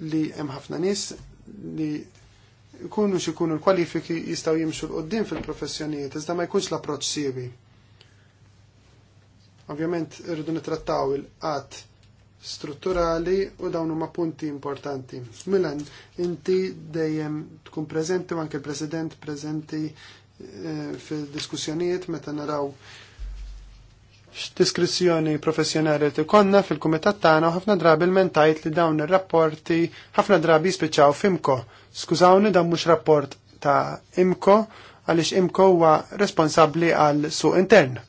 li hemm ħafna nies li jkunu xikunu l-kwalifiki jistaw jimxu l-qoddim fil-professjonijiet, iżda ma jkunx l-approċ siebi. Ovvjament irridu nitrattaw il-qat strutturali u dawn huma punti importanti. Milan, inti dejjem tkun preżenti u anke l-President preżenti eh, fil-diskussjonijiet meta naraw x'diskrizzjoni professjonali li konna fil-kumitat tagħna u ħafna drabi l-mentajt li dawn ir-rapporti ħafna drabi jispiċċaw f'imko. Skużawni dan mhux rapport ta' imko għaliex imko huwa responsabbli għal suq intern.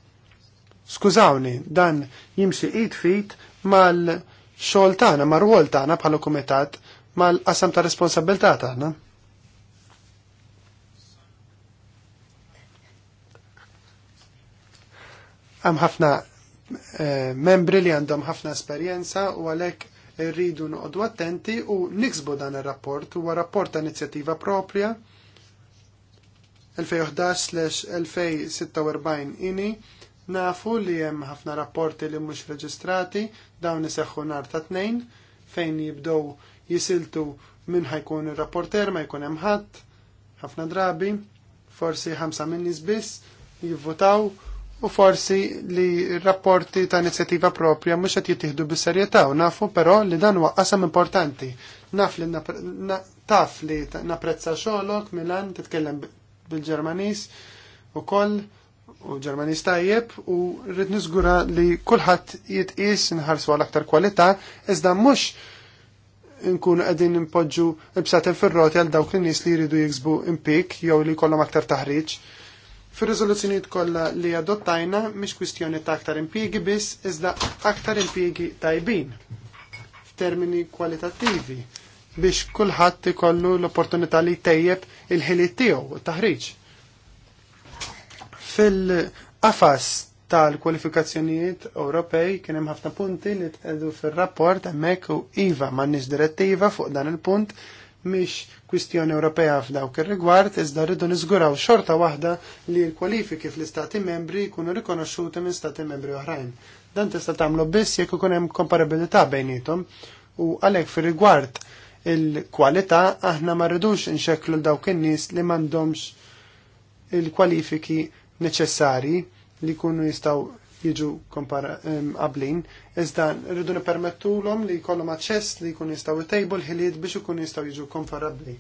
Skużawni, dan jimxi id fit mal-xogħol tagħna, mar-rwol tagħna bħala kumitat mal-qasam ta' responsabilità tagħna. Hemm ħafna eh, membri li għandhom ħafna esperjenza u għalhekk rridu noqogħdu attenti u niksbu dan ir-rapport huwa rapport ta' inizjattiva propria 2011-2046 ini nafu li hemm ħafna rapporti li mhux reġistrati dawn iseħħu nhar ta' tnejn fejn jibdow jisiltu minn ħajkun ir-rapporter ma jkun hemm ħadd ħafna drabi forsi ħamsa minnis biss jivvotaw u forsi li rapporti ta' inizjattiva propja mhux qed jittihdu bis-serjetà u nafu però li dan huwa qasam importanti. Naf li taf li napprezza xolok Milan titkellem bil-Ġermaniż ukoll u Ġermaniż tajjeb u rrid niżgura li kulħadd jitqies inħarsu għal aktar kwalità iżda mhux nkunu qegħdin impoġġu bsatin fir-roti għal dawk li nies li jridu jiksbu impik jew li jkollhom aktar taħriġ Fir-riżoluzzjonijiet kollha li adottajna mhix kwistjoni ta' aktar impjiegi biss iżda aktar impjiegi tajbin f'termini kwalitattivi biex kulħadd ikollu l-opportunità li tejjeb il-ħiliet tiegħu u taħriġ. Fil-qafas tal-kwalifikazzjonijiet Ewropej kien hemm ħafna punti li tqedu fir-rapport hemmhekk u iva m'għandniex direttiva fuq dan il-punt mhix kwistjoni Ewropea f'dawk ir-rigward iżda rridu niżguraw xorta waħda li l-kwalifiki fl-istati membri jkunu rikonoxxuti minn stati membri oħrajn. Dan tista' tagħmlu biss jekk ikun hemm komparabilità bejnietom u għalhekk fir-rigward il-kwalità aħna ma rridux inxeklu dawk in-nies li m'għandhomx il-kwalifiki neċessarji li jkunu jistgħu jiġu qablin, iżda rridu nipermettulhom li jkollhom aċċess li jkun jistgħu jtejbu l-ħiliet biex ikun jistgħu jiġu komparabbli.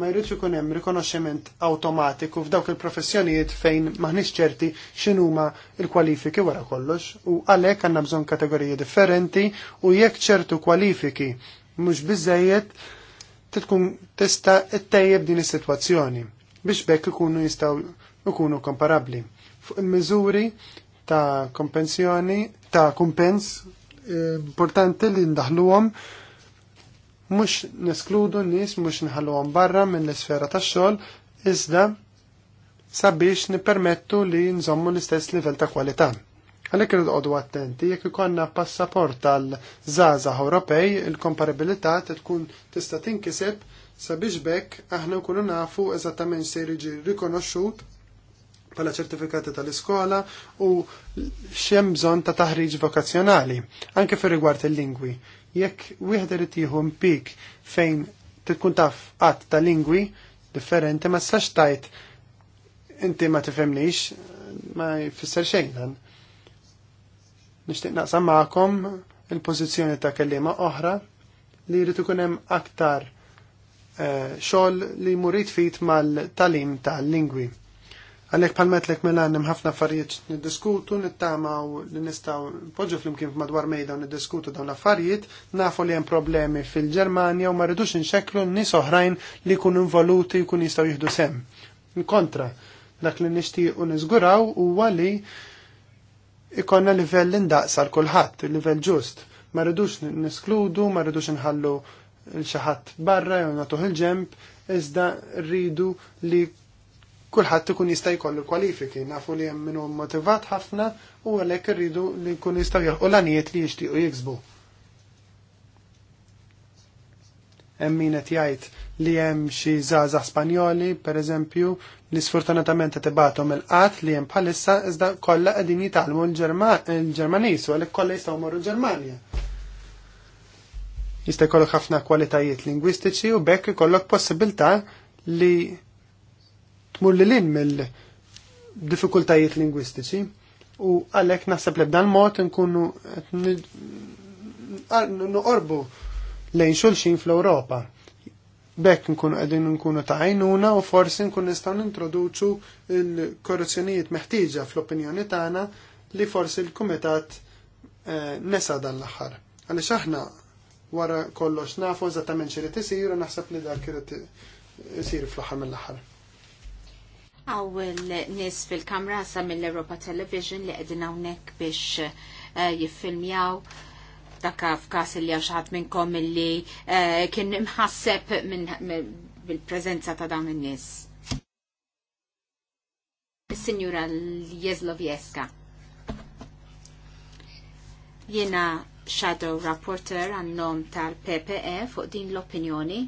Ma jridx ikun hemm rikonoxximent awtomatiku f'dawk il-professjonijiet fejn maħniex ċerti x'inhuma l-kwalifiki wara kollox u għalhekk għandna bżonn kategoriji differenti u jekk ċertu kwalifiki mhux biżejjed tkun tista' ttejjeb din is-sitwazzjoni biex bekk ikunu jistgħu ikunu komparabbli. Fuq il-miżuri ta' kompensjoni, ta' kumpens eh, importanti li ndaħluhom mhux neskludu n-nies mhux nħalluhom barra mill-isfera tax-xogħol iżda sabiex nippermettu li nżommu l-istess livell ta' kwalità. Għalhekk irid għodu attenti jekk ikollna passaport tal-żgħażagħ Ewropej, il-komparabilità tkun tista' tinkiseb sabiex bekk aħna nkunu nafu eżattament se jiġi rikonoxxut pala ċertifikati tal-iskola u xem bżon ta' taħriġ vokazzjonali, anke fir rigward il-lingwi. Jekk wieħed irid jieħu impik fejn tkun taf qatt ta' lingwi differenti ma sax tajt inti ma tifhemniex ma jfisser xejn dan. Nixtieq naqsam magħkom il-pożizzjoni ta' kelliema oħra li jrid ikun hemm aktar eh, xogħol li murid fit mal-talim tal-lingwi Għalek palmetlek mill-għannim ħafna affarijiet niddiskutu, nittamaw li nistaw poġu fl-imkien madwar mejda u niddiskutu dawn l-affarijiet, nafu li hemm problemi fil-Ġermanja u ma rridux nxeklu n oħrajn li jkunu involuti jkun jistgħu jieħdu sem. Kontra, dak li nixtiequ niżguraw huwa li ikonna livell indaqsa l-kulħadd, livell ġust. Ma rridux niskludu, ma rridux nħallu l-xaħat barra jew natuħ il-ġemp, iżda rridu li kulħadd ikun jista' jkollu kwalifiki, nafu li hemm minnhom motivat ħafna u għalhekk irridu li jkun jistgħu jaħqu l-għanijiet li jixtiequ jiksbu. Hemm min qed jgħid li hemm xi żgħażagħ Spanjoli, pereżempju, li sfortunatament qed ibagħthom il-qatt li hemm bħalissa iżda kollha qegħdin jitgħallmu l-Ġermaniż u għalhekk kollha jistgħu l Ġermanja jista' jkollok ħafna kwalitajiet lingwistiċi u bekk ikollok possibilità li tmur li l-in mill difikultajiet lingwistiċi u għalek naħseb li b'dan mod nkunu nuqorbu lejn xulxin fl-Ewropa. Bekk nkunu qegħdin nkunu ta' għajnuna u forsi nkunu nistgħu nintroduċu l-korruzzjonijiet meħtieġa fl-opinjoni tagħna li forsi l-kumitat eh, nesa dan l-aħħar. Għaliex aħna wara kollox nafu eżattament xi irid u naħseb li dak irid isir fl-aħħar mill-aħħar. Awel nis fil-kamra sa mill-Europa Television li għedina unnek biex eh, jiffilmjaw daka f'kas li għaxħat minnkom li eh, kien imħasseb bil-prezenza ta' dawn il-nis. Signora Jezlovieska. Jena Shadow Rapporteur għannom tal-PPE fuq din l-opinjoni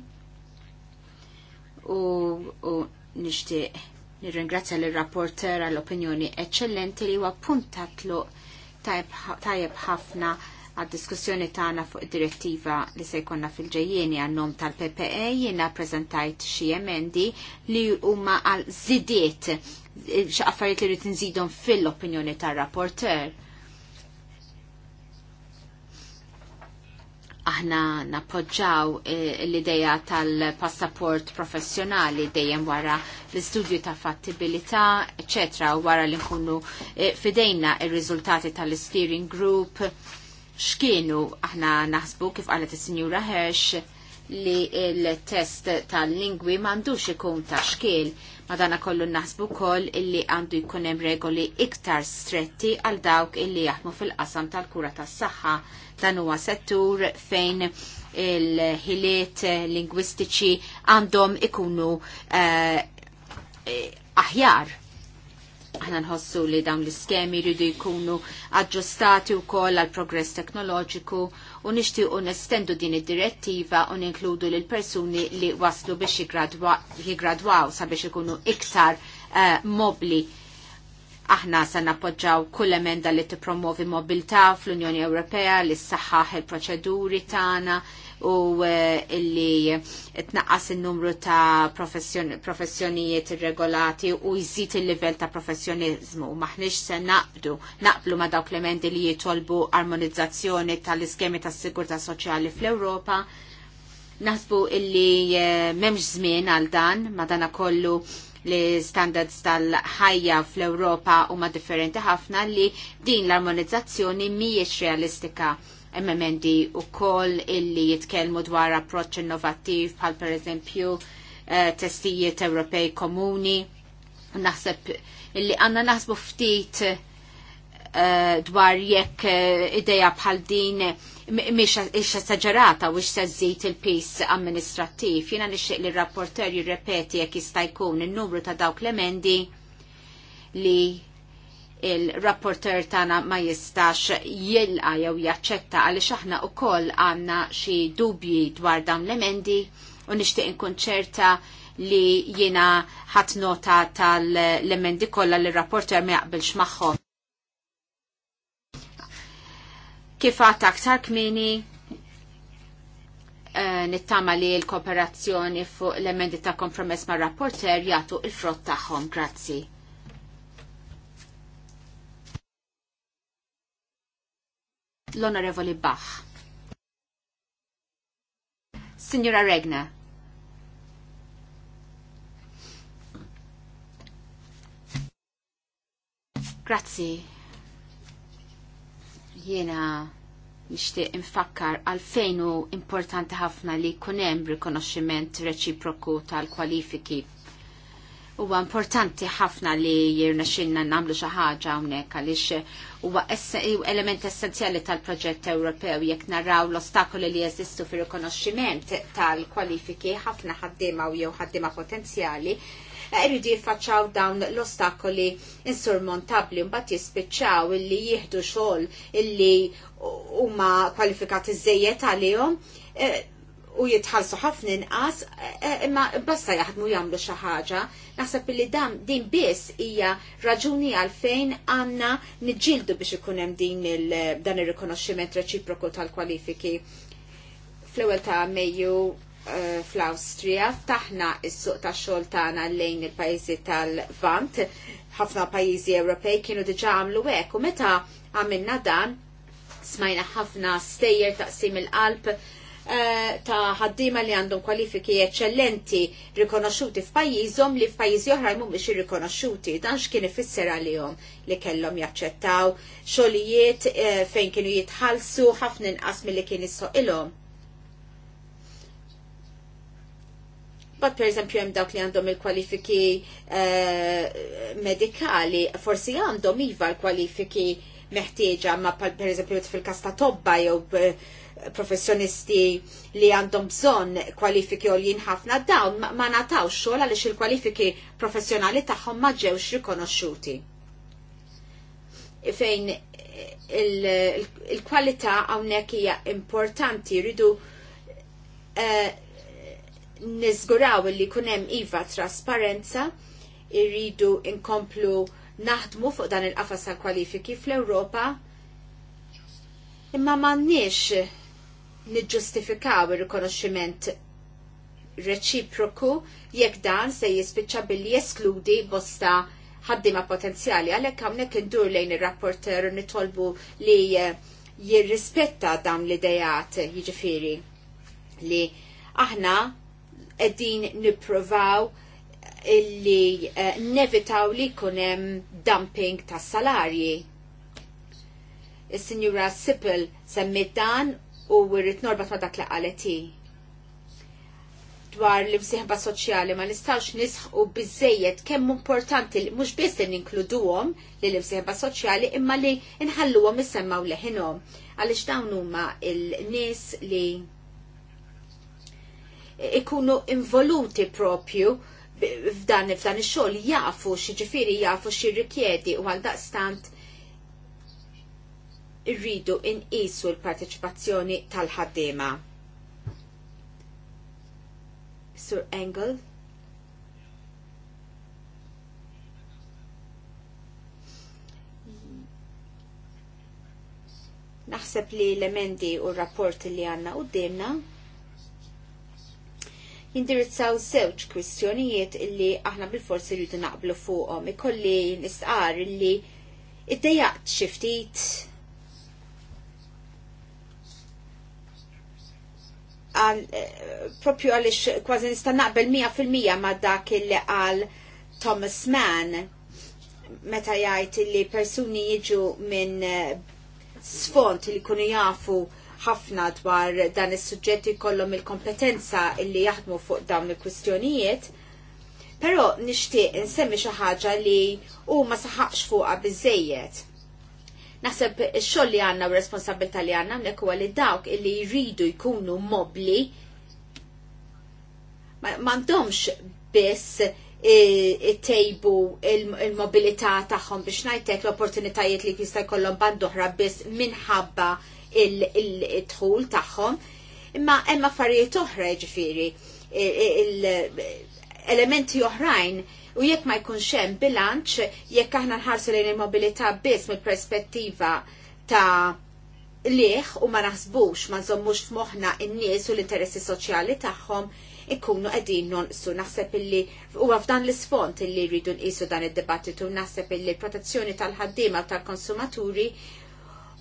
u nishtiq Nirringrazzja l-rapporter għall-opinjoni eccellenti li huwa puntatlu tajjeb ħafna għad diskussjoni tagħna fuq direttiva li se jkollna fil-ġejjieni għan-nom tal ppa jiena preżentajt xi emendi li huma għal żidiet xi affarijiet li rrid nżidhom fil-opinjoni tar-rapporter Aħna napoġġaw eh, l-ideja tal-passaport professjonali dejjem wara l-istudju ta' fattibilità, ecc. wara li nkunu eh, fidejna ir-riżultati tal-steering group xkienu aħna naħsbu kif qalet is-Sinjura Hersh li il-test tal-lingwi m'għandux ikun ta' xkiel madana kollu naħsbu kol illi għandu jkun hemm regoli iktar stretti għal dawk illi jaħmu fil-qasam tal-kura tas-saħħa Dan huwa settur fejn il-ħiliet lingwistiċi għandhom ikunu eh, eh, aħjar aħna nħossu li dawn l-iskemi rridu jkunu aġġustati u koll għal progress teknoloġiku u nixtiequ nestendu din id-direttiva u ninkludu lil persuni li waslu biex jigradwaw sabiex ikunu iktar uh, mobli Aħna sa nappoġġaw kull emenda li tippromovi mobilità fl-Unjoni Ewropea li s-saħħaħ il-proċeduri tagħna u eh, illi tnaqqas il-numru ta' professjonijiet irregolati u jżid il-livell ta' professjonizmu. Maħniex se naqdu, naqblu ma' dawk l-emendi li jitolbu armonizzazzjoni tal-iskemi tas-sigurtà soċjali fl-Ewropa Nasbu illi eh, memx żmien għal dan, dana kollu li standards tal-ħajja fl-Europa huma differenti ħafna li din l-armonizzazzjoni mhijiex realistika MMND u koll illi jitkelmu dwar approċ innovativ bħal per eżempju uh, eh, testijiet Ewropej komuni naħseb illi għanna naħsbu ftit Eh, dwar jekk eh, ideja bħal din miex esagerata u x'seżżid il-pis amministrattiv. Jiena nixtieq li r-rapporter jirrepeti jekk jista' jkun in-numru ta' dawk l-emendi li il-rapporter tagħna ma jistax jilqa jew jaċċetta għaliex aħna wkoll għandna xi dubji dwar dawn l-emendi u nixtieq inkun ċerta li jiena ħadd nota tal-emendi kollha li rapporter ma jaqbilx magħhom. Kif għat aktar kmini uh, nittama li l-kooperazzjoni fuq l-emendi ta' kompromess ma' rapporter jagħtu il-frott tagħhom. Grazzi. L-Onorevoli Bach. Signora Regna, Grazzi, Jiena nixtieq infakkar għalfejn hu importanti ħafna li jkun hemm rikonoxximent reċiproku tal-kwalifiki. Huwa importanti ħafna li jirna xinna nagħmlu xi ħaġa hawnhekk għaliex huwa element essenzjali tal-proġett Ewropew jekk narraw l-ostakoli li jeżistu fir rikonoxximent tal-kwalifiki ħafna ħaddiema u jew ħaddiema potenzjali E jridu jiffaċċaw dawn l-ostakoli insurmontabli mbagħad jispiċċaw illi jieħdu xogħol illi huma kwalifikati żejjed għalihom e, u jitħallsu ħafna inqas e, imma basta jaħdmu jagħmlu xi ħaġa. Naħseb illi dan din biss hija raġuni għalfejn għandna niġġieldu biex ikun hemm din dan ir-rikonoxximent reċiproku tal-kwalifiki fl-ewwel ta' Mejju Eh, fl-Awstrija taħna is-suq tax-xogħol tagħna lejn il-pajjiżi tal-Vant. Ħafna pajjiżi Ewropej kienu diġa' għamlu hekk u meta għamilna dan smajna ħafna stejjer taqsim il-qalb eh, ta' ħaddima li għandhom kwalifiki eccellenti rikonoxxuti f'pajjiżhom li f'pajjiżi oħra mhumiex irrikonoxxuti. Dan x'kien ifisser għalihom li kellhom jaċċettaw xogħlijiet eh, fejn kienu jitħallsu ħafna inqas milli kien issoqilhom. but per eżempju hemm dawk li għandhom il-kwalifiki uh, medikali, forsi għandhom iva l-kwalifiki meħtieġa, ma per eżempju fil kasta tobba jew eh, professjonisti li għandhom bżonn kwalifiki għoljin ħafna dawn ma nataw xogħol għaliex il-kwalifiki professjonali tagħhom ma ġewx rikonoxxuti. Fejn il-kwalità eh, il il hawnhekk hija importanti rridu uh, nizguraw li kunem iva trasparenza, irridu inkomplu naħdmu fuq dan il-qafas kwalifiki fl-Ewropa, imma m'għandniex niġġustifikaw ir-rikonoxximent reċiproku jekk dan se jispiċċa billi jeskludi bosta ħaddima potenzjali għalhekk hawnhekk indur lejn ir-rapporter nitolbu li eh, jirrispetta dawn l-idejat jiġifieri li aħna qegħdin nippruvaw illi uh, nevitaw li kunem dumping ta' salarji. Is-Sinjura Sippel semmit dan u wirrit norbat ma dak li qaleti. Dwar li msiħba soċjali ma nistawx u biżejjed kemm importanti li mhux biss li ninkluduhom li li msiħba soċjali imma li nħalluhom issemmaw leħinhom għaliex dawn huma il-nies li ikunu involuti propju f'dan f'dan ix-xogħol jafu xiġifieri jafu xi rikjedi u għal daqstant irridu inqisu l-parteċipazzjoni tal-ħaddiema. Sur Engel. Naħseb li l-emendi u r-rapport li għanna u d jindirizzaw żewġ kwistjonijiet illi aħna bil-forsi rridu naqblu fuqhom. Ikolli nistqar illi iddejjaqt xi ftit eh, propju għaliex kważi nista' naqbel fil-mija ma' dak illi għal Thomas Mann meta jgħid li persuni jiġu minn eh, sfond li kunu jafu ħafna dwar dan is-suġġetti kollhom il-kompetenza illi jaħdmu fuq dawn il-kwistjonijiet. Però nixtieq insemmi xi ħaġa li hu ma saħaqx fuqha biżejjed. Naħseb ix-xogħol li għandna u responsabilità li għandna hawnhekk huwa li dawk illi jridu jkunu mobli m'għandhomx biss tejbu il-mobilità tagħhom biex ngħidlek l-opportunitajiet li jista' jkollhom band oħra biss minħabba il-dħul tagħhom. Imma hemm affarijiet oħra ġifieri elementi oħrajn u jekk ma jkunx hemm bilanċ, jekk aħna nħarsu lejn il-mobilità biss mill-perspettiva ta' liħ u ma naħsbux ma nżommux f'moħħna n nies u l-interessi soċjali tagħhom ikkunu qegħdin nonqsu naħseb illi huwa f'dan l-isfond illi rridu nqisu dan id-dibattitu naħseb illi l-protezzjoni tal-ħaddiema tal-konsumaturi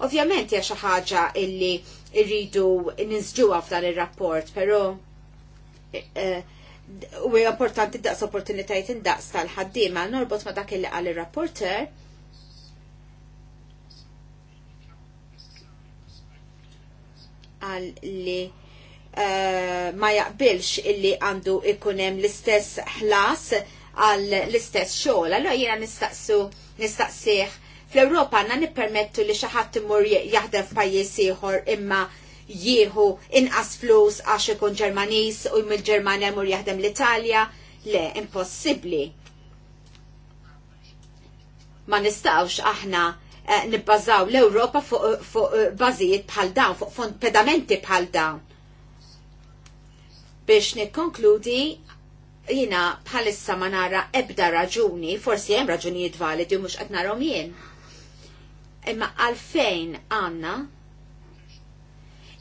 Ovvjament hija xi ħaġa illi rridu niżġuha f'dan ir-rapport, però eh, u importanti daqs opportunitajiet indaqs tal-ħaddiema norbot ma dak li qal ir-rapporter għal li eh, ma jaqbilx illi għandu ikunem l-istess ħlas għal l-istess xogħol. Allora jiena nistaqsu nistaqsih Fl-Ewropa għandna nippermettu li xi ħadd imur jaħdem f'pajjiż ieħor imma jieħu inqas flus għax ikun Ġermaniż u mill-Ġermanja mur jaħdem l-Italja. Le, impossibbli. Ma nistawx aħna eh, nibbażaw l-Ewropa fuq eh, bażijiet bħal dawn, fuq pedamenti bħal dawn. Biex nikkonkludi, jina bħalissa ma nara ebda raġuni, forsi hemm raġunijiet validi u mhux qed narhom jien Imma għalfejn għanna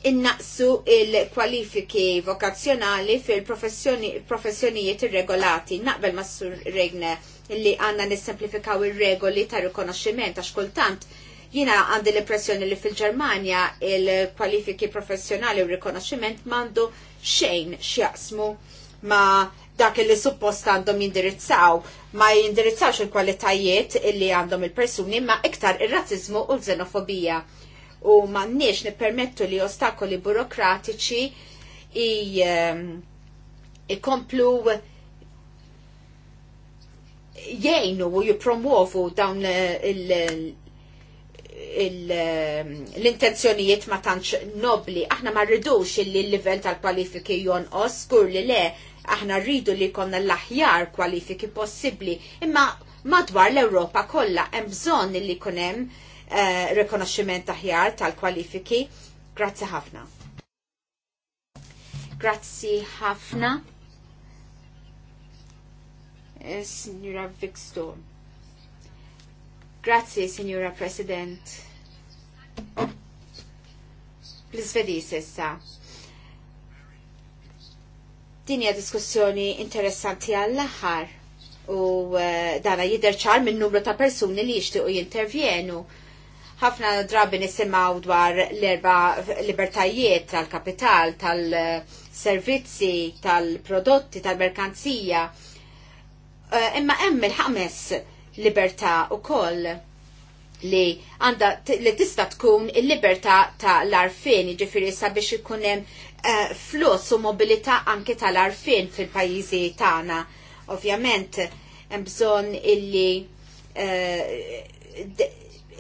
innaqsu il-kwalifiki vokazzjonali fil-professjonijiet irregolati. Naqbel ma' sur regne li għanna nissemplifikaw il-regoli ta' rikonoxximent għax kultant jina għandi l-impressjoni li fil-Germania il-kwalifiki professjonali u rikonoxximent mandu xejn xjaqsmu ma dak li suppost għandhom jindirizzaw ma jindirizzawx il-kwalitajiet illi għandhom il-persuni ma iktar ir-razzizmu u l-xenofobija. U ma nix nipermettu li ostakoli burokratiċi ehm, ikomplu jgħinu u jipromuovu dawn il- l-intenzjonijiet ma tantx nobli. Aħna ma rridux il livell tal-kwalifiki jonqos, skur li le, Aħna rridu li konna l-aħjar kwalifiki possibbli, imma madwar l-Ewropa kollha hemm bżonn li jkun hemm uh, rikonoxximent aħjar tal-kwalifiki. Grazzi ħafna. Grazzi ħafna. Eh, Signora Vickstone. Grazzi, Signora President. L-Svedis issa Din hija diskussjoni interessanti għall-aħħar u eh, dana jidher ċar minn numru ta' persuni li jixtiequ jintervjenu. Ħafna drabi nisimgħu dwar l-erba libertajiet tal-kapital, tal-servizzi, tal-prodotti, tal-merkanzija. Eh, imma hemm il-ħames libertà ukoll li għanda li tista' tkun il-libertà ta' l-arfin, ġifiri sabiex ikun hemm Eh, flus u mobilità anke tal-arfin fil-pajjiżi tagħna. Ovvjament hemm bżonn illi eh,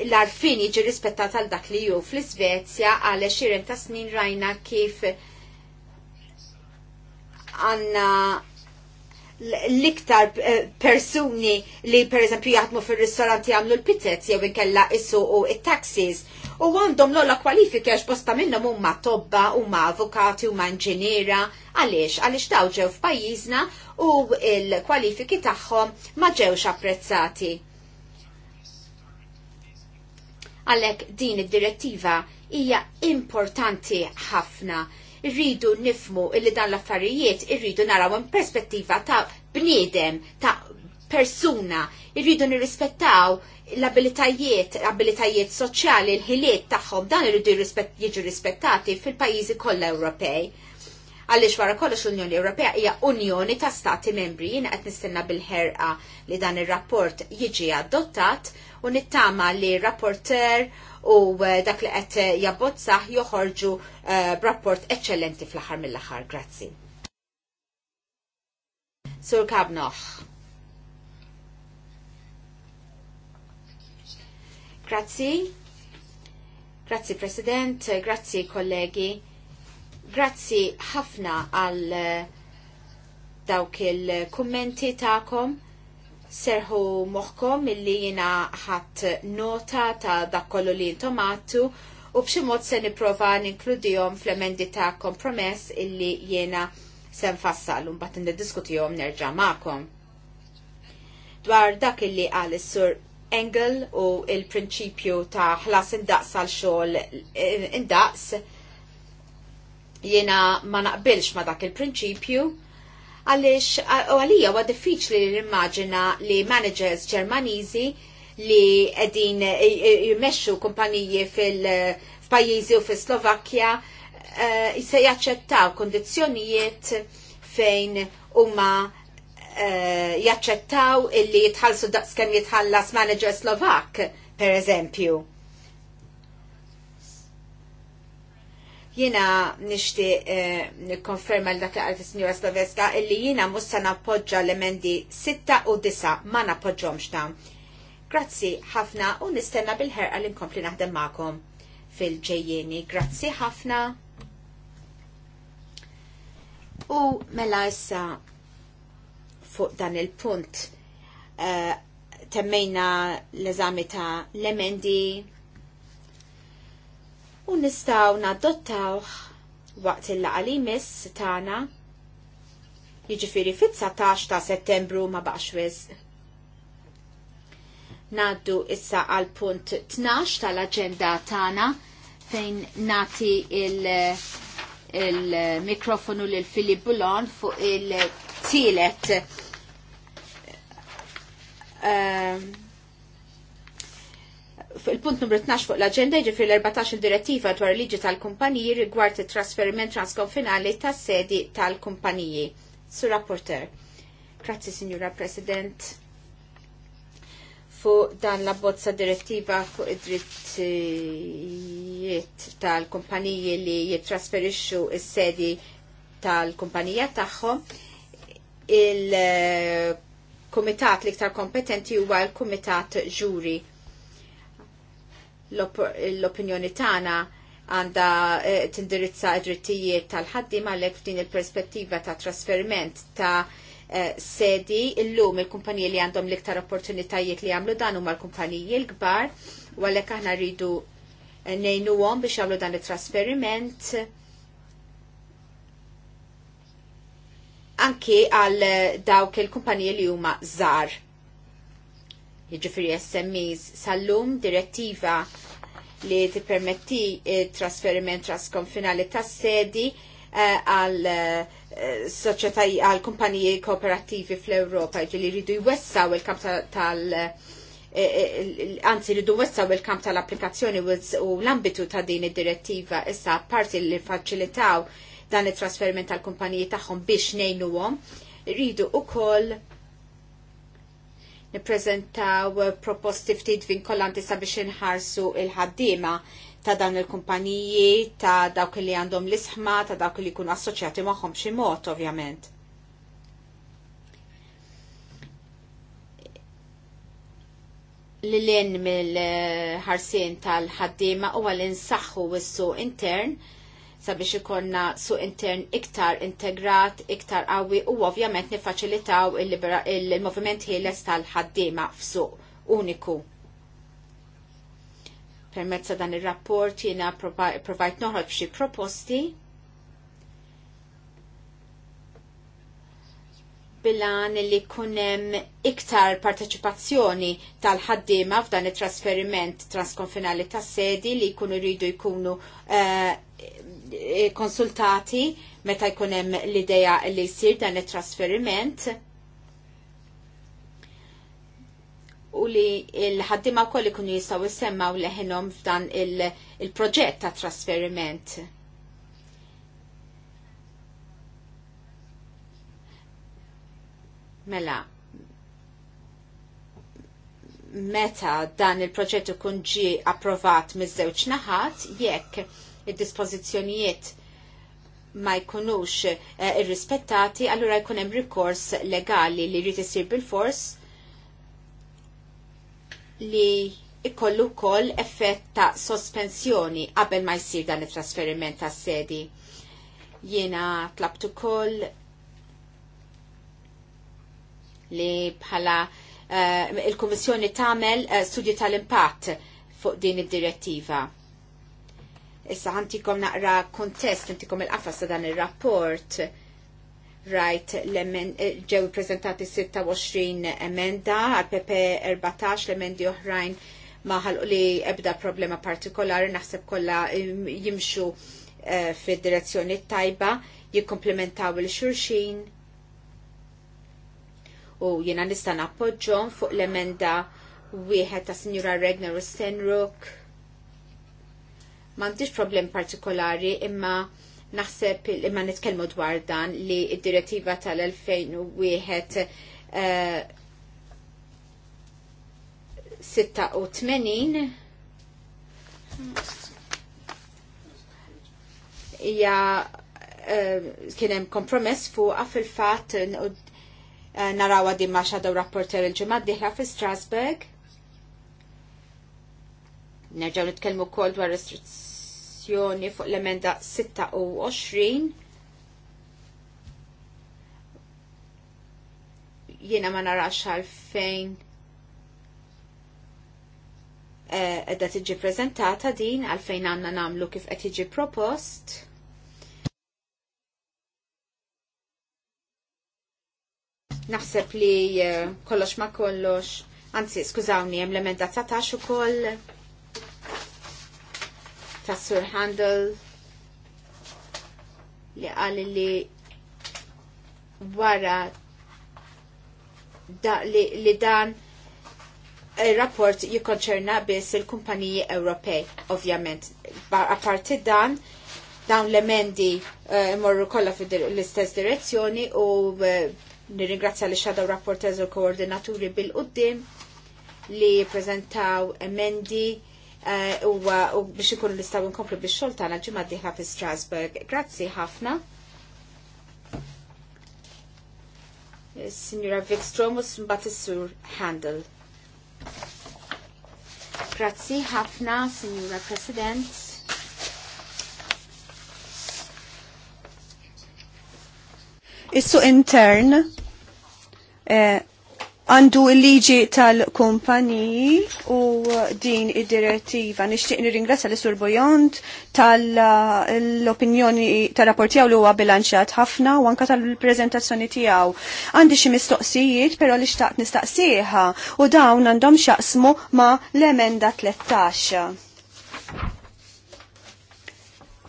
l-arfin jiġi rispettat għal dak li ju fl-Svezja għal xirin ta' snin rajna kif għanna l-iktar eh, persuni li per eżempju jaħdmu fil-ristoranti għamlu l-pizzet jew inkella issu u it-taxis u għandhom l-olla kwalifika għax bosta minnhom huma tobba, huma avukati, huma inġiniera, għaliex għaliex daw ġew f'pajjiżna u l-kwalifiki tagħhom ma ġewx apprezzati. Għalhekk din id-direttiva hija importanti ħafna irridu nifmu illi dan l-affarijiet irridu naraw minn perspettiva ta' bniedem, ta' persuna, irridu nirrispettaw l-abilitajiet, abilitajiet soċjali, l-ħiliet tagħhom dan irridu jiġu rispettati fil-pajjiżi kollha Ewropej. Għaliex wara kollox l-Unjoni Ewropea hija Unjoni ta' Stati Membri, jiena qed nistenna bil-ħerqa li dan ir-rapport jiġi adottat u nittama li rapporter u eh, dak li qed eh, jabbozzah joħorġu eh, b'rapport eċċellenti fl-aħħar mill-aħħar. Grazzi. Sur Kabnoħ. Grazzi. Grazzi President, grazzi kollegi. Grazzi ħafna għal eh, dawk il-kummenti ta'kom. Serħu moħkom illi jina ħadd nota ta' dak kollu li intomatu u b'xi mod se nipprova ninkludihom fl-emendi ta' kompromess illi jiena se nfassal u mbagħad niddiskutihom nerġa' ma'kom. Dwar dak illi għal is-sur Engel u il-prinċipju ta' ħlas indaqs għal xogħol eh, indaqs jiena ma naqbilx ma dak il-prinċipju għaliex u għalija huwa diffiċli li nimmaġina li managers Ġermaniżi li qegħdin eh, eh, jmexxu kumpaniji fil-pajjiżi u fis-Slovakkja se jaċċettaw kundizzjonijiet fejn huma Eh, jaċċettaw illi jitħallsu daqs kemm jitħallas manager Slovak, per eżempju. Jina nishti eh, nikkonferma l dak li għalti signora Sloveska illi jina mussa nappoġġa l-emendi 6 u 9 ma nappoġġomx tam. Grazzi ħafna u nistenna bil-ħerqa li nkompli naħdem magħkom fil-ġejjeni. Grazzi ħafna. U mela issa fuq dan il-punt. Uh, temmejna l-eżami ta' l-emendi u nistaw nadottaw waqt il-laqalimis tana jġifiri fit-19 ta' settembru ma baqx wisq. Naddu issa għal punt 12 tal-agenda tana fejn nati il- il-mikrofonu lil Filip Bulon fuq il- tielet ehm, il-punt numru 12 fuq l-agenda ġifri l-14 direttiva dwar liġi tal-kumpaniji rigward il-trasferiment transkonfinali tas sedi tal-kumpaniji. Sur rapporter. Grazzi, Signora President. Fuq dan la bozza direttiva fuq id-drittijiet tal-kumpaniji li jittrasferixxu is-sedi tal-kumpanija tagħhom il-komitat iktar kompetenti huwa l-komitat ġuri. L-opinjoni tagħna għanda eh, tindirizza id-drittijiet tal-ħaddim għalhekk f'din il-perspettiva ta' trasferiment ta' eh, sedi illum il-kumpaniji li għandhom l-iktar opportunitajiet li għamlu dan huma l-kumpaniji l-kbar u għalhekk aħna rridu eh, nejnuhom biex għamlu dan it-trasferiment anki għal eh, dawk il-kumpaniji li huma żgħar. Jiġifieri SMEs sal-lum direttiva li tippermetti eh, trasferiment trasconfinali tas-sedi eh, għal soċjetaj għal kumpaniji kooperattivi fl-Ewropa li jridu jwessaw il-kamp tal- anzi ridu wessaw il-kamp tal-applikazzjoni u l-ambitu ta' din id-direttiva issa parti li faċilitaw dan it-trasferment tal-kumpaniji tagħhom biex ngħinuhom. Rridu ukoll nippreżentaw proposti ftit vinkolanti sabiex inħarsu il-ħaddiema ta' dan il-kumpaniji, ta' dawk li għandhom l-isħma, ta' dawk li jkunu assoċjati magħhom xi mod ovvjament. l mill-ħarsien tal-ħaddima u għal-insaxħu s-su intern sabiex ikonna su intern iktar integrat, iktar qawwi u ovvjament nifaċilitaw il-moviment ħieles tal-ħaddiema f'suq uniku. Permezza dan ir-rapport jiena provajt noħroġ b'xi proposti bilan li kunem iktar parteċipazzjoni tal-ħaddima f'dan it-trasferiment transkonfinali tas sedi li jkunu rridu jkunu uh, Eh, konsultati meta jkun hemm l-idea li jsir dan it-trasferiment u li l-ħaddima wkoll ikunu jistgħu jsemmaw leħinhom f'dan il-proġett ta' trasferiment. Mela, meta dan il-proġett ikun ġie approvat miż-żewġ naħat, jekk id-dispożizzjonijiet ma jkunux eh, irrispettati, allura jkun hemm rikors legali li jrid isir bil-fors li ikollu wkoll effett ta' sospensjoni qabel ma jsir dan it-trasferiment tas sedi. Jiena tlabt ukoll li bħala uh, il-Kummissjoni tagħmel uh, studju tal-impatt fuq din id-direttiva Issa ħantikom naqra kontest, ħantikom il-qafas ta' dan il-rapport. Rajt, l-emend ġew prezentati 26 emenda, għal PP 14 l-emendi oħrajn maħal li ebda problema partikolari, naħseb kolla jimxu eh, fid-direzzjoni direzzjoni tajba, jikkomplementaw il-xurxin u jina nista' appoġġom fuq l-emenda wieħed ta' Sinjura Regner u Stenrook m'għandix problem partikolari imma naħseb imma nitkellmu dwar dan li id-direttiva tal-2001 86 eh, hija eh, kien hemm kompromess fuqha fil-fatt eh, narawa di ma xadow rapporter il-ġimgħa diħla fi Strasbourg. Nerġgħu nitkellmu wkoll dwar restrizzjoni votazzjoni fuq l-emenda 26. Jiena ma narax għalfejn eh, edda tiġi prezentata din għalfejn għanna namlu kif qed tiġi propost. Naħseb li eh, kollox ma kollox, anzi skużawni, hemm l-emenda 19 ukoll ta' Sir Handel li għal li wara da, li, li dan il-rapport jikonċerna biss il-kumpaniji Ewropej, ovvjament. parti dan, dawn l-emendi eh, morru kollha fil istess direzzjoni u eh, nirringrazzja li xadaw rapportez u koordinaturi bil-qoddim li prezentaw emendi Eh, u biex l-istaw nkomplu biex xogħol tagħna ġimma diħla fi Strasburg. Grazzi ħafna. Eh, Signora Vikstrom u sur Handel. Grazzi ħafna, Signora President. Issu intern eh, għandu il-liġi tal kumpani u din id-direttiva. Nishtiq nir-ingressa l-Sur Bojont tal-opinjoni tal-rapporti għaw li huwa bilanċjat ħafna u anka tal-prezentazzjoni tiegħu. Għandi xi mistoqsijiet però li xtaqt nistaqsijħa u dawn għandhom xaqsmu ma l-emenda 13.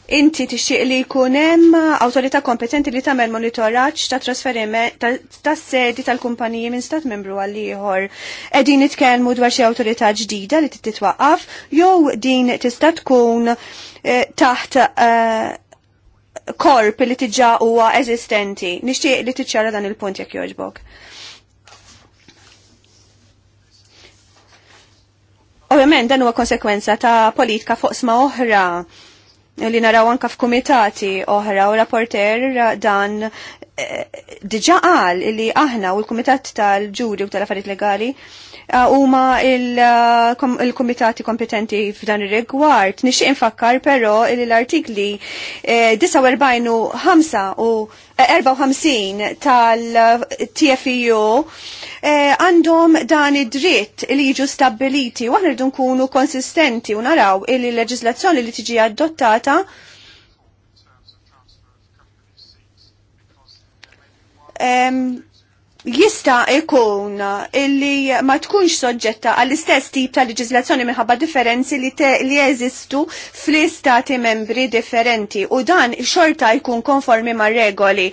Inti tixtieq li jkun hemm awtorità kompetenti li tagħmel monitoraġġ ta' trasferiment tas sedi tal-kumpaniji minn stat membru għal ieħor. Qegħdin nitkellmu dwar xi awtorità ġdida li titwaqqaf jew din tista' tkun eh, taħt eh, korp li tiġa huwa eżistenti. Nixtieq li tiċċara dan il-punt jekk jogħġbok. Ovvjament dan huwa konsekwenza ta' politika fuq sma oħra li naraw anka f'kumitati oħra u rapporter dan eh, diġa qal li aħna u l-kumitat tal-ġuri u tal-affarijiet legali eh, huma il eh, kumitati kompetenti f'dan ir-rigward. Nixtieq infakkar però li l-artikli 49 u 54 tal tfu Eh, għandhom dan id-dritt li jiġu stabiliti u għanirdu nkunu konsistenti u naraw il leġislazzjoni li tiġi adottata jista' ikun illi ma tkunx soġġetta għall-istess tip ta' leġislazzjoni minħabba differenzi li, te, li jeżistu fl-istati membri differenti u dan xorta jkun konformi ma' regoli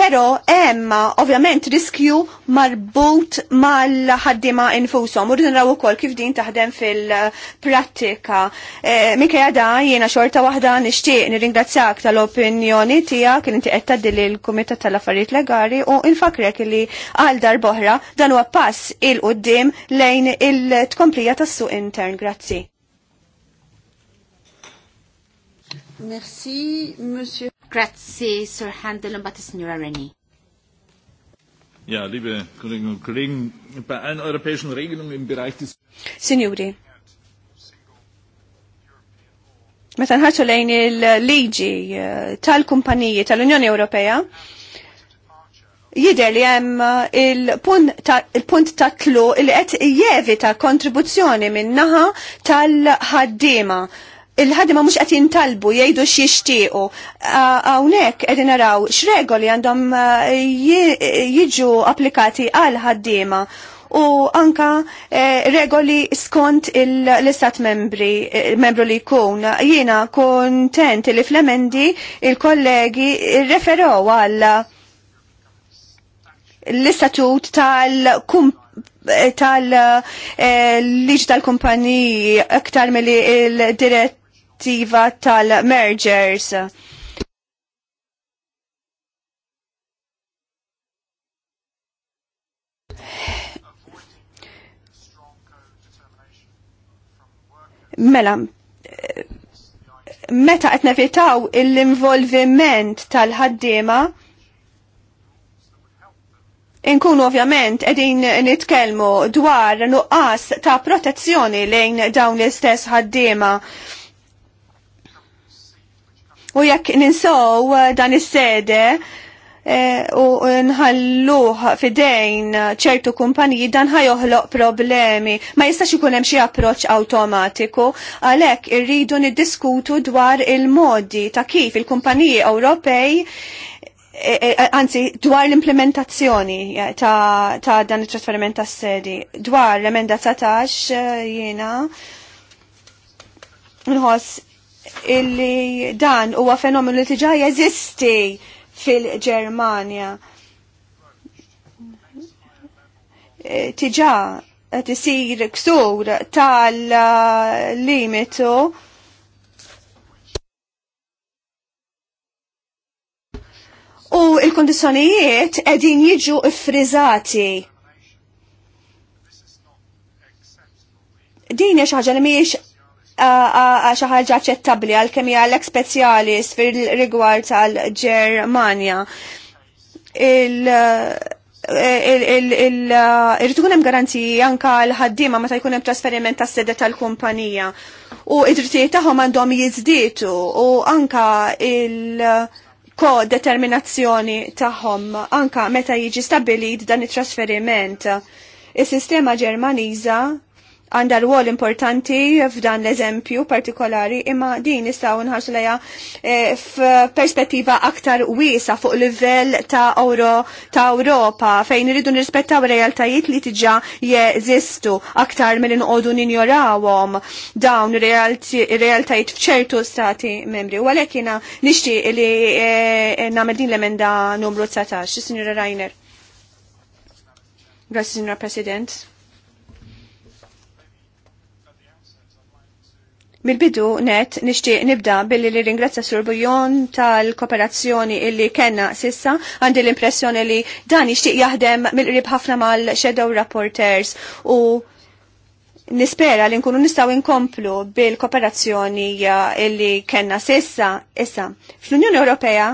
Pero hemm ovvjament riskju marbut mal-ħaddima infushom u naraw ukoll kif din taħdem fil-prattika. E, eh, Mikkeja da jiena xorta waħda nixtieq nirringrazzjak tal-opinjoni tija kien inti qed tgħaddi lill-Kumitat tal-Affarijiet Legali u infakrek li għal darboħra dan huwa pass il qudiem lejn il-tkomplija tas-suq intern. Grazzi. Merci, Monsieur. Grazie, Sir Handel und bitte, Signora Reni. Ja, liebe Kolleginnen und Kollegen, bei allen europäischen Regelungen im Bereich des... Signori, meta nħarsu lejn il-liġi eh, tal-kumpaniji tal-Unjoni Ewropea, jider li hemm eh, il-punt ta', tlu il qed jevita kontribuzzjoni min-naħa tal-ħaddiema il-ħadima mux għatin talbu jgħidu xiextiqu. Għawnek edin naraw x'regoli għandhom jiġu applikati għal ħaddima u anka e, regoli skont l-istat membri, e, membru li kun. Jiena kontent li fl-emendi il-kollegi referow għal l-istatut tal-kump tal-liġ e, tal-kumpaniji aktar mill-direttiva direttiva tal-mergers. Mela, meta qed nevitaw l-involviment tal-ħaddiema Inkun ovvjament edin nitkelmu dwar nuqqas ta' protezzjoni lejn dawn l-istess ħaddiema. U jekk ninsow uh, dan is-sede eh, u uh, nħalluh fidejn ċertu kumpaniji dan ħajoħloq problemi. Ma jistax ikun hemm xi approċċ awtomatiku, għalhekk irridu niddiskutu dwar il-modi ta' kif il-kumpaniji Ewropej eh, eh, anzi, dwar l-implementazzjoni ta', dan it trasferiment ta' sedi, dwar l-emenda 19 jiena nħoss illi dan huwa fenomenu li tiġa jeżisti fil-Ġermanja. Tiġa e, tisir ksur tal-limitu u il-kondizjonijiet edin jiġu iffriżati. Din hija xi ħaġa li mhijiex xi ħaġa aċċettabbli għalkemm hija l specialist fir-rigward għal ġermanja Il- irrid ikun hemm garanziji anke l ħaddiema meta jkun hemm trasferiment tas sede tal-kumpanija. U id-drittijiet tagħhom għandhom jiżdietu u anke il- ko-determinazzjoni tagħhom anka meta jiġi stabbilit dan it-trasferiment. Is-sistema Ġermaniża għandha rwol importanti f'dan l-eżempju partikolari imma din nistgħu nħarsu lejha eh, f'perspettiva aktar wiesa fuq livell ta' Euro ta' Ewropa fejn iridu nirrispettaw realtajiet li tiġa jeżistu aktar milli inqogħdu ninjorawhom dawn realtajiet f'ċertu stati membri. U għalhekk jiena nixtieq li eh, nagħmel din l-emenda numru 19, Signora Reiner. Grazie, Signora President. Mil-bidu net nishtiq nibda billi li ringrazzja Sur Bujon tal-kooperazzjoni illi kenna sissa għandi l-impressjoni li dan nishtiq jaħdem mill-qrib ħafna mal-Shadow Rapporters u nispera li nkunu nistaw inkomplu bil-kooperazzjoni illi kenna sissa issa. Fl-Unjoni Ewropea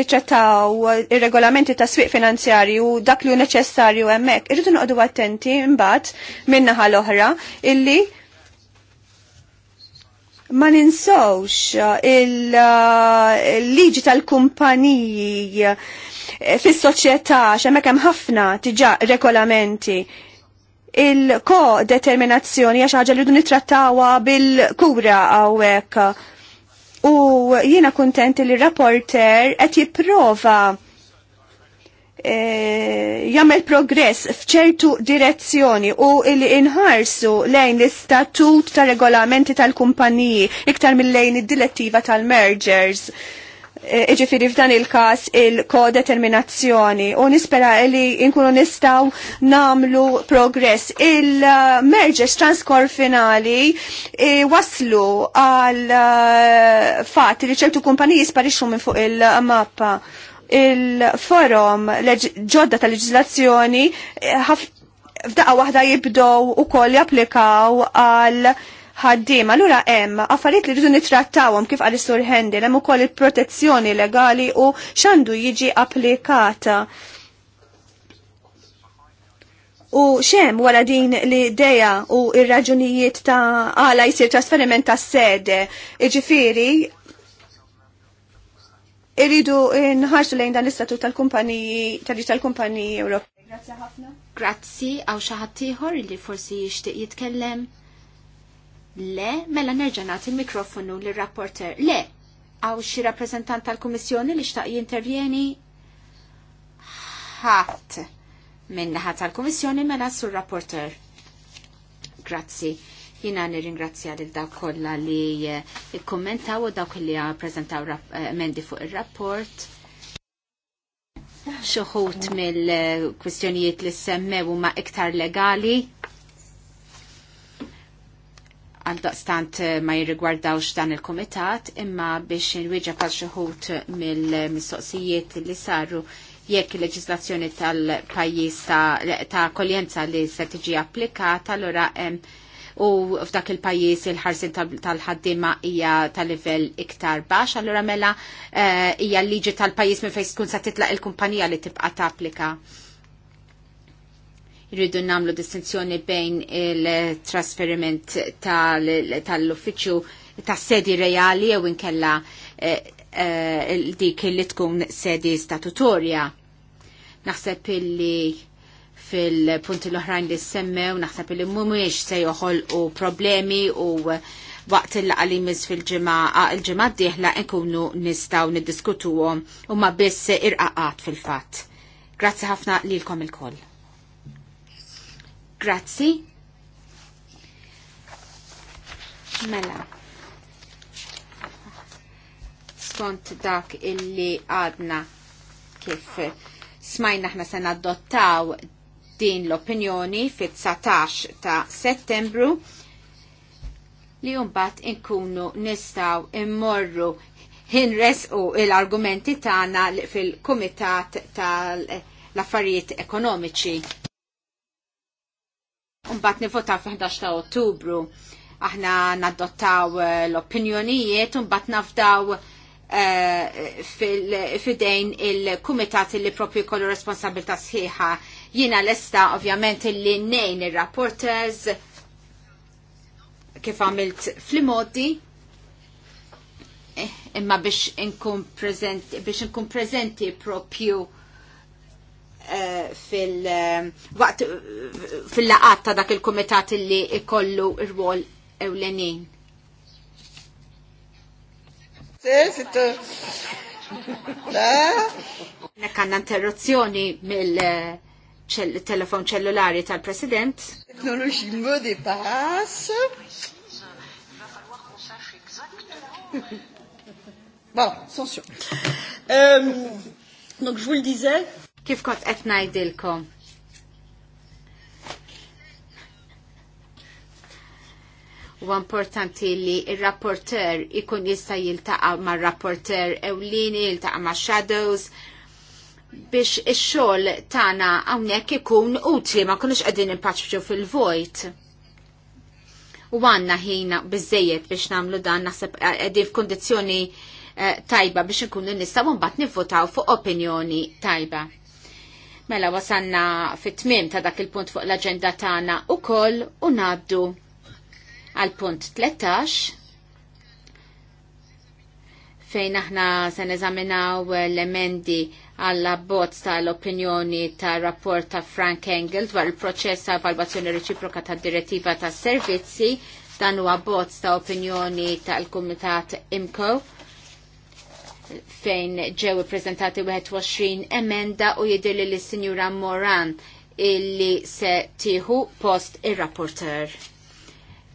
nitrattaw ir-regolamenti ta' swieq finanzjari u dak li hu neċessarju hemmhekk. Irridu noqogħdu attenti mbagħad minnaħa l-oħra illi ma ninsawx uh, uh, il-liġi tal-kumpaniji uh, fis-soċjetà x'hemmhekk hemm ħafna diġà regolamenti il-ko-determinazzjoni għax ħaġa li dun nitrattawa bil-kura hawnhekk. U jiena kuntent li rapporter qed jipprova Jammel eh, jagħmel progress f'ċertu direzzjoni u li inħarsu lejn l-istatut ta' regolamenti tal-kumpaniji iktar mill-lejn id-direttiva tal-mergers. Eh, iġifiri f'dan il-kas il-kodeterminazzjoni u nispera li nkunu nistaw namlu progress. Il-mergers transkor finali eh, waslu għal fat li ċertu kumpaniji sparixxu minn fuq il-mappa il-forum ġodda tal-leġizlazzjoni eh, f'daqqa waħda jibdow u koll japplikaw għal ħaddim. Allura hemm affarijiet li rridu nittrattawhom kif għal sur Hendel hemm ukoll il-protezzjoni legali u x'għandu jiġi applikata. U xem wara din li deja u ir-raġunijiet ta' għala jisir trasferiment ta' sede, iġifiri Iridu nħarsu lejn dan l-istatut tal-kumpaniji, tal-li tal-kumpaniji Ewropej. Grazzi ħafna. Grazzi, għaw xaħat ieħor li forsi jixtieq jitkellem. Le, mela nerġa' nagħti l mikrofonu lir rapporter Le, għaw xi rappreżentant tal-Kummissjoni li xtaq jintervjeni? Ħadd naħa tal-Kummissjoni mela sur rapporter. Grazzi. Jina nirringrazzja lil dak kollha li eh, kommentaw u dawk li prezentaw eh, emendi fuq ir-rapport. Xuħut mill-kwistjonijiet li semmew huma iktar legali għaldaqstant eh, ma jirrigwardawx dan il-komitat imma biex nwiġa pal xuħut mill-mistoqsijiet li saru jekk il-leġislazzjoni tal-pajjiż ta', kolienza li se tiġi applikata, allura u f'dak il-pajjiż il-ħarsin tal-ħaddiema hija tal-livell iktar baxx, allura mela eh, hija l-liġi tal-pajjiż minn fejn tkun se titlaq il-kumpanija li tibqa' tapplika rridu namlu distinzjoni bejn il-trasferiment tal uffiċu ta' sedi reali jew inkella eh, eh, dik li tkun sedi statutorja. Naħseb illi fil-punti l-oħrajn li semmew naħseb li mumiex se joħolqu problemi u waqt il-qalimis fil-ġimgħa il-ġimgħa d-dieħla nkunu nistgħu niddiskutuhom u ma biss irqaqat fil-fatt. Grazzi ħafna lilkom il-koll. Grazzi. Mela. Skont dak illi għadna kif smajna ħna se nadottaw din l-opinjoni fit-19 ta' settembru li jumbat inkunu nistaw immorru hinres u l-argumenti tagħna fil-Kumitat tal-Affarijiet Ekonomiċi. Umbat nivota fi 11 ta' Ottubru aħna naddottaw eh, l-opinjonijiet umbat nafdaw eh, fidejn il-kumitat li propju kollu responsabilta sħiħa Jina l-esta ovvjament illi nejn il-rapporters kif għamilt fl-modi eh, imma biex inkun prezenti, biex inkun prezenti propju eh, fil-waqt eh, fil-laqat ta' dak il-komitat illi ikollu ir-rwol ewlenin. Nekkanna interruzzjoni mill- telefon ċellulari tal-President. Teknoloġi modi e pass. Voilà, sanction. Euh, donc je vous le disais. Kif kot qed ngħidilkom? U importanti li il rapporter ikun jista' jiltaqa' ma' rapporter ewlieni, jiltaqa' ma' shadows, biex ix-xogħol tagħna hawnhekk ikun utli ma kunux qegħdin impaċċu fil-vojt. U għanna ħina biżejjed biex nagħmlu dan naħseb eh, qegħdin f'kundizzjoni eh, tajba biex nista' nistgħu mbagħad nivvotaw fuq opinjoni tajba. Mela wasanna fit-tmiem ta' dak il-punt fuq l-aġenda tagħna koll u ngħaddu għal punt 13 fejn aħna se neżaminaw l-emendi għalla bozz tal-opinjoni ta' rapport ta' Frank Engel dwar il-proċess ta' valvazzjoni reċiproka ta' direttiva ta' servizzi dan huwa bozz ta' opinjoni tal-Kumitat IMCO fejn ġew ippreżentati 21 emenda u jidilli li sinjura Moran illi se tieħu post ir-rapporter.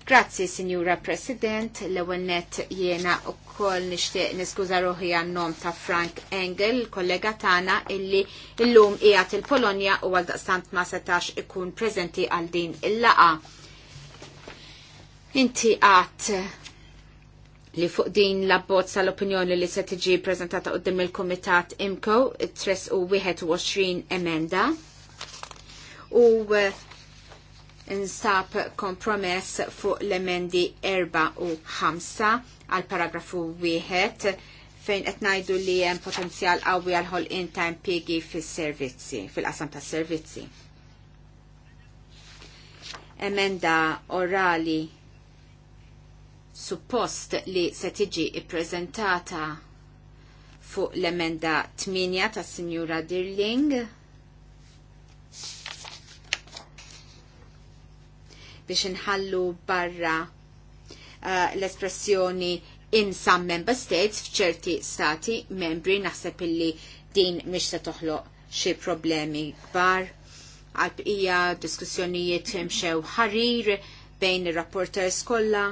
Grazzi, Sinjura President, l-ewwel jena jiena ukoll nixtieq niskuża ruħi għan-nom ta' Frank Engel, kollega tagħna illi llum qiegħed il-Polonja u għal daqstant ma setax ikun preżenti għal din il-laqa. Inti għat li fuq din l-abbozz tal-opinjoni li se tiġi prezentata qudiem il-Kumitat IMCO tres u 21 emenda u eh, nsab kompromess fuq l-emendi 4 u għal paragrafu wieħed fejn qed ngħidu li hemm potenzjal qawwi għal ħolqien ta' impjiegi fis-servizzi, fil-qasam tas-servizzi. Emenda orali suppost li se tiġi ippreżentata fuq l-emenda 8 tas Sinjura Dirling. biex inħallu barra Eh, l-espressjoni in some member states fċerti stati membri naħseb illi din mhix se toħloq xi problemi kbar. Għalbqija diskussjonijiet imxew ħarir bejn ir-rapporters kollha.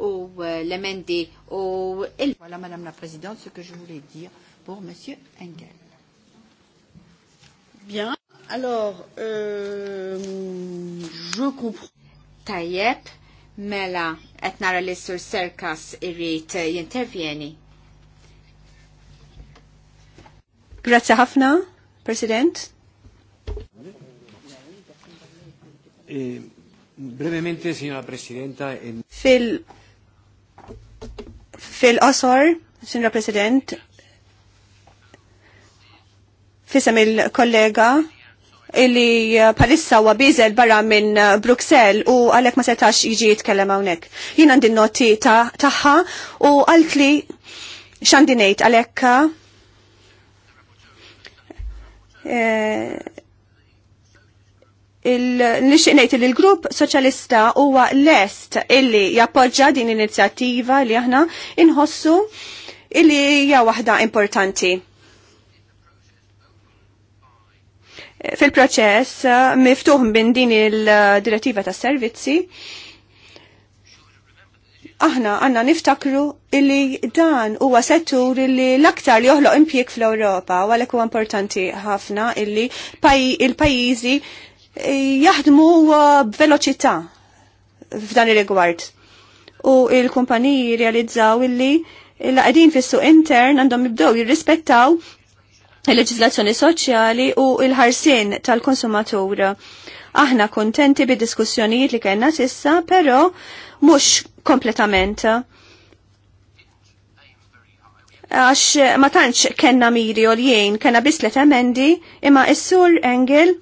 u eh, l-emendi u il- Voilà, Madame la Présidente, ce que je voulais dire pour Monsieur Engel. Bien. Alors, euh, je comprends. Tajjeb, mela, qed nara li sur serkas irrit jintervjeni. Grazie ħafna, President. Eh, brevemente, signora Presidenta. En... Fil fil-qosor, signora President, fissam il-kollega illi eh, palissa wa biżel barra minn eh, Bruxelles u għalek ma setax jiġi jitkellem hawnhekk. Jien għandi noti tagħha u għalt li x'għandi ngħid għalhekk eh, il-nixtieq ngħid li l-grupp soċjalista huwa lest illi jappoġġa din l-inizjattiva li aħna inħossu illi hija waħda importanti fil-proċess eh, miftuħ minn din il-direttiva ta' servizzi. Aħna għanna niftakru illi dan huwa settur illi l-aktar li joħloq impjek fl-Ewropa u għalhekk huwa importanti ħafna illi il-pajjiżi eh, jaħdmu eh, b'veloċità f'dan ir-rigward. U il-kumpaniji realizzaw illi l-qegħdin fis-suq intern għandhom jibdew jirrispettaw il-leġislazzjoni soċjali u il-ħarsien tal-konsumatur. Aħna kontenti bi diskussjonijiet li kellna sissa, però mhux kompletament. Għax ma tantx kellna miri u jien kellna biss emendi imma is-sur Engel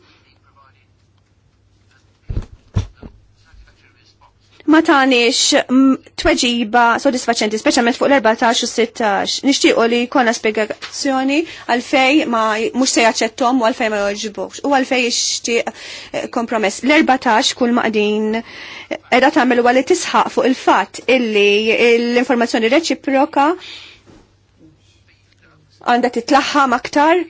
ma tanix mm, tweġiba sodisfaċenti, speċjalment fuq l-14 u 16. Nixtiequ li jkollna spiegazzjoni għalfej ma mhux se jaċċettom u għalfej ma joġbux u għalfej jixtieq eh, kompromess. L-14 kull maqdin qiegħda eh, tagħmel li tisħaq fuq il-fatt illi l-informazzjoni reċiproka għandha titlaħħam aktar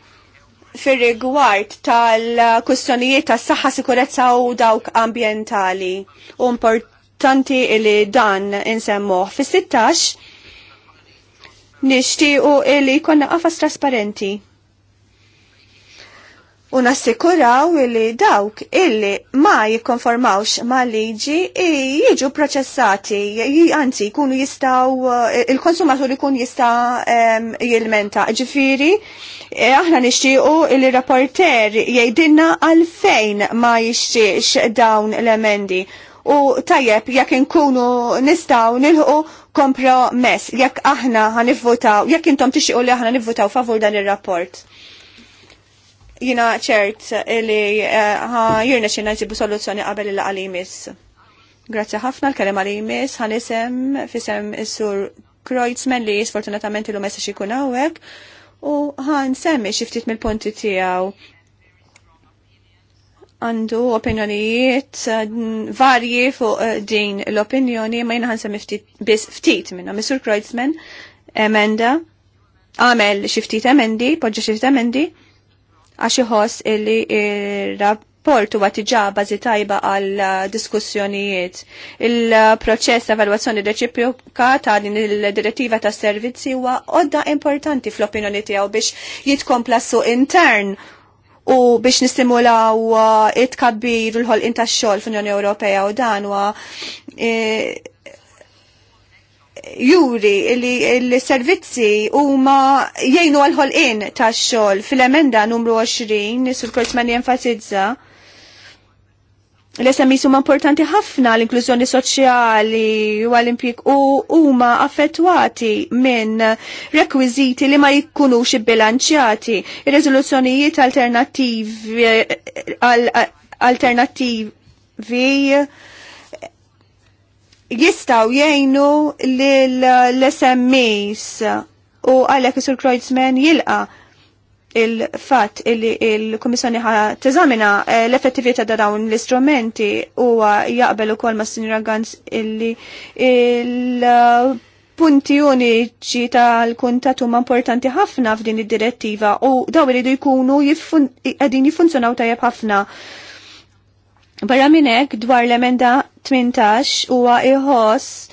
fir-rigward tal-kustjonijiet tas saħħa sikurezza u dawk ambientali u import Tanti illi dan insemmuħ. Fis-16 nixtiequ li jkollna qafas trasparenti u nassikuraw li dawk illi ma jikkonformawx ma liġi jiġu proċessati, anzi jkunu jistaw, eh, il-konsumatur jkun jista jilmenta. Ġifiri, eh, aħna nixtiequ li rapporter jgħidilna għalfejn ma jixtiex dawn l-emendi u tajjeb jekk inkunu nistgħu nilħu kompromess jekk aħna ħanivvutaw, jekk intom tixqu li aħna nivvutaw favur dan ir-rapport. Jina ċert li eh, jirna xina ġibu soluzzjoni qabel il għalimis. Grazzi ħafna l-kelem għalimis, ħanisem fisem is-sur Kreutzmann li sfortunatament il-lumessa xikun għawek u ħan semmi xiftit mill-punti tijaw għandu opinjonijiet eh, varji fuq eh, din l-opinjoni ma jina ħansem bis ftit minna. Mr. Kreutzman emenda, għamel xiftit emendi, poġġa xiftit emendi, għax iħoss illi il-rapport huwa tiġa bażi tajba għal eh, diskussjonijiet. Il-proċess ta' evalwazzjoni reċiproka ta' din il-direttiva ta' servizzi huwa għodda importanti fl-opinjoni tiegħu biex jitkompla su intern u biex nistimulaw uh, it-kabbir u l-ħolqin ta' xogħol fl-Unjoni Ewropea u dan huwa e, juri li servizzi servizzi huma jgħinu għal-ħolqin ta' xogħol fil-emenda numru 20 sur kors ma' jenfasizza l-SMI summa importanti ħafna l-inklużjoni soċjali u għal impjik u huma affettwati minn rekwiziti li ma jikkunux bilanċjati. ir riżoluzzjonijiet alternattivi alternattivi jistaw jgħinu l smis u għalek sur Kreuzmann jilqa' il-fat illi il-Komissjoni ħa teżamina eh, l-effettività da dawn l-istrumenti u jaqbel ukoll ma' Sinjura Gans illi il-punti uniċi tal-kuntat huma importanti ħafna f'din id-direttiva u daw iridu jkunu qegħdin jiffunzjonaw tajjeb ħafna. Barra minnek dwar l-emenda 18 huwa iħoss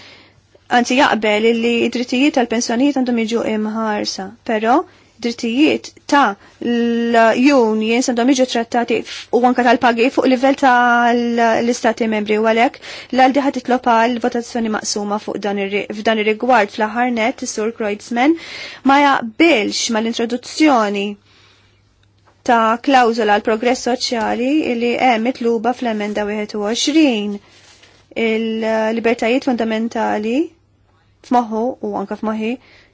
anzi jaqbel illi id-drittijiet tal-pensjonijiet għandhom jiġu imħarsa, però drittijiet ta' l union għandhom iġu trattati u anka tal-pagi fuq livell tal-istati membri u għalek l-għaldi ħat titlob għal votazzjoni maqsuma fuq dan ir-rigward fl-aħħar net sur Kreutzmann ma jaqbilx mal-introduzzjoni ta' klawzola għal progress soċjali li hemm mitluba fl-emenda 21 il-libertajiet fundamentali f'moħħu u anka f'moħħi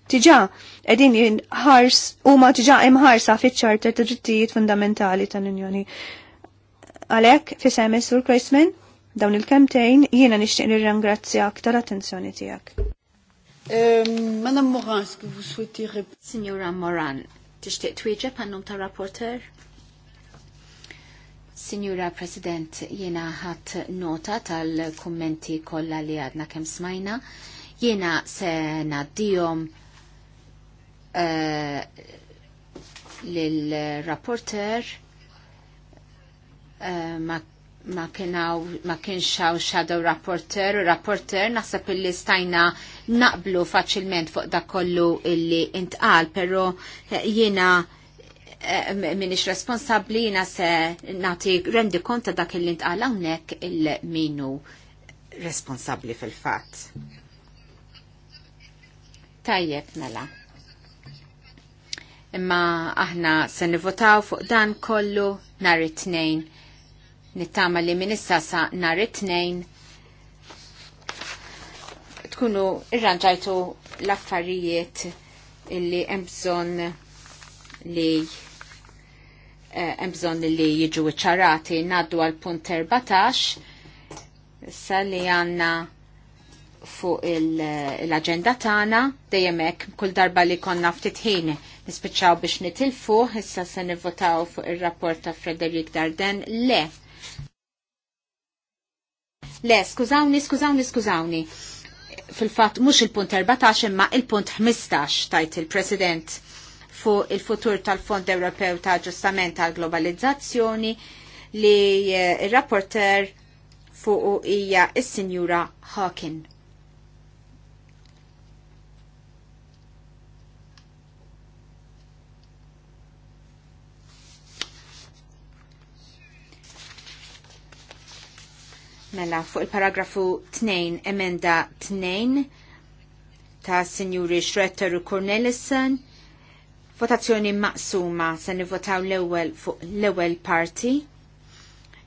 tiġa edin ħars u ma tiġa imħarsa fit ċarter ta' drittijiet fundamentali tal-Unjoni. Għalek, fi semis u l-Kreisman, dawn il-kemtejn jiena nixtieq rangrazzja tal-attenzjoni tiegħek. Ehm, Madam Moran, sku vous souhaitez Signora Moran, tixtieq twieġeb għannum ta' rapporter? Signora President, jiena ħat nota tal-kummenti kollha li għadna kemm smajna. Jiena se naddijom Eh, l-rapporter eh, ma kienaw kienx shadow rapporter u rapporter naħseb illi stajna naqblu faċilment fuq da kollu illi intqal, però jiena eh, minix responsabli jina se nati rendi konta dak il intqal hawnhekk il-minu responsabli fil-fatt. Tajjeb mela imma aħna se nivotaw fuq dan kollu nhar it-tnejn. Nittama li minn issa sa nhar it-tnejn tkunu irranġajtu l-affarijiet illi hemm bżonn li eh, hemm li jiġu iċċarati ngħaddu għal punt 14 Sa li għandna fuq eh, l-agenda tagħna dejjem hekk kull darba li konna ftit ħin nispiċaw biex nitilfu, issa se nivvotaw fuq ir-rapport ta' Frederik Darden, le. Le, skużawni, skużawni, skużawni. Fil-fatt mhux il-punt 14 imma il-punt 15 tajt il-President fuq il-futur tal-Fond Ewropew ta' Aġġustament tal-Globalizzazzjoni li eh, il rapporter fuq hija is-Sinjura Hawking. Mela, fuq il-paragrafu 2, emenda 2 ta' Signuri Schroeter u Cornelison, votazzjoni maqsuma se nivvotaw l-ewwel fuq l-ewwel parti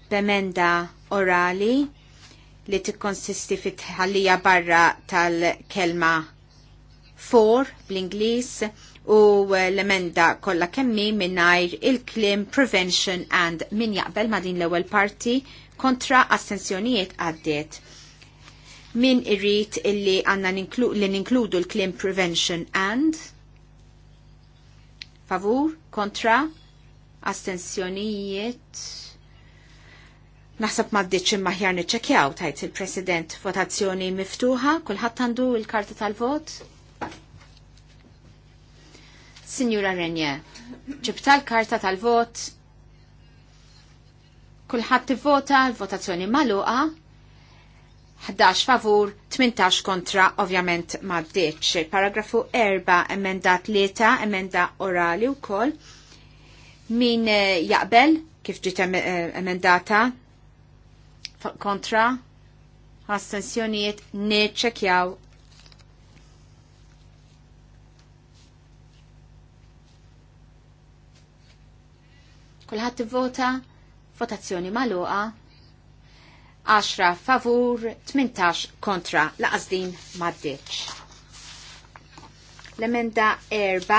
b'emenda orali li tikkonsisti fit ħallija barra tal-kelma for bl-Ingliż u l-emenda kollha kemmi mingħajr il-klim prevention and min jaqbel ma' din l-ewwel parti kontra astensjonijiet għaddiet. Min irrit illi għanna li ninkludu l claim prevention and favur kontra astensjonijiet Naħseb ma ddiċ imma ħjar niċċekjaw tajt il-President votazzjoni miftuħa, kulħadd għandu l-karta tal-vot? Signora Renje, ġibta l-karta tal-vot Kulħadd tivvota l-votazzjoni magħluqa 11 favur, 18 kontra, ovvjament ma ddeċ. Paragrafu 4, emenda 3, emenda orali u kol. Min eh, jaqbel, kif ġiet eh, emendata, kontra, astensjonijiet, neċekjaw. Kulħat vota Votazzjoni maluqa. 10 favur, 18 kontra. Laqas din maddiċ. L-emenda erba,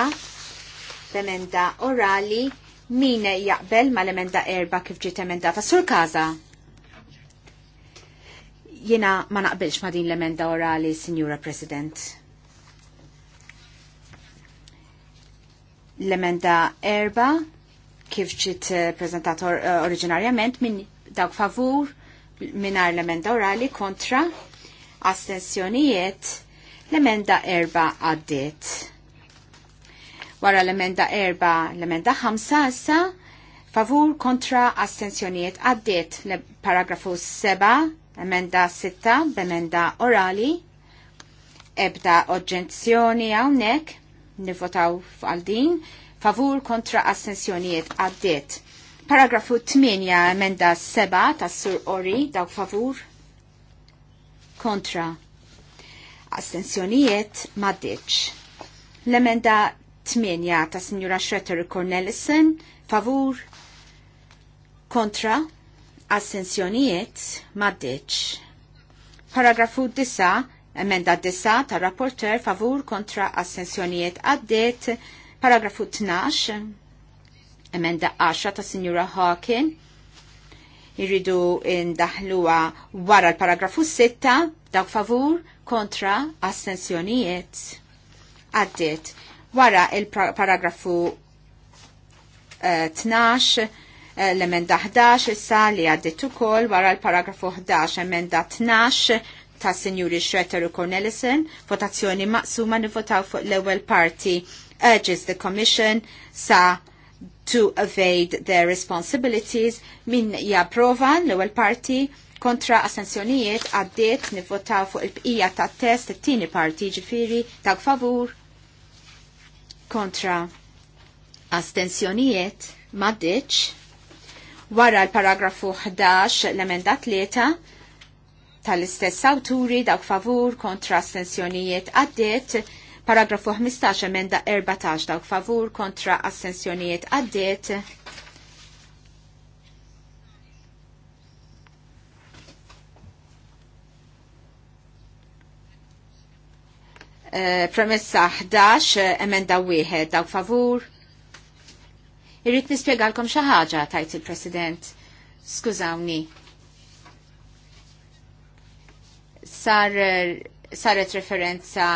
l-emenda orali, min jaqbel ma l-emenda erba kif ġiet emendata sur kaza. Jena ma naqbilx ma din l-emenda orali, Signora President. L-emenda erba, kif ġiet eh, prezentat eh, oriġinarjament minn dawk favur minn l-emenda orali kontra astensjonijiet l-emenda erba għaddiet. Wara l-emenda erba l-emenda ħamsa issa favur kontra astensjonijiet għaddiet l-paragrafu 7 emenda 6 b'emenda orali ebda oġġenzjoni hawnhekk nivvotaw għal din favur kontra assenzjonijiet għaddiet. Paragrafu 8 emenda 7 tas sur ori dawk favur kontra assenzjonijiet maddiċ. L-emenda 8 ta' Signora Shretter Cornelison favur kontra assenzjonijiet maddiċ. Paragrafu 9 emenda 9 ta' rapporter favur kontra assenzjonijiet għaddiet Paragrafu 12, emenda 10 ta' Signora Hawking, irridu indaħluwa wara l-paragrafu 6, dawk favur, kontra, astensjonijiet. Għaddit, wara il-paragrafu 12, eh, eh, l-emenda 11 issa li għaddit ukoll wara l-paragrafu 11 emenda 12 ta' Sinjuri Shretter u Cornelison, votazzjoni maqsuma nivotaw fuq l-ewwel parti urges the Commission sa to evade their responsibilities min japprovan l ewwel parti kontra assenzjonijiet għaddiet nivvotaw fuq il-bqija ta' test it-tieni parti ġifiri ta' favur kontra astensjonijiet maddiċ wara l-paragrafu 11 l-emenda 3 tal-istess awturi dak favur kontra astensjonijiet għaddiet Paragrafu 15 emenda 14 dawk favur kontra assenzjonijiet għaddiet. Eh, premessa 11, emenda 1, dawk favur. Irrit nispiegalkom xi ħaġa tajt il-President. Skużawni. Eh, saret referenza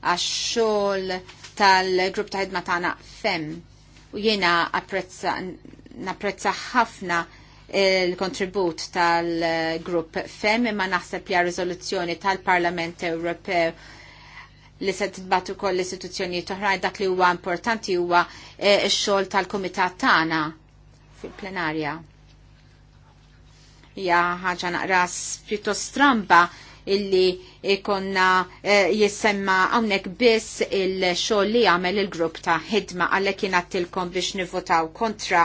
għax-xogħol tal-grupp ta' ħidma tagħna FEM u jiena napprezza ħafna il-kontribut tal-grupp FEM imma naħseb li riżoluzzjoni tal-Parlament Ewropew li se tibatu ukoll l istituzzjonijiet oħra dak li huwa importanti huwa eh, x-xogħol tal-kumitat tagħna fil-plenarja. Ja ħaġa naqras pjuttost stramba illi ikonna eh, jissemma għonek biss il-xol li għamel il-grupp ta' hidma għallek jenattilkom biex nivotaw kontra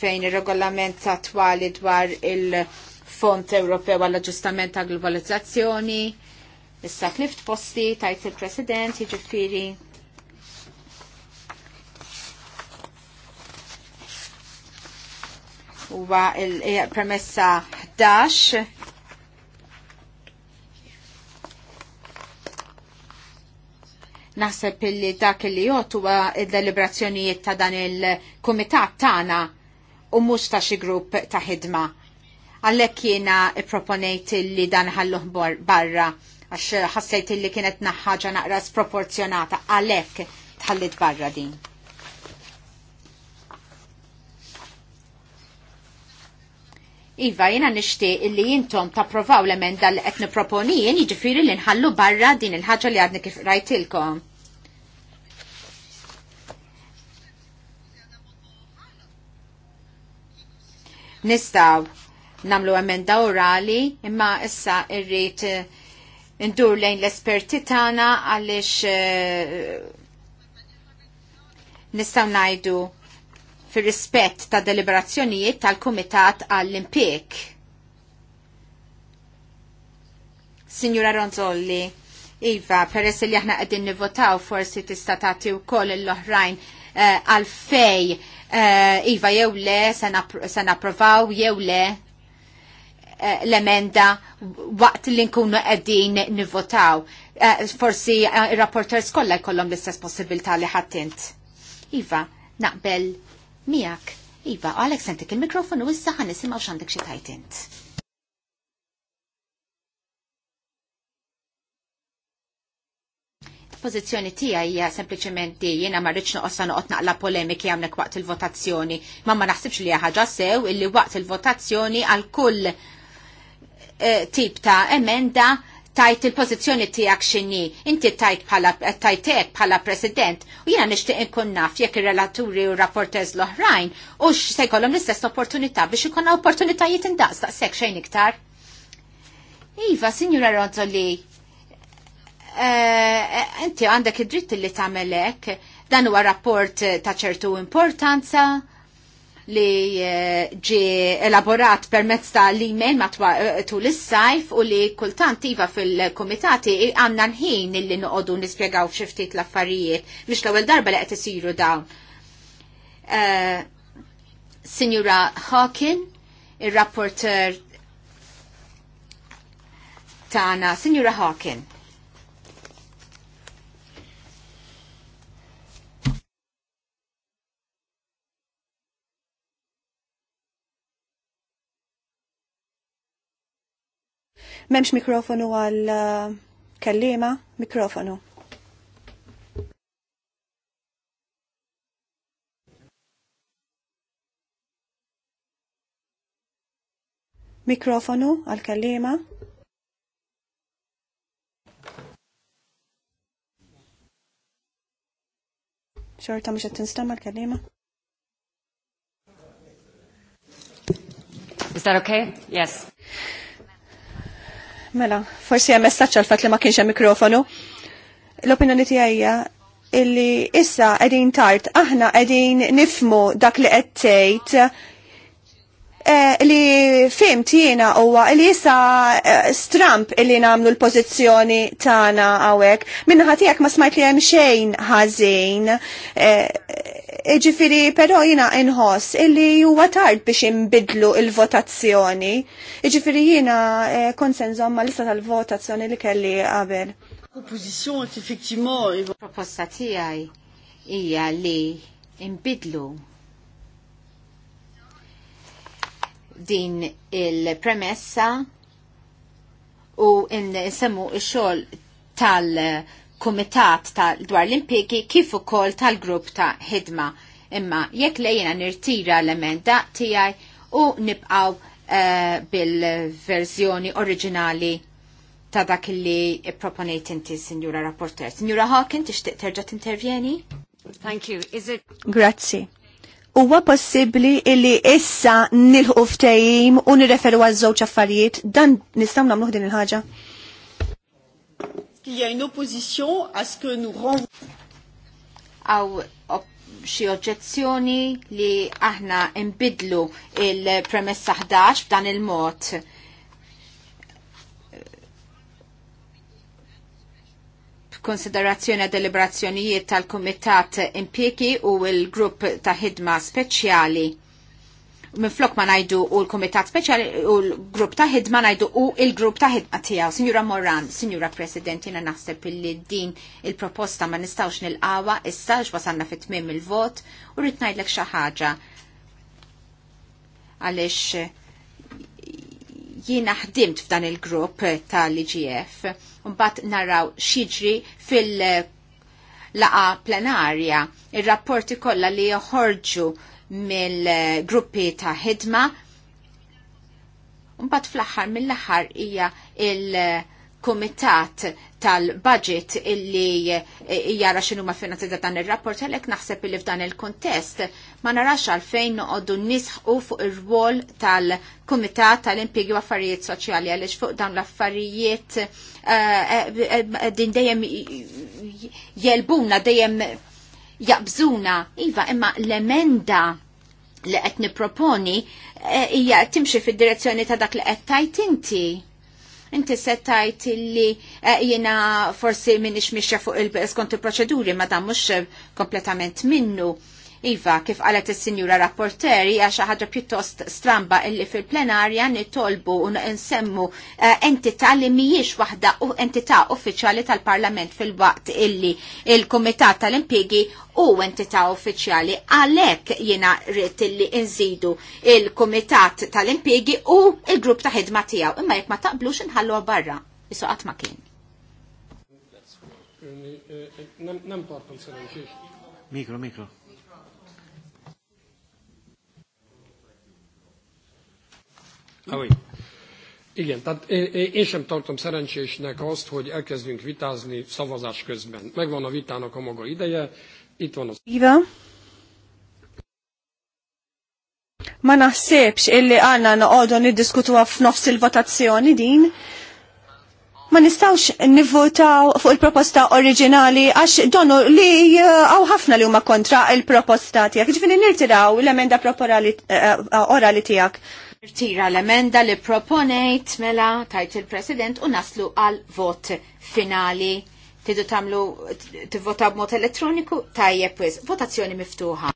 fejn il-regolament attwali dwar il-Fond Ewropew għall-Aġustament ta' Globalizzazzjoni, issa klift posti tajt il-President, jiġifieri huwa il-premessa 11 naħseb li dak li jgħot huwa id-deliberazzjonijiet ta' dan il-kumitat tagħna u mhux ta' xi grupp ta' ħidma. Għalhekk jiena proponejt li dan ħalluh barra għax ħassejt li kienet naħħaġa naqra sproporzjonata għalhekk tħallit barra din. Iva, jina nishti illi jintom ta' provaw l-emenda li etni jini ġifiri li nħallu barra din il-ħagġa li għadni kif rajtilkom. Nistaw namlu emenda orali, imma issa irrit eh, ndur lejn l-esperti tana għalix eh, nistaw najdu fir rispett ta' deliberazzjonijiet tal-Kumitat għall-Impik. Signora Ronzolli, Iva, peress li aħna qegħdin nivvotaw forsi tista' tagħti wkoll l-oħrajn eh, għalfej uh, eh, Iva jew le se napprovaw jew le eh, l-emenda waqt li nkunu qegħdin nivvotaw. Forsi ir-rapporters kollha jkollhom l-istess possibilità li ħadd int. Iva, naqbel Miak, Iva, Alex sentik il-mikrofonu issa ħan nisimaw x'għandek xi tajt int. Pożizzjoni tiegħi hija sempliċement di jiena ma rridx noqgħod noqgħod naqla polemiki hawnhekk waqt il-votazzjoni, ma ma naħsibx li ħaġa sew illi waqt il-votazzjoni għal kull eh, tip ta' emenda tajt il-pozizjoni tijak xinni, inti tajt tajtek pala president, u jena nishtiq inkun naf jekk il-relaturi u rapportez l-oħrajn, u x-sejkolom l-istess opportunità biex ikonna opportunitajiet indaqs daqsek xejn iktar. Iva, signora Rozzoli, eh, inti għandek id-dritt li tamelek, dan huwa rapport ta' ċertu importanza, li eh, ġi elaborat permezz ta' l-email eh, tul is-sajf u li kultant iva fil-komitati għandna nħin illi noqogħdu nispjegaw xi ftit l-affarijiet biex l-ewwel darba li qed isiru dawn. Eh, Signora Hawkin, ir-rapporter tagħna, Signora Hawkin. Memx mikrofonu għal uh, kellima, mikrofonu. Mikrofonu għal kellima. Xorta mux tinstam għal kellima Is that okay? Yes. Mela, forsi hemm messaġġ għal fatt li ma kienx hemm mikrofonu. L-opinjoni tiegħi illi issa qegħdin tard aħna qegħdin nifmu dak li qed tgħid eh, li fim jiena uwa li issa eh, stramp illi namlu l-pozizjoni tana għawek. Minna ħatijak ma smajt li jem xejn ħażin. Eh, Iġifiri, pero jina inħoss illi huwa tard biex imbidlu il-votazzjoni. Iġifiri jina eh, konsenżom ma lista tal-votazzjoni li kelli qabel. Proposizjon effettivament. Proposta tiegħi hija li imbidlu din il-premessa u nsemmu il xogħol tal- kumitat dwar l-impjegi kif ukoll tal-grupp ta' ħidma. Imma jekk lejna nirtira l-emenda tiegħi u nibqgħu uh, bil-verżjoni oriġinali ta' dak li proponejt inti, Sinjura Rapporter. Signora Hawkin, tixtieq terġa' tintervjeni? Thank you. Is it... Grazzi. Huwa possibbli illi issa nilħu ftehim u nirreferu għaż-żewġ affarijiet dan nistgħu nagħmluh il-ħaġa? qu'il y a une opposition à ce que nous xi oġġezzjoni li aħna imbidlu il-premessa 11 b'dan il-mod. konsiderazzjoni deliberazzjonijiet tal-Kumitat Impieki u l-Grupp ta' Ħidma Speċjali minflok ma najdu u l-Komitat Speċjali u l-Grupp ta' ħidma najdu u il-Grupp ta' ħidma tiegħu. Signora Moran, signora President, naħseb illi din il-proposta ma nistgħux nilqawa issa wasanna fit tmiem il-vot u rrid ngħidlek xi ħaġa. Għaliex jiena ħdimt f'dan il-grupp tal-IGF un mbagħad naraw xieġri fil- laqa plenarja, il rapporti kollha li joħorġu mill-gruppi ta' ħidma. Mbagħad fl-aħħar mill-aħħar hija il-kumitat tal-budget illi jara xinu ma finanzjata dan il-rapport għalek naħseb illi f'dan il-kontest ma narax għalfejn noqoddu nisħu fuq ir-rwol tal-Kumitat tal-Impjegi u Affarijiet Soċjali għaliex fuq dawn l-affarijiet eh, eh, eh, din dejjem jelbuna dejjem jaqbżuna, iva, imma l-emenda li qed niproponi eh, hija e, timxi fid-direzzjoni ta' dak li qed tajt inti inti se tajt li eh, jiena forsi minix mixja fuq il-skont il-proċeduri ma dan mux eh, kompletament minnu. Iva, kif qalet il-Sinjura Rapporteri, għaxa ħadra pjuttost stramba illi fil-plenarja nitolbu u nsemmu entità li mijiex wahda u entità uffiċjali tal-Parlament fil-waqt illi il-Komitat tal-Impigi u entità uffiċjali għalek jena rrit illi nżidu il-Komitat tal-Impigi u il-grupp ta' ħidma tijaw. Imma jek ma taqblux nħallu barra. Isoqat ma kien. Mikro, mikro. Ah, Igen, tehát én sem tartom szerencsésnek azt, hogy elkezdünk vitázni szavazás közben. Megvan a vitának a maga ideje, itt van az... Iva? Ma naħsebx illi għanna noqogħdu niddiskutuha f'nofs il-votazzjoni din. Ma nistawx nivvotaw fuq il-proposta oriġinali għax donu li eh, għaw ħafna li huma kontra il-proposta tiegħek. Ġifieri nirtiraw l-emenda eh, orali tiegħek. Tira l-emenda li proponejt mela tajt il-President u naslu għal vot finali. Tidu tamlu tivvota b'mod elettroniku tajjeb wis votazzjoni miftuħa.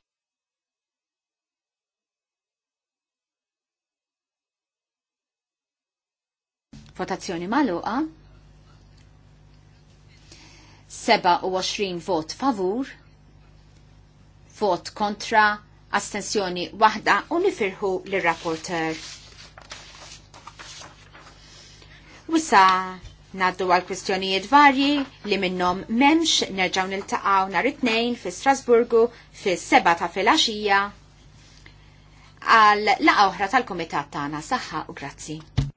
Votazzjoni maluqa. 27 vot favur, vot kontra astensjoni waħda u nifirħu l-rapporter. Wissa Naddu għal kwistjonijiet varji li minnom memx nerġaw nil-taqaw nar it-tnejn fi Strasburgu fi seba ta' filaxija għal laqa oħra tal-Komitat tagħna saħħa u grazzi.